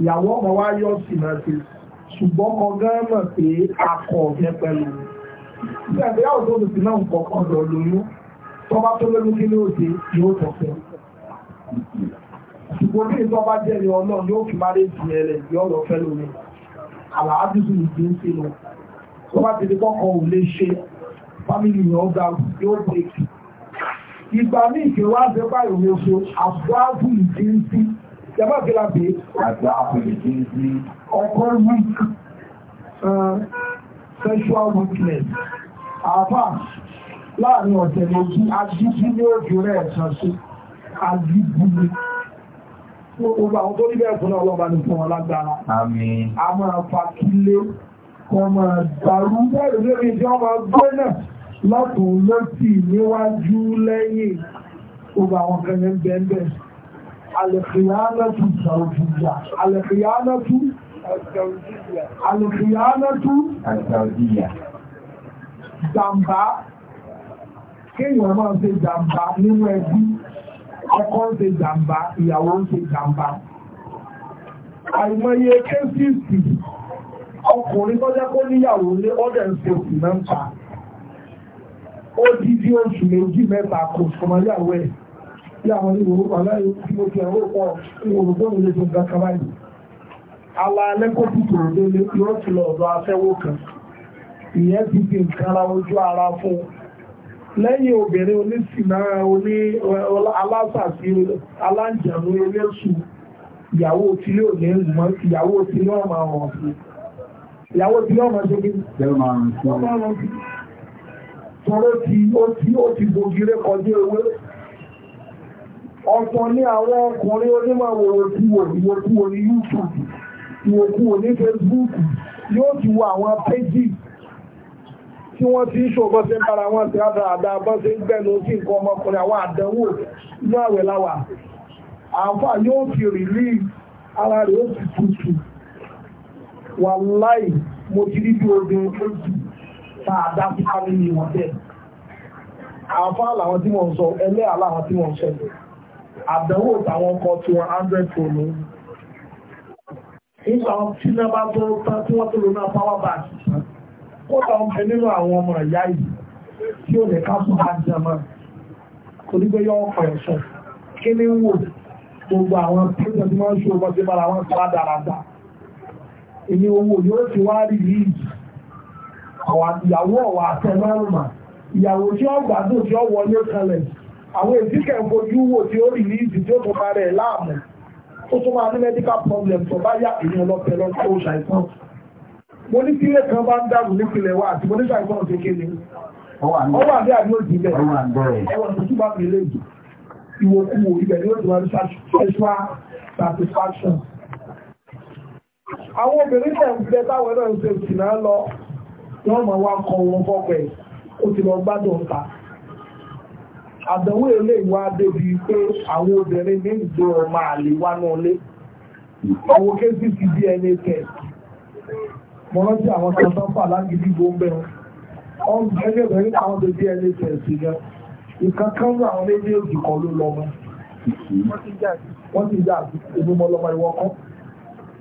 ìyàwó ọmọ wa yọ sí náà sí ṣùgbọ́n kan gán mọ̀ pé akọ̀ yẹn pẹ̀lú bí ẹ̀fẹ́ yàwó tó ti náà nǹkan kan lọ lóyún tó bá tó lóyún kí ló dé yóò tọ̀ fẹ́ ṣùgbọ́n bí ìtọ́ bá jẹ́ ni ọlọ́run yóò fi má lè di ẹlẹ̀ yóò lọ fẹ́ lómi àlàájúdù ìdí ń sí lọ tó bá ti di kọ́kọ́ ò lè ṣe fámìlì yẹn ó ga yóò bèèkì ìgbà ní ìkéwà ṣe bá ìwé oṣù àbúrábù ìjínsí jẹba kíra pé àbúrábù ìjínsí ọkọ̀ week sexual weakness àfà láàrin ọ̀tẹ̀ lójú ajíjú ní òjò rẹ̀ ẹ̀sán sí ajíjú ní gbogbo àwọn tó níbẹ̀ fún ọlọ́ba ní fún wọn lágbára a máa fa kílé kọ́ máa dàrú bẹ́ẹ̀ lórí ìjọ máa gbé náà látòun lọ́tì níwájú lẹ́yìn gbogbo àwọn kẹyẹ bẹ́ẹ̀bẹ́ alẹ́kìyánátù sàrùfìyà alẹ́kìyánátù alẹ́kìyánátù sàrùfìyà jàmbá kéèyàn máa ṣe jàmbá nínú ẹbí ọkọ ń ṣe jàmbá ìyàwó ń ṣe jàmbá àìmọye kéfìsì ọkùnrin tó jẹ́ kó níyàwó lé ọ́dẹ̀ ń ṣe òsì náà ó di bí oṣù méjì mẹ́ta kò sọmọyàwó ẹ̀ bí àwọn ìwò aláìwò tí mo fi àwọn òpó ìwòrògbọ́n ilé tó ga kaba yìí ala alẹ́kọ̀ọ́tù tó rò délé yóò ti lọ ọ̀dọ̀ afẹ́wó kan ìyẹn ti fi nǹkan ara ojú ara fún un lẹ́yìn obìnrin onísìnà oní alásàsí alájẹ̀mú eléṣù ìyàwó tí lè ní mọ́ ìyàwó tí lè ọmọ ọ̀rọ̀ sí ìyàwó tí lè ọmọ ṣe kí tọ́rọ ti ó tí ó ti gbogire kọjú ewé ọ̀tọ̀ ní àwọn ọkùnrin onímọ̀wòrò tí wò ìwòkú oní YouTube ìwòkú oní Facebook yóò ti wo àwọn péjì tí wọ́n ti ń ṣòkọ́ sí bára wọn ti rádà àdá bọ́ sí gbẹ̀lú sí nǹkan ọmọkùnrin àwọn àdánwò ní àwẹ̀ láwà àǹfà yóò ti rìlí ara rẹ̀ ó ti tutù wà láì mo ti rí bí obìnrin tó tutù táa dá sí fámílì wọn bẹ́ẹ̀ àfá làwọn tí wọ́n sọ ẹlẹ́ àláwọn tí wọ́n sọ àbẹ̀wò táwọn ọkọ̀ tí wọ́n hundred fún mi nígbà tí náà bá tó tán tí wọ́n tó lò náà power bank ó tàn bẹ nínú àwọn ọmọ ìyá yìí tí ò lè ká fún bá jẹmọ́ kò ní gbé yọ ọkọ̀ ẹ̀ṣọ́ kí ni wò gbogbo àwọn pínlẹ̀ tí wọ́n ń ṣe ọmọ sí bára wọn sára dáradá èyí owó yóò ti wá rí yìí ìyàwó ọ̀wà àtẹnárùmà ìyàwó tí ó gbádùn tí ó wọlé kalẹ̀ àwọn èdè kẹfojú wò tí ó rí ní ìdí tí ó tó bá rẹ̀ láàmú ó tún máa ní medical problem tó bá yá èèyàn lọ́pẹ̀ lọ́pẹ̀ ó ṣàìsàn mo ní sílé kan bá ń dàrú nípìnlẹ̀ wa àti mo ní ṣàìsàn tó kéde ọwọ́ àbí àbí òjì bẹ́ẹ̀ ẹwọ̀n tó túbà mi lè jù ìwòkúwò satisfaction àwọn obìnrin náà ń bẹ táwọn náà ń ṣe ìsìn wọ́n mọ̀ wá kọ wọn fọ́pẹ́ ó ti lọ gbádùn ń ta àdánwò ilé ìwà débi pé àwọn obìnrin ní ìgbé ọmọ àlè wá náà lé ọwọ́ kéjì ti bí ẹni tẹ̀ mo rántí àwọn kan tó ń fà lágídí gbóngbẹ́ wọn gẹ́gẹ́ bẹ̀rẹ̀ àwọn tó bí ẹni tẹ̀ sí gan ìkan kan ní àwọn méjèèjì kan ló lọ́mọ wọ́n ti jà sí onímọ̀ lọ́mọ ìwọ́kọ́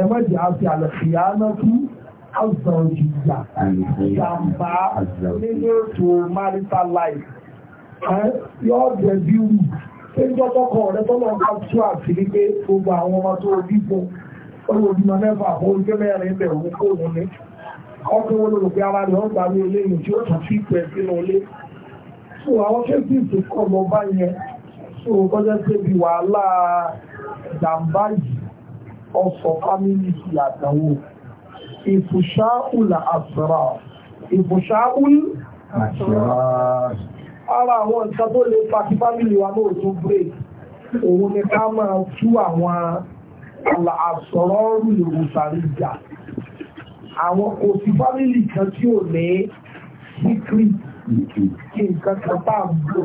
ẹmọ́jẹ̀ àti àlọ̀fíà náà kú àwùjọ òjìjà ìjàmbá nínú ètò marital life yóò jẹ́ bí wù péjọ́ tọkọ rẹ tọ́lọ́ bá tú àti wípé gbogbo àwọn ọmọ tó bí fún olùdímọ̀ mẹ́fà fún ojú mẹ́rin bẹ̀ òun kò wọ́n ní ọkùnrin olùrùpẹ́ ara rẹ̀ ọgbà ní eléyìí tí ó tún fi pẹ̀ sínú ilé so àwọn kéèkìsì kọ̀ lọ bá yẹn so kọjá sí ibi wàhálà ìjàmbá yìí ọsọ fámìlì sí àdánwò ìfòṣáùlà àṣírà ìfòṣáùlà àṣírà ara àwọn nǹkan tó lè fa kí fámìlì wa náà tún break òun ni ká máa tú àwọn àṣọrọ́rù ìrùsàrí ìjà àwọn kò sí fámìlì kan tí ò ní secret mm-hmm. kí nǹkan kan bá ń bò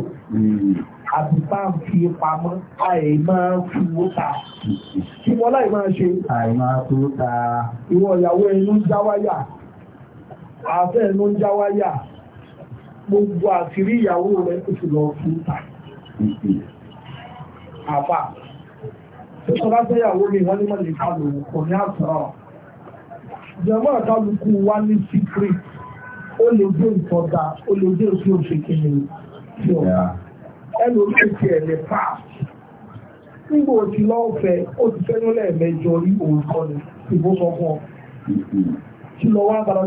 àti bá ń fi pamọ́ àì máa fi owó ta. Kí wọ́n láì máa ṣe? Àì máa fi owó ta. Ìwọ ìyàwó ẹnu ń já wáyà. Àfẹ́ ẹnu ń já wáyà. Gbogbo àṣírí ìyàwó rẹ̀ kò sì lọ fi ń ta. Àbá. Tọ́tọ́ bá fẹ́ ìyàwó mi, wọ́n ní mọ̀ lè ká lò kò ní àtọ̀rọ̀. Ìjọba àkálukú wá ní secret. Ó lè dé ìtọ́ta, ó lè dé òfin òṣèkìnnì. Yeah. ẹnu kéèkì ẹ̀ lè pa nígbà òtí lọ́ọ̀fẹ́ ó ti fẹ́ ni ìbò sọ ọ lọ wá bàrọ̀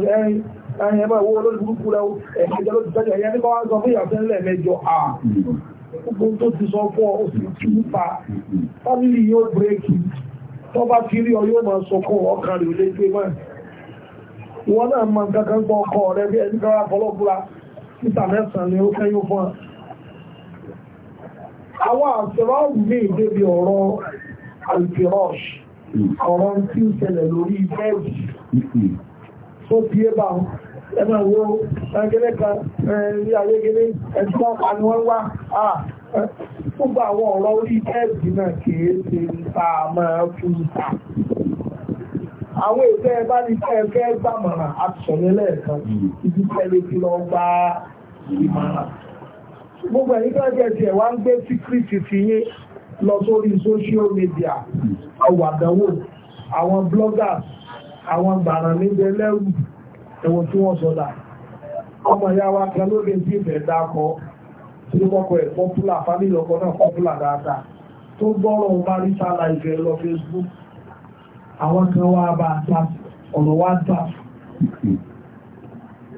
ẹ burúkú rẹ nípa wá sọ fún gbogbo tó ti sọ ọ ó sì pa fámìlì yóò bírèkì tó bá ọ yóò máa sọ ọkàn gbé náà máa kankan ọkọ rẹ bí ẹni káwá mẹ́sàn-án ni ó fẹ́ yóò fún àwọn àfẹ́rọ́ọ̀rù ní ìdébi ọ̀rọ̀ alfirosh ọ̀rọ̀ tí ń ṣẹlẹ̀ lórí bẹ́ẹ̀dì tó fi é bá ẹmọ wo ẹgẹ́lẹ́ kan ní ayégẹ́lẹ́ ẹgbọ́n àni wọ́n wá gbogbo àwọn ọ̀rọ̀ orí bẹ́ẹ̀dì náà kìí ṣe ń ta máa fún ta àwọn ìfẹ́ bá ní fẹ́ fẹ́ gbàmọ̀ràn àtìṣọ̀lẹ́lẹ̀ kan mm. fi lọ gba ìmọ̀ràn gbogbo ẹ̀yìn tó ẹ̀jẹ̀ tiẹ̀ wá ń gbé síkírìtì ti yín lọ sórí social media ọwọ́ àdánwò àwọn bloggers àwọn gbàràn níbẹ̀ lẹ́rù ẹ̀wọ̀n tí wọ́n sọ̀dà ọmọ ìyá wa kan lóde tí ìfẹ́ dákọ tí ó kọ́kọ́ ẹ̀ pọ́pùlà fámìlì ọkọ náà pọ́pùlà dáadáa tó gbọ́rọ̀ ń bá rí sára ìfẹ́ lọ Facebook àwọn kan wá bá ọ̀rọ̀ wá dà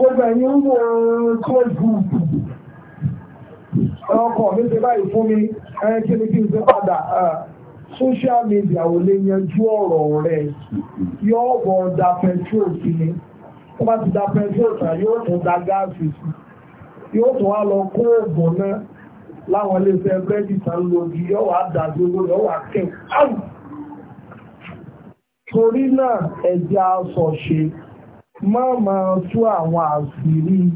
gbogbo ẹ̀yin ń wo close group ọkọ̀ mi ṣe báyìí fún mi ẹ̀yìn kí ni kí n ṣe padà social media ò lè yanjú ọ̀rọ̀ rẹ̀ yóò bọ̀ da petrol sí ni tó bá ti da petrol tán yóò tún da gáàsì sí yóò tún wá lọ kó oògùn náà láwọn iléeṣẹ́ bẹ́ẹ̀dì tán lòdì yóò wá dà gbogbo yóò wá kẹ́ torí náà ẹ̀jẹ̀ aṣọ ṣe má máa tú àwọn àṣírí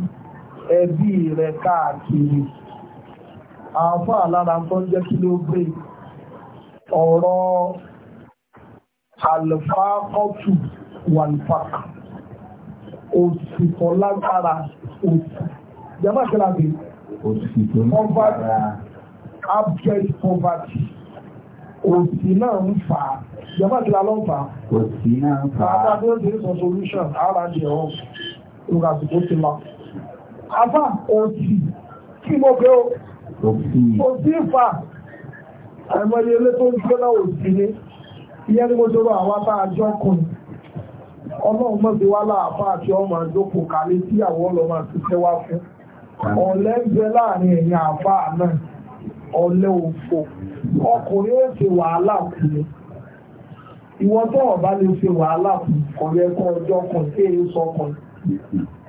ẹbí rẹ̀ káàkiri àáfà lára tó ń jẹ́ kí ló gbé ọ̀rọ̀ àlùfáàkọ́tù wàlùfàk òsì tó lágbára òsì jẹ́mọ́ ìṣẹ́lábí òsì tó lágbára abject poverty òsì náà ń fà á jọba tí a lọ ń fa kò sí náà ń fa àbá bí ó ti rí sọ solution ara jẹ ọ lóra sí kó ti lọ àbá òsì tí mo gbé o òsì fa àìmọye ilé tó ń gbé náà òsì ni ìyẹn ni mo tó rọ àwọn abá àjọ kan ọlọ́run mọ́ sí wá láàfá àti ọmọ àjókò kàlé tí àwọn ọlọ́mà ti fẹ́ wá fún ọ̀lẹ́ ń bẹ láàrin ẹ̀yìn àfá náà ọ̀lẹ́ òfò ọkùnrin ó ṣe wàhálà kùnrin ìwọ tó ọba lè ṣe wàhálà fún ọ̀rẹ́ ẹ̀kọ́ ọjọ́ kan tí èyí sọ kan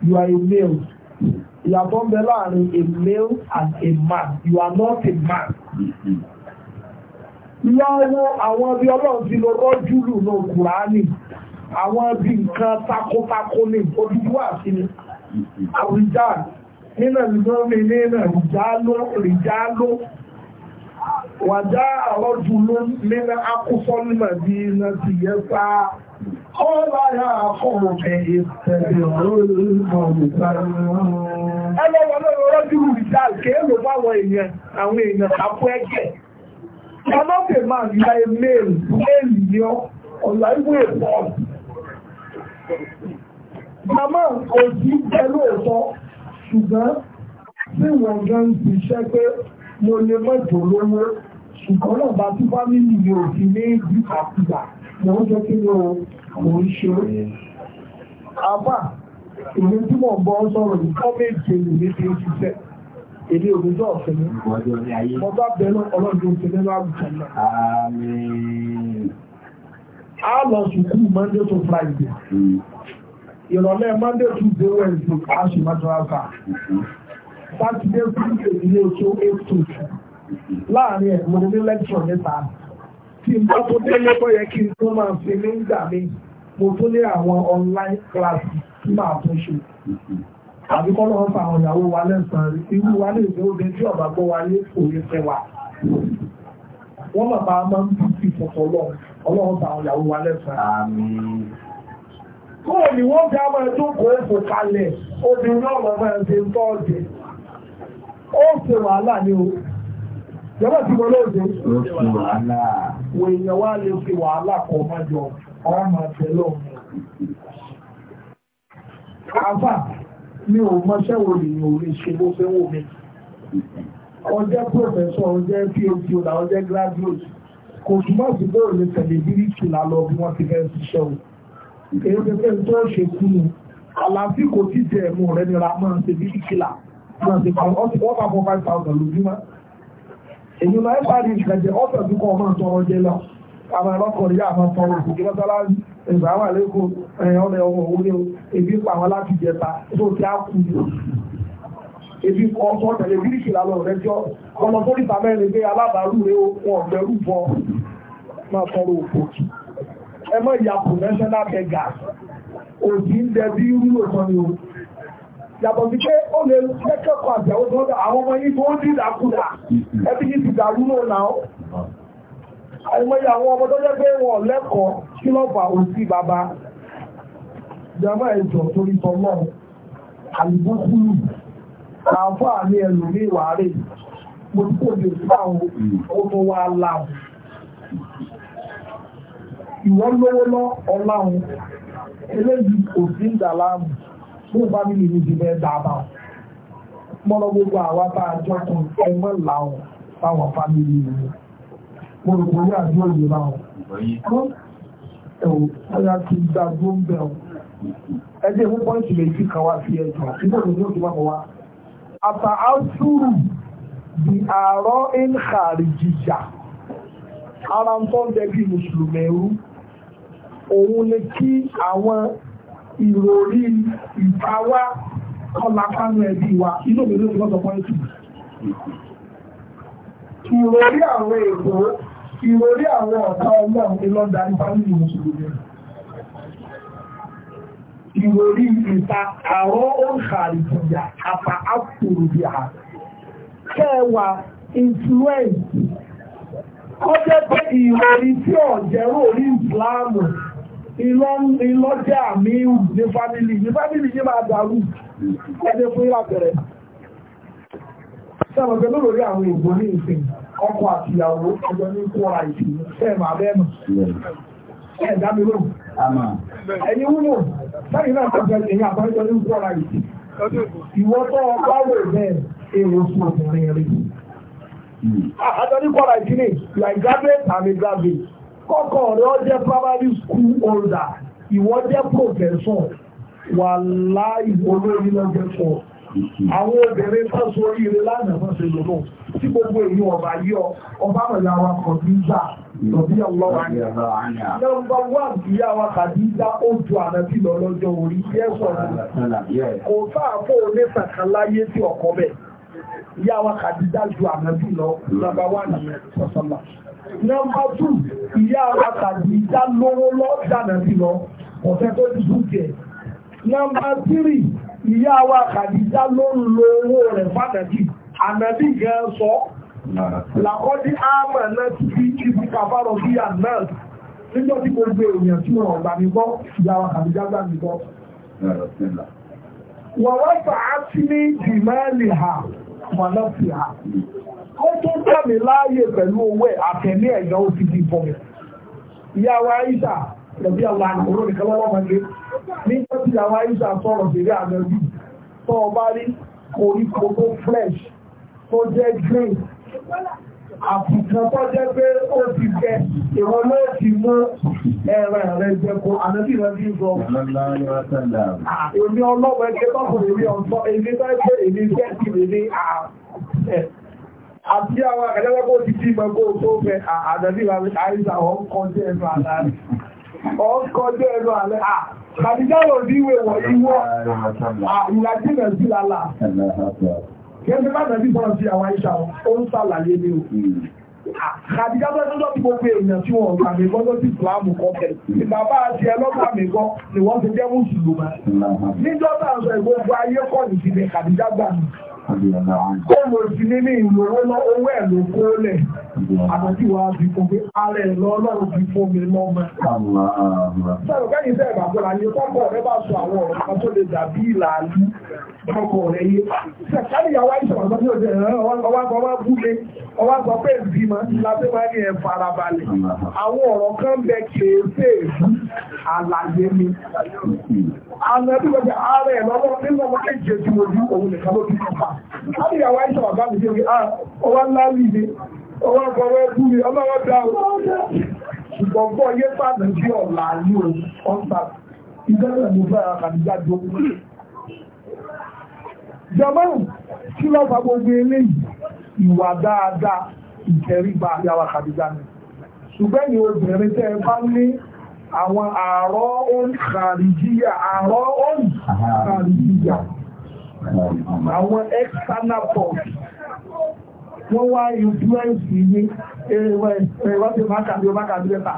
you are a male ìyàtọ̀ ń bẹ láàrin a male and a man you are not a man. ìyá àwọn ibi ọlọ́run ti lọ rọ́júlù náà kùránì àwọn ibi nǹkan takotako ní ojúdú àti àwùjá nínú ìlú mi nínú ìjáló ìjáló wàjá àlọ́jù lónà akúsọ́lùmọ̀ bí iná ti yẹ sáà ó láyá àkọrùn ẹ̀yẹ tẹ̀lé ọ̀rọ̀ Another man, you are a male, male, you know, unlike we are born. Màmá kò sí pẹ̀lú ọ̀tọ̀, ṣùgbọ́n tí wọ́n gan ti ṣẹ́ pé mo lè mọ́jọ lówó ṣùgbọ́n náà bá tí fámìlì mi ò fi ní ìdí àkùgbà mo ń jẹ́ kí ni o mo ń ṣe é. àbá èmi tí mò ń bọ́ sọ̀rọ̀ nǹkan méje lèmi ti ń ṣiṣẹ́ èdè òdòdó ọ̀fẹ́ ní mo bá bẹ̀rẹ̀ ọlọ́dún ti nínú àgùntàn náà. a lọ sùkúù Monday to Friday hmm. ìrọ̀lẹ́ Monday to Wednesday a ṣì máa tọ́ra sátidé sunday ní oṣù eight two láàrin ẹ̀ mo ní lẹ́kṣọ̀ níta tí n bá tó délé bọ́ yẹ kí n tó máa fi mí ń gbà mí mo tún ní àwọn online classes tí màá tún ṣe àbí kọ́ lọ́wọ́ fa àwọn ìyàwó wa lẹ́sàn-án rí irú wa lè gbé obìnrin tí ọ̀bà gbọ́ wa yé kò yé fẹ́ wa wọ́n bàbá máa ń bú sí fọ̀fọ̀ lọ ọlọ́run fa àwọn ìyàwó wa lẹ́sàn-án. kóò wọ́n fi àwọn ẹjọ́ kò fò kalẹ̀ obìnrin náà lọ́ ó ṣe wàhálà ní o jọba tí mo lóde wọ èèyàn wá lè ṣe wàhálà kọ májọ ọmọ àtẹlọ àfà mi ò mọṣẹ́ wo lè yàn ò lè ṣe bó fẹ́ wò mí ọjọ́ pòfẹ́sọ̀ ọjọ́ phd ọ̀la ọjọ́ graduate kò túmọ̀ sí bó lè tẹ̀lé lálọ bí wọ́n ti fẹ́ ṣiṣẹ́ o èyí fẹ́ fẹ́ tó ṣe kú ni àlàáfíà kò tí tẹ̀ mú rẹ̀ nira máa ń lálọ wọ́n bá fọ five thousand lójúmọ́ èyí máa ń parí ìkẹjẹ ọ̀sẹ̀ tó kọ́ ọmọ tọrọ jẹ lọ àwọn ọlọ́kọ̀ọ́rí yà máa tọrọ òkú kí mọ́sálásí ẹ̀sán àwọn àlékò ẹ̀yàn ọmọ ẹ̀wọ̀n òwú ni ebi pa àwọn láti jẹta tó ti á kú yìí ebi kọ ọsọ tẹ́lẹ̀ bíríkì lálọ rẹ jọ ọmọ tó níta mẹ́rin pé alábàárù rẹ wọn ọgbẹrù bọ máa tọrọ òkú ẹ mọ ìyàpò national beggar yàtọ̀ sí pé ó lè lẹ́kẹ̀ẹ́kọ̀ àjàwó tó dá àwọn ọmọ yìí tó ń dì ìdàkúdà mm-hmm. ẹbí yìí ti dàrú náà náà àìmọye àwọn ọmọ tó jẹ́ pé wọn lẹ́kọ̀ọ́ kí lọ́ fà ó sí bàbá jama ẹ̀jọ̀ torí tọ́lọ́ àlùbúkúlù àáfàá ní ẹlòmí ìwárè mo ti kó lè fáwọn ọmọ wa láwọn ìwọ́n lówó lọ́ ọláhun eléyìí òfin dàlámù fún fámìlì mi ti fẹ́ dáadáa mọ́nà gbogbo àwa bá àjọ kan ẹgbẹ́ làwọn báwọn fámìlì mi mo rò pé orí àjọ òye báwọn. ẹ̀wọ̀n ọ̀yà ti gba gbóǹbẹ̀ ọ̀ ẹgbẹ́ ìwé pọ́ǹtì méjì kan wá sí ẹ̀jọ̀ síbò ní oṣù máa wá. àtà áṣùrù di àárọ̀ ìnkàrí jíjà ara ń tọ́ ń dẹ́bí mùsùlùmí ẹ̀rú òun ni ìròrí ìfáwá ọlápánú ẹbí wa inú mi ló ti lọ́sọ̀ pọ́ìntì ìròrí àwọn èkó ìròrí àwọn ọ̀tá ọlọ́run ni lọ́dà ìfáwí mùsùlùmí ìròrí ìta àrọ́ òǹkàrí ìjà àpá àpòròbí à kẹwàá influence ọjọ́ pé ìròrí tí ọ̀jẹ̀rò orí ìsìláàmù ìlọ́jẹ́ àmì ìhù ní fámílì ní fámílì ní máa dàrú ẹgbẹ́ fún ìlàpẹ̀rẹ̀ sẹ́mọ̀gbẹ́ lórí àwọn ìgbò ní ìsìn ọkọ àti ìyàwó ọjọ́ ní kóra ìsìn sẹ́mà bẹ́ẹ̀mù ẹ̀dámilò ẹni wúlò sáyìn náà tọ́jọ́ ìyìn àbájọ́ ní kóra ìsìn ìwọ́ tó ọgbà wò bẹ́ẹ̀ èrò fún obìnrin rí hmm. àjọ ní kóra ìsìn ni you are graduate and a graduate kọ́kọ́ rẹ̀ ọ jẹ́ primary school holder ìwọ jẹ́ professor wà láì olórí lọ́jọ́ fọ́ àwọn obìnrin tó sórí ilé lánàá fún ṣe lòlò tí gbogbo èyí ọba yí ọ ọba mọ̀lá wa kọ̀díjà lọ́bí ọlọ́wà nọ́mbà wán ìyá wa kàdíjà ó ju ànábì lọ lọ́jọ́ orí yẹ́sọ̀ kò fáàfó onítàkàn láyé tí ọkọ bẹ̀ ìyá wa kàdíjà ju ànábì lọ nọ́mbà wán ìyẹn sọ́sọ́lá nọ́mbà tù ìyá ara tàbí ìdá lówó lọ dànà sí lọ ọ̀sẹ̀ tó ti sùn tiẹ̀ nọ́mbà tírì ìyá wa kàdíjá ló ń lo owó rẹ̀ fàtàkì ànàbí gan sọ làkọ́dí àmà náà ti fi ibi kàfàrọ̀ sí àná nígbà tí gbogbo èèyàn tí wọ́n gbà mí gbọ́ ìyá wa kàdíjá gbà mí gbọ́. wàwá fàá sí ní dìmẹ́lì ó tún gbà mí láàyè pẹ̀lú owó ẹ̀ àtẹ̀mí ẹ̀yàn ó ti di fún mi ìyá wa Aisha lọ́bí àwọn àkóró nìkan lọ́wọ́ mọ́lé nígbà tí àwọn Aisha sọ̀rọ̀ bèrè àmẹ́bí tó ọba rí koríko tó fresh tó jẹ́ green àfùkàn tó jẹ́ pé ó ti jẹ ìwọ náà ti mú ẹran rẹ jẹ kó ànábì rẹ bí sọ. èmi ọlọ́wọ́ ẹgbẹ́ bá kò lè rí ọ̀sán èmi bá gbé àti àwọn àkàlẹ́lẹ́kọ́ ti tí mẹ́kọ́ tó fẹ́ àdàbí àríṣà ọkọjọ́ ẹnu àlẹ́ ọkọjọ́ ẹnu àlẹ́ àkàlẹ́lẹ́kọ́ ní ìwé wọ̀ ìwọ́ ìlàjínà sí lálà gẹ́gẹ́ bá nàbí sọ̀rọ̀ sí àwọn àìṣà ó ń sàlàyé ní o Kàdíjá tó ẹjọ́ tí gbogbo èèyàn tí wọ́n gbà mí gbọ́dọ̀ sí ìsìláàmù kọ́ kẹ̀. Bàbá àti ẹlọ́gbà mí kọ́ ni wọ́n ti jẹ́ mùsùlùmí. Níjọ́ tá à ń sọ ìgbógun ayé kọ́ nìkíni Kàdíjá gbà mí. Ọmọ ìdílé ní ìlú owó lọ owó ẹ̀ ló kó lẹ̀. Àbájú wa fi kún pé alẹ́ lọ ọlọ́run fi fún mi lọ́mọ. Sọ̀rọ̀ kẹ́yìn sẹ́ ìgbàgbọ́ra ni kọ́kọ́ rẹ bá sọ àwọn ọ̀rọ̀ kan tó lè dàbí ìlàlú kọ́kọ́ rẹ yé. Sẹ̀kárì ìyàwó àìsàn ọ̀sán tí ó jẹ ọwá sọ wá búlé, ọwá sọ pé ìbímọ láti máa ní ẹ farabalẹ̀. Àwọn ọ̀rọ̀ kan bẹ kéèké àlàyé mi àwọn ẹbí lọ́jọ́ ààrẹ lọ́wọ́ nínú ọmọ ẹ̀jì ẹ̀jì ojú òun nìkan ló ti kọ́kà lábìyàwó àìsàn bàbá mi sí orí ọwọ́ ńlá líle ọwọ́ ọgbọ̀rọ̀ ẹbú mi ọlọ́wọ́ dá ṣùgbọ́n bọ́ yé pàdé sí ọ̀la ayé ọ̀sà ìgbẹ́rẹ̀ mo fẹ́ àkàdíjá jó jọmọ́n kí lọ́ fa gbogbo eléyìí ìwà dáadáa ìtẹríba yàwá àkàdíjá ni ṣùgbẹ́ni obìnrin tẹ́ ẹ bá ní àwọn àárọ̀ òun kàrìjíyà àárọ̀ òun kàrìjíyà àwọn external force wọ́n wá influence yí ẹwà tí máa kàbí ọmọ kàbí lẹ́ta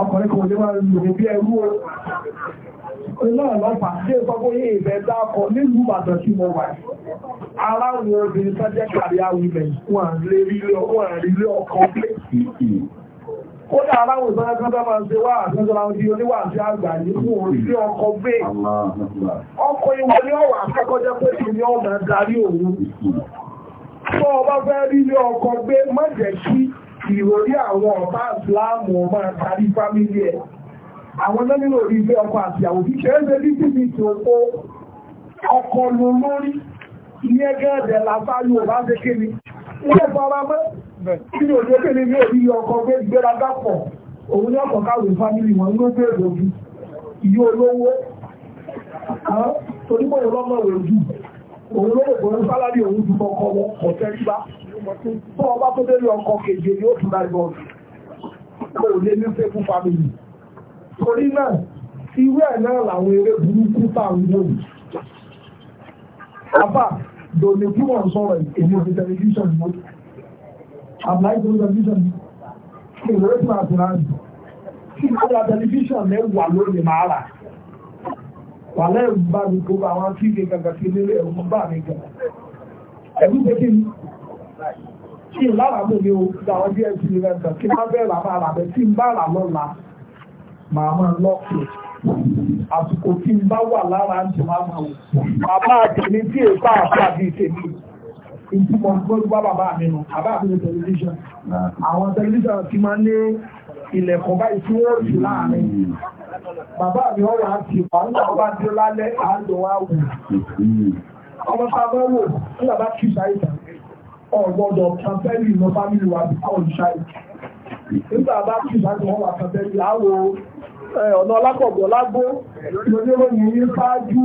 ọkùnrin kò lè máa lò bí ẹrú o náà lọ́pàá tí ìfọ́gbó yí ìbẹ̀ dákọ̀ nílùú bàtọ̀ tí mo wà ara wọn obìnrin tó jẹ́ kàrí àwìmẹ̀ wọ́n rí lé ọkọ̀ kódà aláwọ̀ ìsọ́nà kan tọ́mà ṣe wà àtúnṣe láwọn ibi oníwà àti àgbà yìí fún orí ọkọ̀ gbé ọkọ̀ ìwọ ní ọ̀wà akẹ́kọ̀ọ́jẹ́ pé kí ni ọ̀nà darí òun tó ọba fẹ́ rí ní ọkọ̀ gbé má jẹ́ kí ìròrí àwọn ọ̀tá ìsìláàmù ọmọ àtàrí fámílì ẹ̀ àwọn náà nílò orí ilé ọkọ̀ àti àwọn òbí kẹ́ẹ́ ṣe bíbí bí ti oko ọkọ̀ lò lórí ní ẹgẹ́ ẹ̀dẹ̀ làbáyò bá ṣe kéde wọ́n fara mọ́ kí ni òjò kéde ní èyí ọkọ̀ gbé gbéraga pọ̀ òun ní ọkọ̀ káwé fámìlì wọn ló gbé èròjú ìyí olówó torí pé òun lọ́mọ èròjú òun ló lè pẹ̀lú sálárì òun ju kọ́kọ́ wọn kọ̀ tẹ́rígbá fún ọba tó délé ọkọ̀ keje ni ó tún dáì bọ́ọ̀lù kò lè ní fẹ́ fún fámìlì torí náà irú ẹ̀ náà làwọn eré burúkú táwọn wò yìí àbá dòní kí wọ́n sọ̀rọ̀ èmi òfin tẹlifíṣàn mọ́tò apply for television kí n lórí fún àtìláńtì kí n lórí television mẹ́wàá lónìí máa rà wà lẹ́rù bá mi kó bá àwọn tí ìgbé gàgà sí nílé ẹ̀rù bá mi gà ẹ̀rù pé kí n kí n lára mú mi o dáwọn díẹ̀ sí ilé ẹ̀sán kí n bẹ́ẹ̀ làbá làbẹ́ tí n bá rà lọ́la màá máa lọ́ọ̀kì àsìkò tí n bá wà lára ń tì máa máa ìtumọ̀ gbọ́dọ̀ bá bàbá mi nù bàbá mi ní tẹlifíṣàn àwọn tẹlifíṣàn ti máa ń ilẹ̀kùn báyìí tí wọ́n jù láàrin bàbá mi ọ̀rọ̀ àti ìpàdé ọba dé lálẹ́ àádọ́ wa wù ọmọ sábà wò ní bàbá kì ṣáìtà ọ̀gbọ́dọ̀ kàfẹ́lì lọ fámìlì wa bí káwọn ṣáìtà nígbà bá kì ṣáìtà wọn wà kàfẹ́lì àwọ̀ ọ̀nà ọlákọ̀gbọ̀ lágbó lóníròyìn yín ṣáájú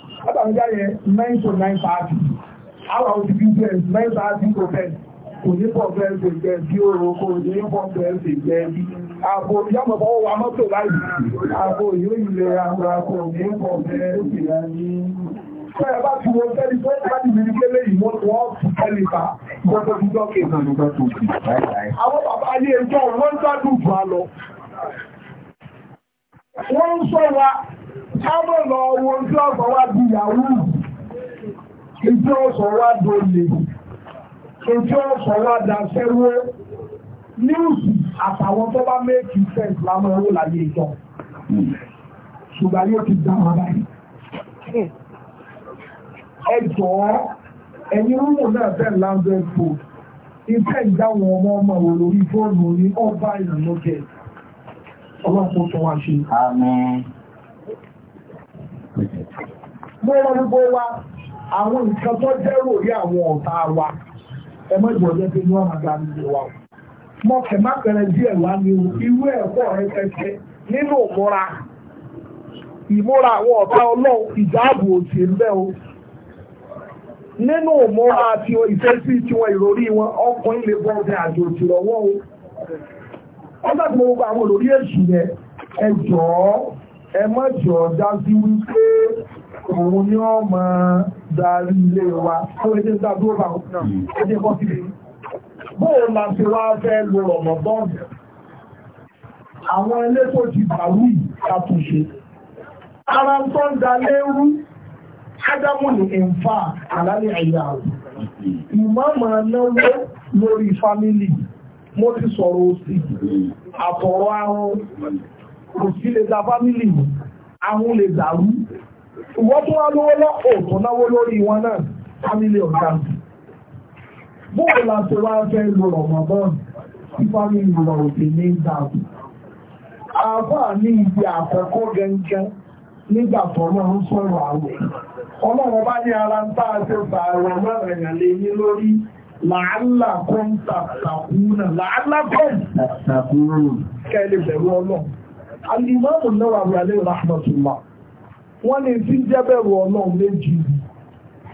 látàrídá yẹn nine to nine thirty àwọn òbí bí bẹ́ẹ̀ nine thirty to ten kò ní pọ̀ bẹ́ẹ̀ ṣe jẹ́ bí oró kò ní pọ̀ bẹ́ẹ̀ ṣe jẹ́ bí àbò ìyàmọ̀ fọwọ́ wa mọ́tò láì àbò yóò ilẹ̀ àwọn akọ̀ ní pọ̀ bẹ́ẹ̀ ṣe jẹ́ bí Fẹ́ẹ̀ bá ti wo fẹ́rí tó bá ti bìí pé léyìn mọ́ wọ́n fi fẹ́lì bá gbogbo ìjọ kìí. Àwọn bàbá ayé ẹjọ́ wọ́n ń gbádùn bá lọ. Wọ́n ń sọ wa kámọ̀ lọ owó tí ọ̀sọ̀ wá di ìyàwó ìjọ ọ̀sọ̀ wá dolè ìjọ ọ̀sọ̀ wá daṣẹ́wó níwùsì àtàwọn tó bá méjì fẹ́ǹs lámọ́ owó láyé ìjọ ṣùgbọ́n yóò ti dá wọn báyìí ẹ jọ̀ọ́ ẹ̀yin rúmù náà fẹ́ láńdẹ́ fò ìfẹ́ ìdáwọn ọmọ ọmọ wò lórí fóònù ní ọba ìrànlọ́kẹ̀ ọlọ́pọ̀ tó wá ṣe. Àmín mo rọ gbogbo wa àwọn nǹkan tó dẹ́rò rí àwọn ọ̀tá wa ẹ mọ́ ìgbọ̀n jẹ́ pé ní wọ́n máa gba nílé wa mo kẹ̀ má bẹ̀rẹ̀ díẹ̀ wá ní o irú ẹ̀kọ́ rẹ pẹ́pẹ́ nínú ìmúra ìmúra àwọn ọ̀tá ọlọ́run ìdáàbò òsì ń bẹ́ o nínú ìmúra àti ìfẹ́sí tiwọn ìròrí wọn ọkùnrin lè bọ́ ọdẹ àjò òsì lọ́wọ́ o ọjọ́ tí mo gbogbo àwọn olórí èṣù yẹn ẹ jọ̀ọ́ ẹ má jọ̀ọ́ dá sí wípé òun ni wọ́n mọ̀ darí ilé wa tó ẹjẹ́ dáadúró bá ẹjẹ́ hmm. bọ́ sí bóò la fi wá fẹ́ lo ọ̀nà bọ́ọ̀dù àwọn ilé tó ti bàwí àtúnṣe ara tó ń da léwu ádámù ní ẹ̀ǹfà àlálẹ̀ ẹ̀yà rẹ̀ ìmọ̀mọ̀ náwó lórí fámílì mo ti sọ̀rọ̀ òsì àtọ̀rọ̀ àrùn òsì lè da fámílì àwọn lè dàrú ìwọ́ tó wá lówó lọ òòtún náwó lórí wọn náà fámílì ọ̀gá bóòlù láti wá fẹ́ lo rọ̀mọ̀bọ́n tí fámílì rọ̀ òdè ní ìdáàbò àbá ní ibi àkọ́kọ́ gẹ́gẹ́ nígbà tó náà ń sọ̀rọ̀ àwẹ̀ ọlọ́run bá ní ara ń bá a ṣe bàárọ̀ mẹ́rẹ̀ẹ̀yàn lè ní lórí làálà kọ́ńtà tàkùnà làálà kọ́ńtà tàkùnà kẹ́lẹ̀ bẹ̀rù ọlọ́run alìmọ́ọ̀mù náà wọ́n ní tí ń jẹ́bẹ̀rù ọlọ́run méjì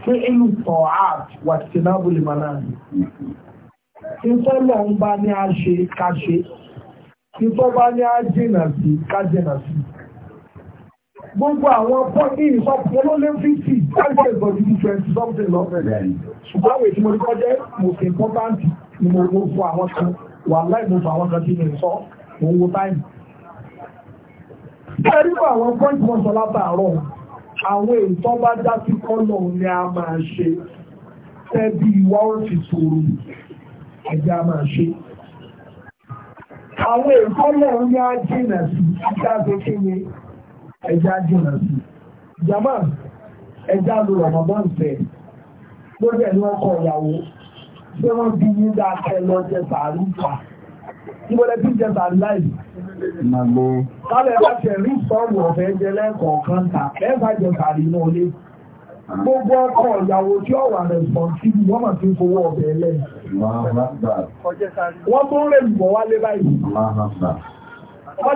pé ìlú tọ̀ art wà sí nábùlì mọ́nà ìtọ́lọ̀ ń bá ní a ṣe ká ṣe ìtọ́ bá ní a jìnà sí ká jìnà sí gbogbo àwọn pọ́ńtì ìsọpọ̀ olólẹ́fíìsì láìpẹ́ ìgbọ̀dì bí twenty something lọ́fẹ̀ẹ́ ṣùgbọ́n àwọn èyí mo rí most important ni mo fún àwọn kan wà láì mo fún àwọn kan tí mi sọ mo wo táìmù ẹ̀rí bá àwọn pọ́ǹtì wọn sọ látàárọ̀ àwọn ètò bá dá sí kọ́nà ni a máa ṣe tẹ́bí wá ó ti sòrò ẹ̀jẹ̀ a máa ṣe. àwọn ètò náà ní a jìnà sí ẹ̀jẹ̀ àgbékéye ẹ̀jẹ̀ àjìnà sí. jama ẹ̀jẹ̀ àlò ramadan fẹ́ lórí ẹ̀ ní wọ́n kọ ìyàwó ṣé wọ́n bí yín dáa kẹ́ lọ jẹ sàárù pa. ìwọlẹ́ bí jẹ sàárù láìsí. Màgbó. Kálẹ̀ bá tẹ̀ rí sọ́ọ̀mù ọ̀fẹ́ jẹ lẹ́kọ̀ọ̀kan tà, ẹ̀fà jẹ kàrí inú ilé. Gbogbo ọkọ ìyàwó tí ó wà rẹ̀sọ̀tìbì wọ́n mà ti fowó ọbẹ̀ ẹlẹ́. Wọ́n tó rẹ̀ lùbọ̀ wálé báyìí. Wọ́n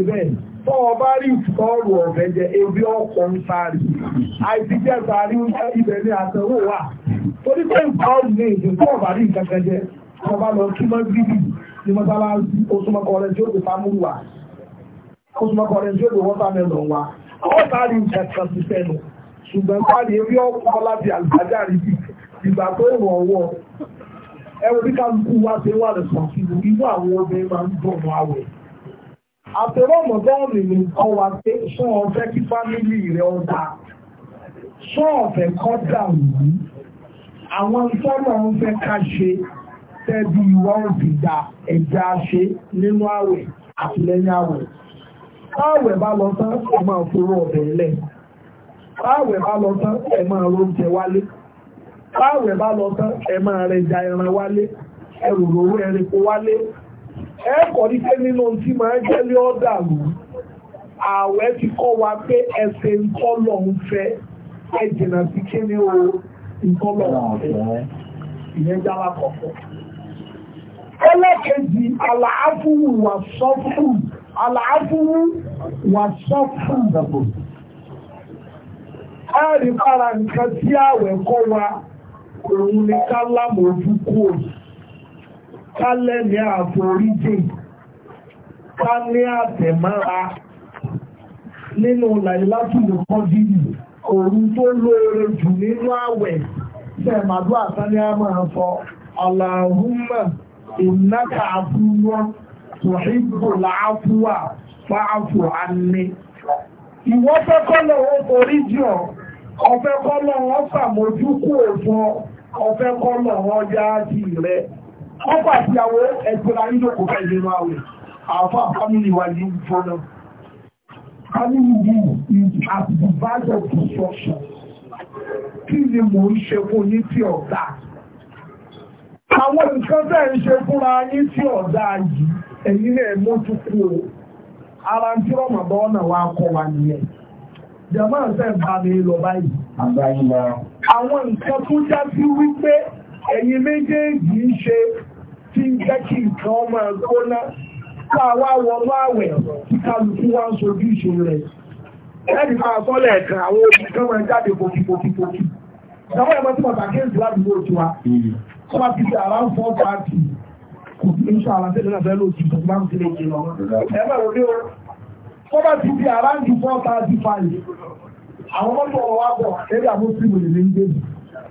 lẹ tọ́ ọ bá rí ìtọ́rù ọ̀fẹ́ jẹ ebi ọkọ̀ ń sáré àìsí jẹ́ sáré ń jẹ́ ibẹ̀ ní àtẹ̀wò wà torí pé ìtọ́rù ní ìdí tọ́ ọ̀bá rí ìkankan jẹ wọ́n bá lọ kí mọ́ gírí ní mọ́sálásí oṣùmọ́kọ̀ rẹ̀ tí ó ti fámúlù wà oṣùmọ́kọ̀ rẹ̀ tí ó ti wọ́tàmẹ́lọ̀ wà ó sáré ìkankan ti sẹ́nu ṣùgbọ́n sáré ebi ọkọ̀ láti àlùbájá rí àtẹ̀rọ̀mọ̀ bọ́ọ̀lù ní kọ́ wa pé sún ọ̀fẹ́ kí fámílì rẹ̀ ọ̀dà sún ọ̀fẹ́ kọ́ dàrú àwọn sọ́nà ń fẹ́ ká ṣe tẹ́bí ìwà òbí da ẹ̀já ṣe nínú àwẹ̀ àti lẹ́yìn àwẹ̀ táwẹ̀ bá lọ tán ẹ̀ máa forú ọ̀bẹ̀ lẹ̀ táwẹ̀ bá lọ tán ẹ̀ máa róúnjẹ wálé táwẹ̀ bá lọ tán ẹ̀ máa rẹja ẹran wálé ẹrù lówó ẹrẹ̀kọ wálé ẹ kọ̀ ní pé nínú tí máa ń jẹ́ lé ọ́dà lù ààwẹ̀ ti kọ́ wa pé ẹsẹ̀ ńkọ́ ń fẹ́ sí kí o ńkọ́ lọ ń fẹ́ ìyẹn jára wà para nǹkan tí ni ká lámòójú kú kálẹ̀ ní àforíjì ká ní àtẹ̀mára nínú làìlátùlù kọjílì òru tó lóore jù nínú àwẹ̀ sẹ́màdó àtàlẹ́ àmà sọ aláhùnmà ìnáka àfúnwọ́ tòhíbò láàfúwà fáàfù àní ìwọ́fẹ́kọ́lọ̀ ó torí jù ọ́ ọ̀fẹ́kọ́lọ̀ wọn sàmójúkú rẹ̀ ọkọ̀ àti àwọ̀ ẹgbẹ̀rẹ̀ ayílòkò fẹ́lẹ̀rọ àwẹ̀ àfà family wà ní ìfọ́nà family rule is at the base of construction kí ni mò ń ṣe fún ní tí ọ̀dá àwọn nǹkan tẹ́ ń ṣe fúnra ní tí ọ̀dá yìí ẹ̀yìn náà mójú kú o ara ń tí ọmọ bọ́ ọ̀nà wa kọ́ wa nìyẹn jẹ́mọ́ ìfẹ́ bá mi lọ báyìí àwọn nǹkan tó já sí wípé ẹ̀yin méjèèjì ń ṣe tí ń jẹ́ kí nǹkan ọmọ ẹ̀kọ́ná káàwá wọnú àwẹ̀ tí kálukú wá ń sojú ìṣe rẹ̀ ẹ̀ẹ́dì máa sọ́lẹ̀ ẹ̀kan àwọn obìnrin kan máa jáde pòkìpòkìpòkì ìyàwó ẹ̀mọ́ tí wọ́n pàkéèsì ládùúgbò tiwa tó bá ti ṣe àrá ń fọ́ pàtì kò ní ṣe àrá tẹ́lẹ̀ náà fẹ́ lóòtù tó bá ń tilẹ̀ jẹ lọ ẹ̀mọ́ ìwé o tó bá ti ṣe àrá ń ju fọ́ pàtì fàyè àwọn mọ́tò ọ̀wá bọ̀ ẹ̀rí àmúṣí mo lè ní gbé mi.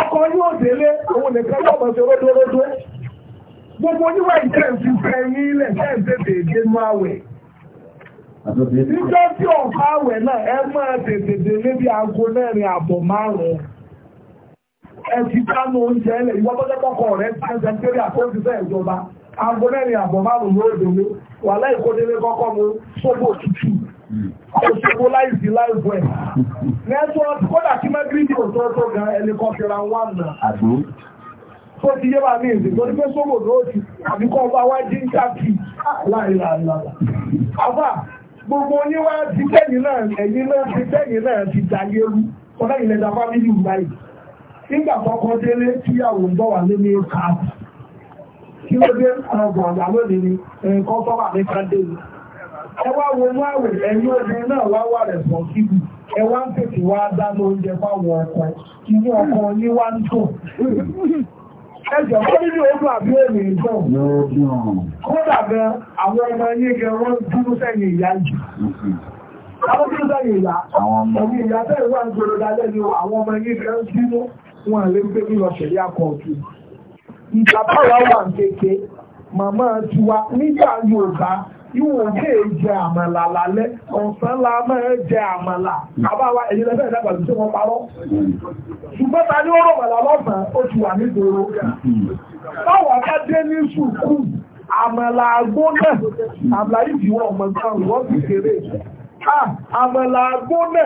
ọkọ̀ yóò délé òun nìkan yóò mọ̀ sí ródóródó gbogbo oníwà ìtẹ́ǹsì fẹ́ ní ilẹ̀ tẹ́ǹsì tèèdè máa wẹ̀ níjọ́ tí ọ̀pá àwẹ̀ náà ẹ máa tètè délé bí aago mẹ́rin àbọ̀ márùn-ún ẹ ti dánú oúnjẹ ẹlẹ̀ ìwọ́n tó jẹ́ pọ́kọ̀ rẹ̀ ti ń sẹ́ńtẹ́rì àkóńtìsẹ́ ìjọba aago mẹ́rin àbọ̀ márùn-ún ló délé wà láìkó délé kọ́kọ́ mu sóbò tútù kò ṣòfò láìsí láìpọ̀ ẹ̀ network kódà kí mẹ́gírídì òtọ́tọ́ gan ẹlikọ́fìra wọn náà tó ti yé bá ní ìsìn tó ní pé sóbò tó ti àbíkọ́ ọba wá jí ń káàkì láìláìláà àbá gbogbo yín wá ti tẹ́yìn náà ẹ̀yìn náà ti tẹ́yìn náà ti dàyé rú ọ̀dá ìlẹ̀dà fámílì báyìí nígbà tọkọ délé tíyàwó ń bọ̀ wà lé ní káàkì kí ló dé ọgbọ̀n àgbà lónìí ni nǹkan tó wà ní kádé yìí ẹwà wọnú àwẹ̀ ẹ̀yìn obìnrin náà wá wà rẹ̀ pọ̀ síbi ẹwà ń pèsè wá dáná oúnjẹ fáwọn ọkọ inú ọkọ ní wá ń tò ẹjọ̀ kọ́ nínú ogun àbí òní ìjọm kódà bẹ àwọn ọmọ yìí gẹ wọ́n dúró sẹ́yìn ìyá jù àwọn dúró sẹ́yìn ìyá òní ìyá bẹ́ẹ̀ wà ń gbòrò dalẹ́ ni àwọn ọmọ yìí gẹ ń dúró wọn lè gbé ní ọ̀ṣẹ̀lẹ̀ akọ̀ọ̀tù ìjàpá wa wà ń kéke màmá tiwa nígbà Yorùbá ìwọ̀n jẹ́ jẹ àmàlà lálẹ́ ọ̀sán la máa jẹ àmàlà àbáwá ẹ̀yìn lẹ́fẹ́ ìdàgbà tó wọn parọ́ ṣùgbọ́n ta ní ọ̀rọ̀ màlà lọ́sàn ó ti wà nígboro báwa bá dé ní sùkú àmàlà agbóná àmàlà yìí ti wọ́n mọ̀ nǹkan ìwọ́n ti kéré ah, àmàlà agbóná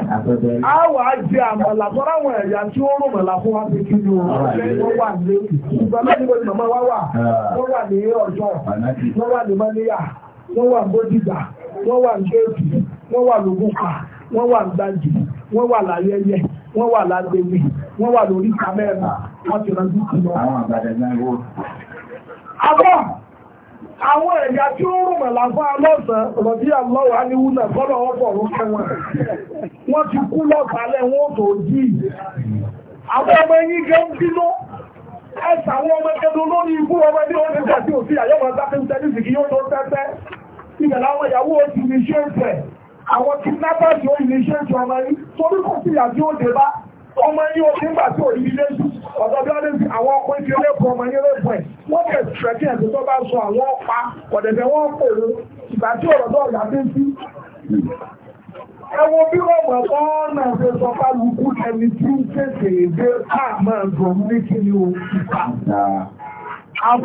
á wà á jẹ àmàlà tọ́ra àwọn ẹ̀yà tí ó rùn màlà fún wa pé kí ni wọ́n wà ní ìgbàlódé màmá wa wà wọ́n wà ní ọjọ́ wọ́n wà ní mọ́níyà wọ́n wà bódìgbà wọ́n wà géètì wọ́n wà lógúnpá wọ́n wà gbàjì wọ́n wà láyẹyẹ wọ́n wà lágbègbè wọ́n wà lórí kámẹ́rà wọ́n ti rán dúkù lọ. àbọ̀ àwọn ẹ̀yà tí ó rùmọ̀ láfá tó jí àwọn ọmọ ẹ̀yìn gẹ́ ń bínú ẹ̀sà àwọn ọmọ ẹ̀kẹ́dọ̀ lórí ikú ọmọ ẹ̀dẹ́ oúnjẹ tí ibẹ̀ láwọn ìyàwó ti ní ṣe ń fẹ̀ àwọn tí nápàtì ó ní ṣe ń fẹ̀ ọmọ yìí torí kò sí àti ó dé bá ọmọ yìí ó nígbà tí ò ní ilé jù ọ̀dọ̀ bí wọ́n lè fi àwọn ọkọ̀ ìfi olé kọ ọmọ yìí lẹ́pọ̀ ẹ̀ wọ́n kẹ̀ tẹ̀kí ẹ̀sẹ̀ tó bá sọ àwọn ọpa ọ̀dẹ̀dẹ̀ wọ́n pèrò ìgbà tí ọ̀rọ̀ tó ọ̀gá dé sí ẹwọ bí wọ́n mọ̀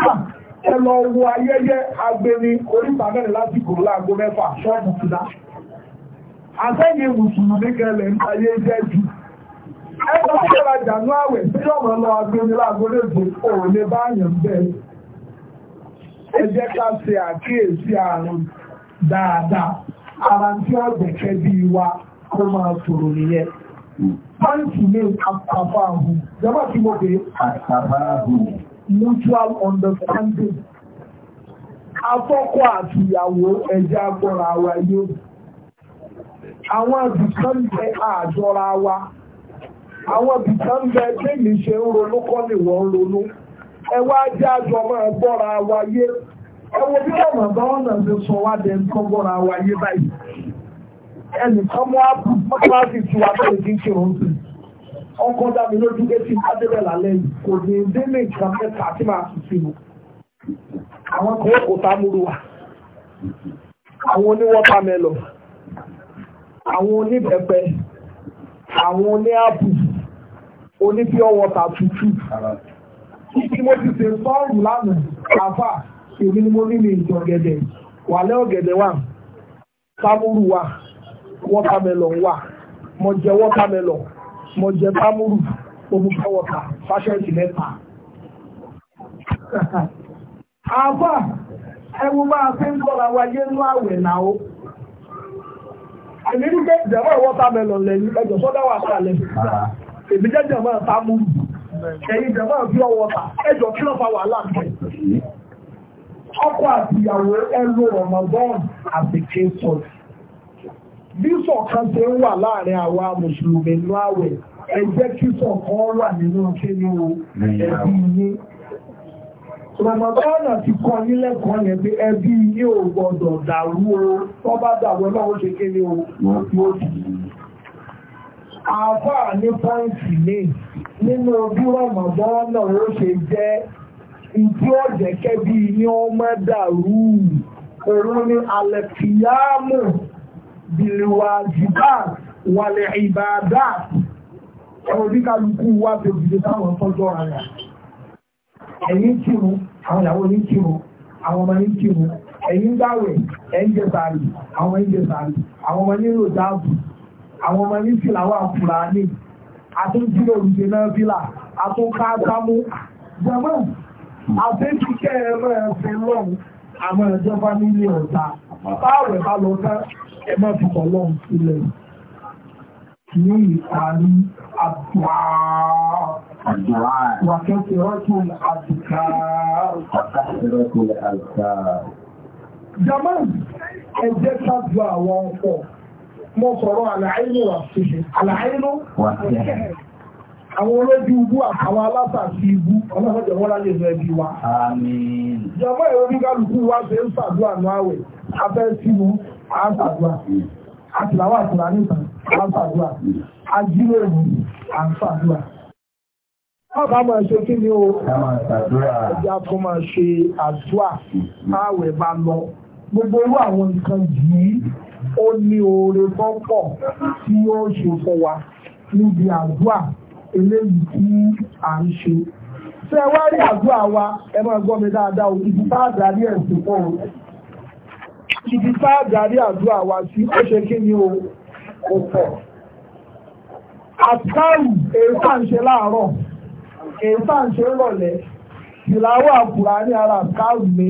ọ́n ẹ lọ wo ayẹyẹ agbeni oríta mẹ́rin lásìkò láago mẹ́fà ṣọ́ọ̀bù ti dá àtẹ́yìn mùsùlùmí kẹlẹ̀ ń ayé jẹ́ jù ẹgbẹ́ tó ra jànú àwẹ̀ tí ọmọ lọ agbeni láago léde òun lè bá yàn bẹ́ẹ̀ ẹ jẹ́ ká ṣe àkíyèsí àrùn dáadáa ara tí ó gbẹ̀kẹ́ bí wa kó máa sọ̀rọ̀ nìyẹn Báńkì ní àpapọ̀ ààbò, jọba tí mo bèé. Àpapọ̀ ààbò mutual understanding afọ́kọ àti ìyàwó ẹja agbọ́ra wa yé àwọn ibìkan bẹ àjọra wa àwọn ibìkan bẹ bẹ́ẹ̀ni ṣe ń ronú kọ́ ni wọ́n ń ronú ẹ wá jẹ́ àjọ máa gbọ́ra wa yé ẹ wo bí ọ̀nà bá ọ̀nà ti sọ wá dẹ̀ ń kọ́ gbọ́ra wa yé báyìí ẹnìkan mọ́ àpò mọ́tò láti tiwa tó lè dín kí òun sìn ọkọ̀ dámi lójú pé tí adébẹ̀ lálẹ́ yìí kò ní délé nǹkan mẹ́ta tí máa fi sínú àwọn kan kò tá múru wà àwọn oníwọ́ta mẹ́lọ̀ àwọn oníbẹ̀pẹ̀ àwọn oníàbù oníbíọ́wọ́ta tútù ibi mo ti ṣe sọ́ọ̀rù lánàá àfà èmi ni mo rí mi ìjọ ọ̀gẹ̀dẹ̀ wàlẹ́ ọ̀gẹ̀dẹ̀ wà sámúrù wà wọ́támẹ́lọ̀ wà mo jẹ mo jẹ bámúrù omi kọwọ́ta fáṣẹ́ǹtì mẹ́ta. àbá ẹwu máa fi ń bọ́ra wáyé nú àwẹ̀ náà ó. èmi ní pé jẹ̀mọ́ ìwọ́ta mẹ́lọ̀ lẹ́yìn ẹjọ́ sọ́dá wà sálẹ̀. èmi jẹ́ jẹ̀mọ́ ìta múrù ẹ̀yin jẹ̀mọ́ ìbí ọwọ́ta ẹjọ́ kí ló fa wàhálà nìkẹ́. ọkọ àtìyàwó ẹ lo rọmọgọ́ọ̀n àbíké sọ̀tì bí ṣọ̀kan ṣe ń wà láàrin àwa mùsùlùmí nínú àwẹ̀ ẹ jẹ́ kí ṣọ̀kan wà nínú kíni o ẹbí yín ramadana ti kọ́ yín lẹ́kọ̀ọ́ yẹn pé ẹbí yín ò gbọ́dọ̀ dàrú o tó bá dàrú ọlọ́run ṣe kíni o yóò dì í àfáà ní pọ́ǹtì ní nínú bí ramadana ó ṣe jẹ́ ìdí ọ̀jẹ̀kẹ́ bí yín ọmọ dàrú òun ni alẹ́ bilwajibat wàlẹ̀ ibadat ẹwọ bí kálukú wá bí òbíde táwọn tọ́jọ́ ara ẹ̀yin kírun àwọn ìyàwó ní kírun àwọn ọmọ ní kírun ẹ̀yin gbàwẹ̀ ẹ̀yin jẹsàárì àwọn ẹ̀yin jẹsàárì àwọn ọmọ ní ròdáàbù àwọn ọmọ ní ẹ má fi ọlọ́run sílẹ̀ ní ìparí àdúrà wàkẹ́sẹ̀ rọ́tún àdúrà jaman ẹjẹ́ sájú àwọn ọkọ̀ mo sọ̀rọ̀ àlàáyínú wà síṣẹ́ àlàáyínú wà síṣẹ́ àwọn olójú ibú àtàwọn alásàtì ibú ọlọ́sọ̀jẹ̀ wọ́n láyé ìlú ẹbí wa. jaman ẹ̀rọ bí kálukú wa ṣe ń sàdúrà náà wẹ̀ afẹ́ sínú àǹsàdúrà àtìláwà àtìlá nìkan àǹsàdúrà ajíròrò àǹsàdúrà. Ọba máa ṣe kí ni o? Ẹja tó máa ṣe àdúrà táwẹ̀ bá lọ. Gbogbo owó àwọn nǹkan yìí ó ní oore pọ́pọ̀ tí ó ṣe fún wa níbi àdúrà eléyìí tí à ń ṣe. Ṣé ẹ wá rí àdúrà wa? Ẹ máa gbọ́ mi dáadáa o, ibi ẹ̀ ibi tá a àdúrà wa sí ó ṣe kí ni o kò pọ̀ àtàrù èyí tá à ń ṣe láàárọ̀ èyí tá à ń ṣe rọ̀lẹ́ ìlàwọ̀ àkùrà ní ara àtàrù mi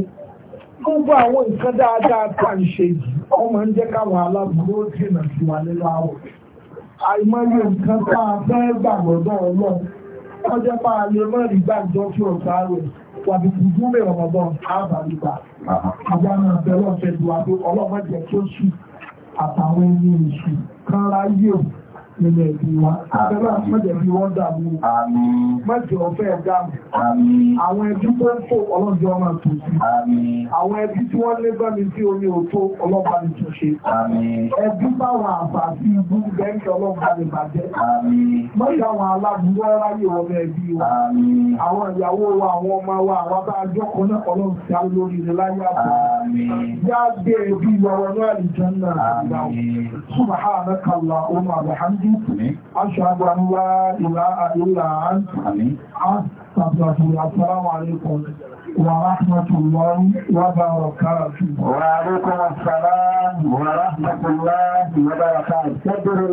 gbogbo àwọn nǹkan dáadáa tá à ń ṣe yìí ọmọ ń jẹ́ káwọn aláburú ó sí wa nínú àwọ̀ àìmọye nǹkan tá a fẹ́ gbàgbọ́dọ̀ ọlọ́run wọ́n jẹ́ máa lè mọ́rin gbàgbọ́ fún ọ̀gá rẹ̀ wàbí tuntun lè rọmọdán ábàlùbà àwa náà bẹ̀rẹ̀ ọ̀sẹ̀ ìdùwàdó ọlọ́mọdé tó sùn àtàwọn ẹni èṣù kan ráyè òun nínú ẹbí wa. Àbẹ́bà mọ́jẹ̀ bí wọ́n dàmú. Mọ́jẹ̀ ọ̀fẹ́ dàmú. Àwọn ẹbí tó ń fò ọlọ́jọ́ ọmọ tó sí. Àwọn ẹbí tí wọ́n lé bá mi sí omi òtó ọlọ́ba mi tó ṣe. Ẹbí báwọn àbá sí ibú bẹ́ńkì ọlọ́ba mi bàjẹ́. Mọ́jẹ̀ àwọn aláàbúrò ráyè ọmọ ẹbí wa. Àwọn ìyàwó wa, àwọn ọmọ wa, àwọn bá ajọ́ kan náà ọlọ́run sí á lórí ilẹ̀ láyé àbá. Yá gbé ẹbí lọ́wọ́ náà ìjọ náà. Subhanaka Allahumma wa bihamdika. أشهد أن لا إله إلا أنت أستغفرك السلام عليكم ورحمة الله وبركاته وعليكم السلام ورحمة الله وبركاته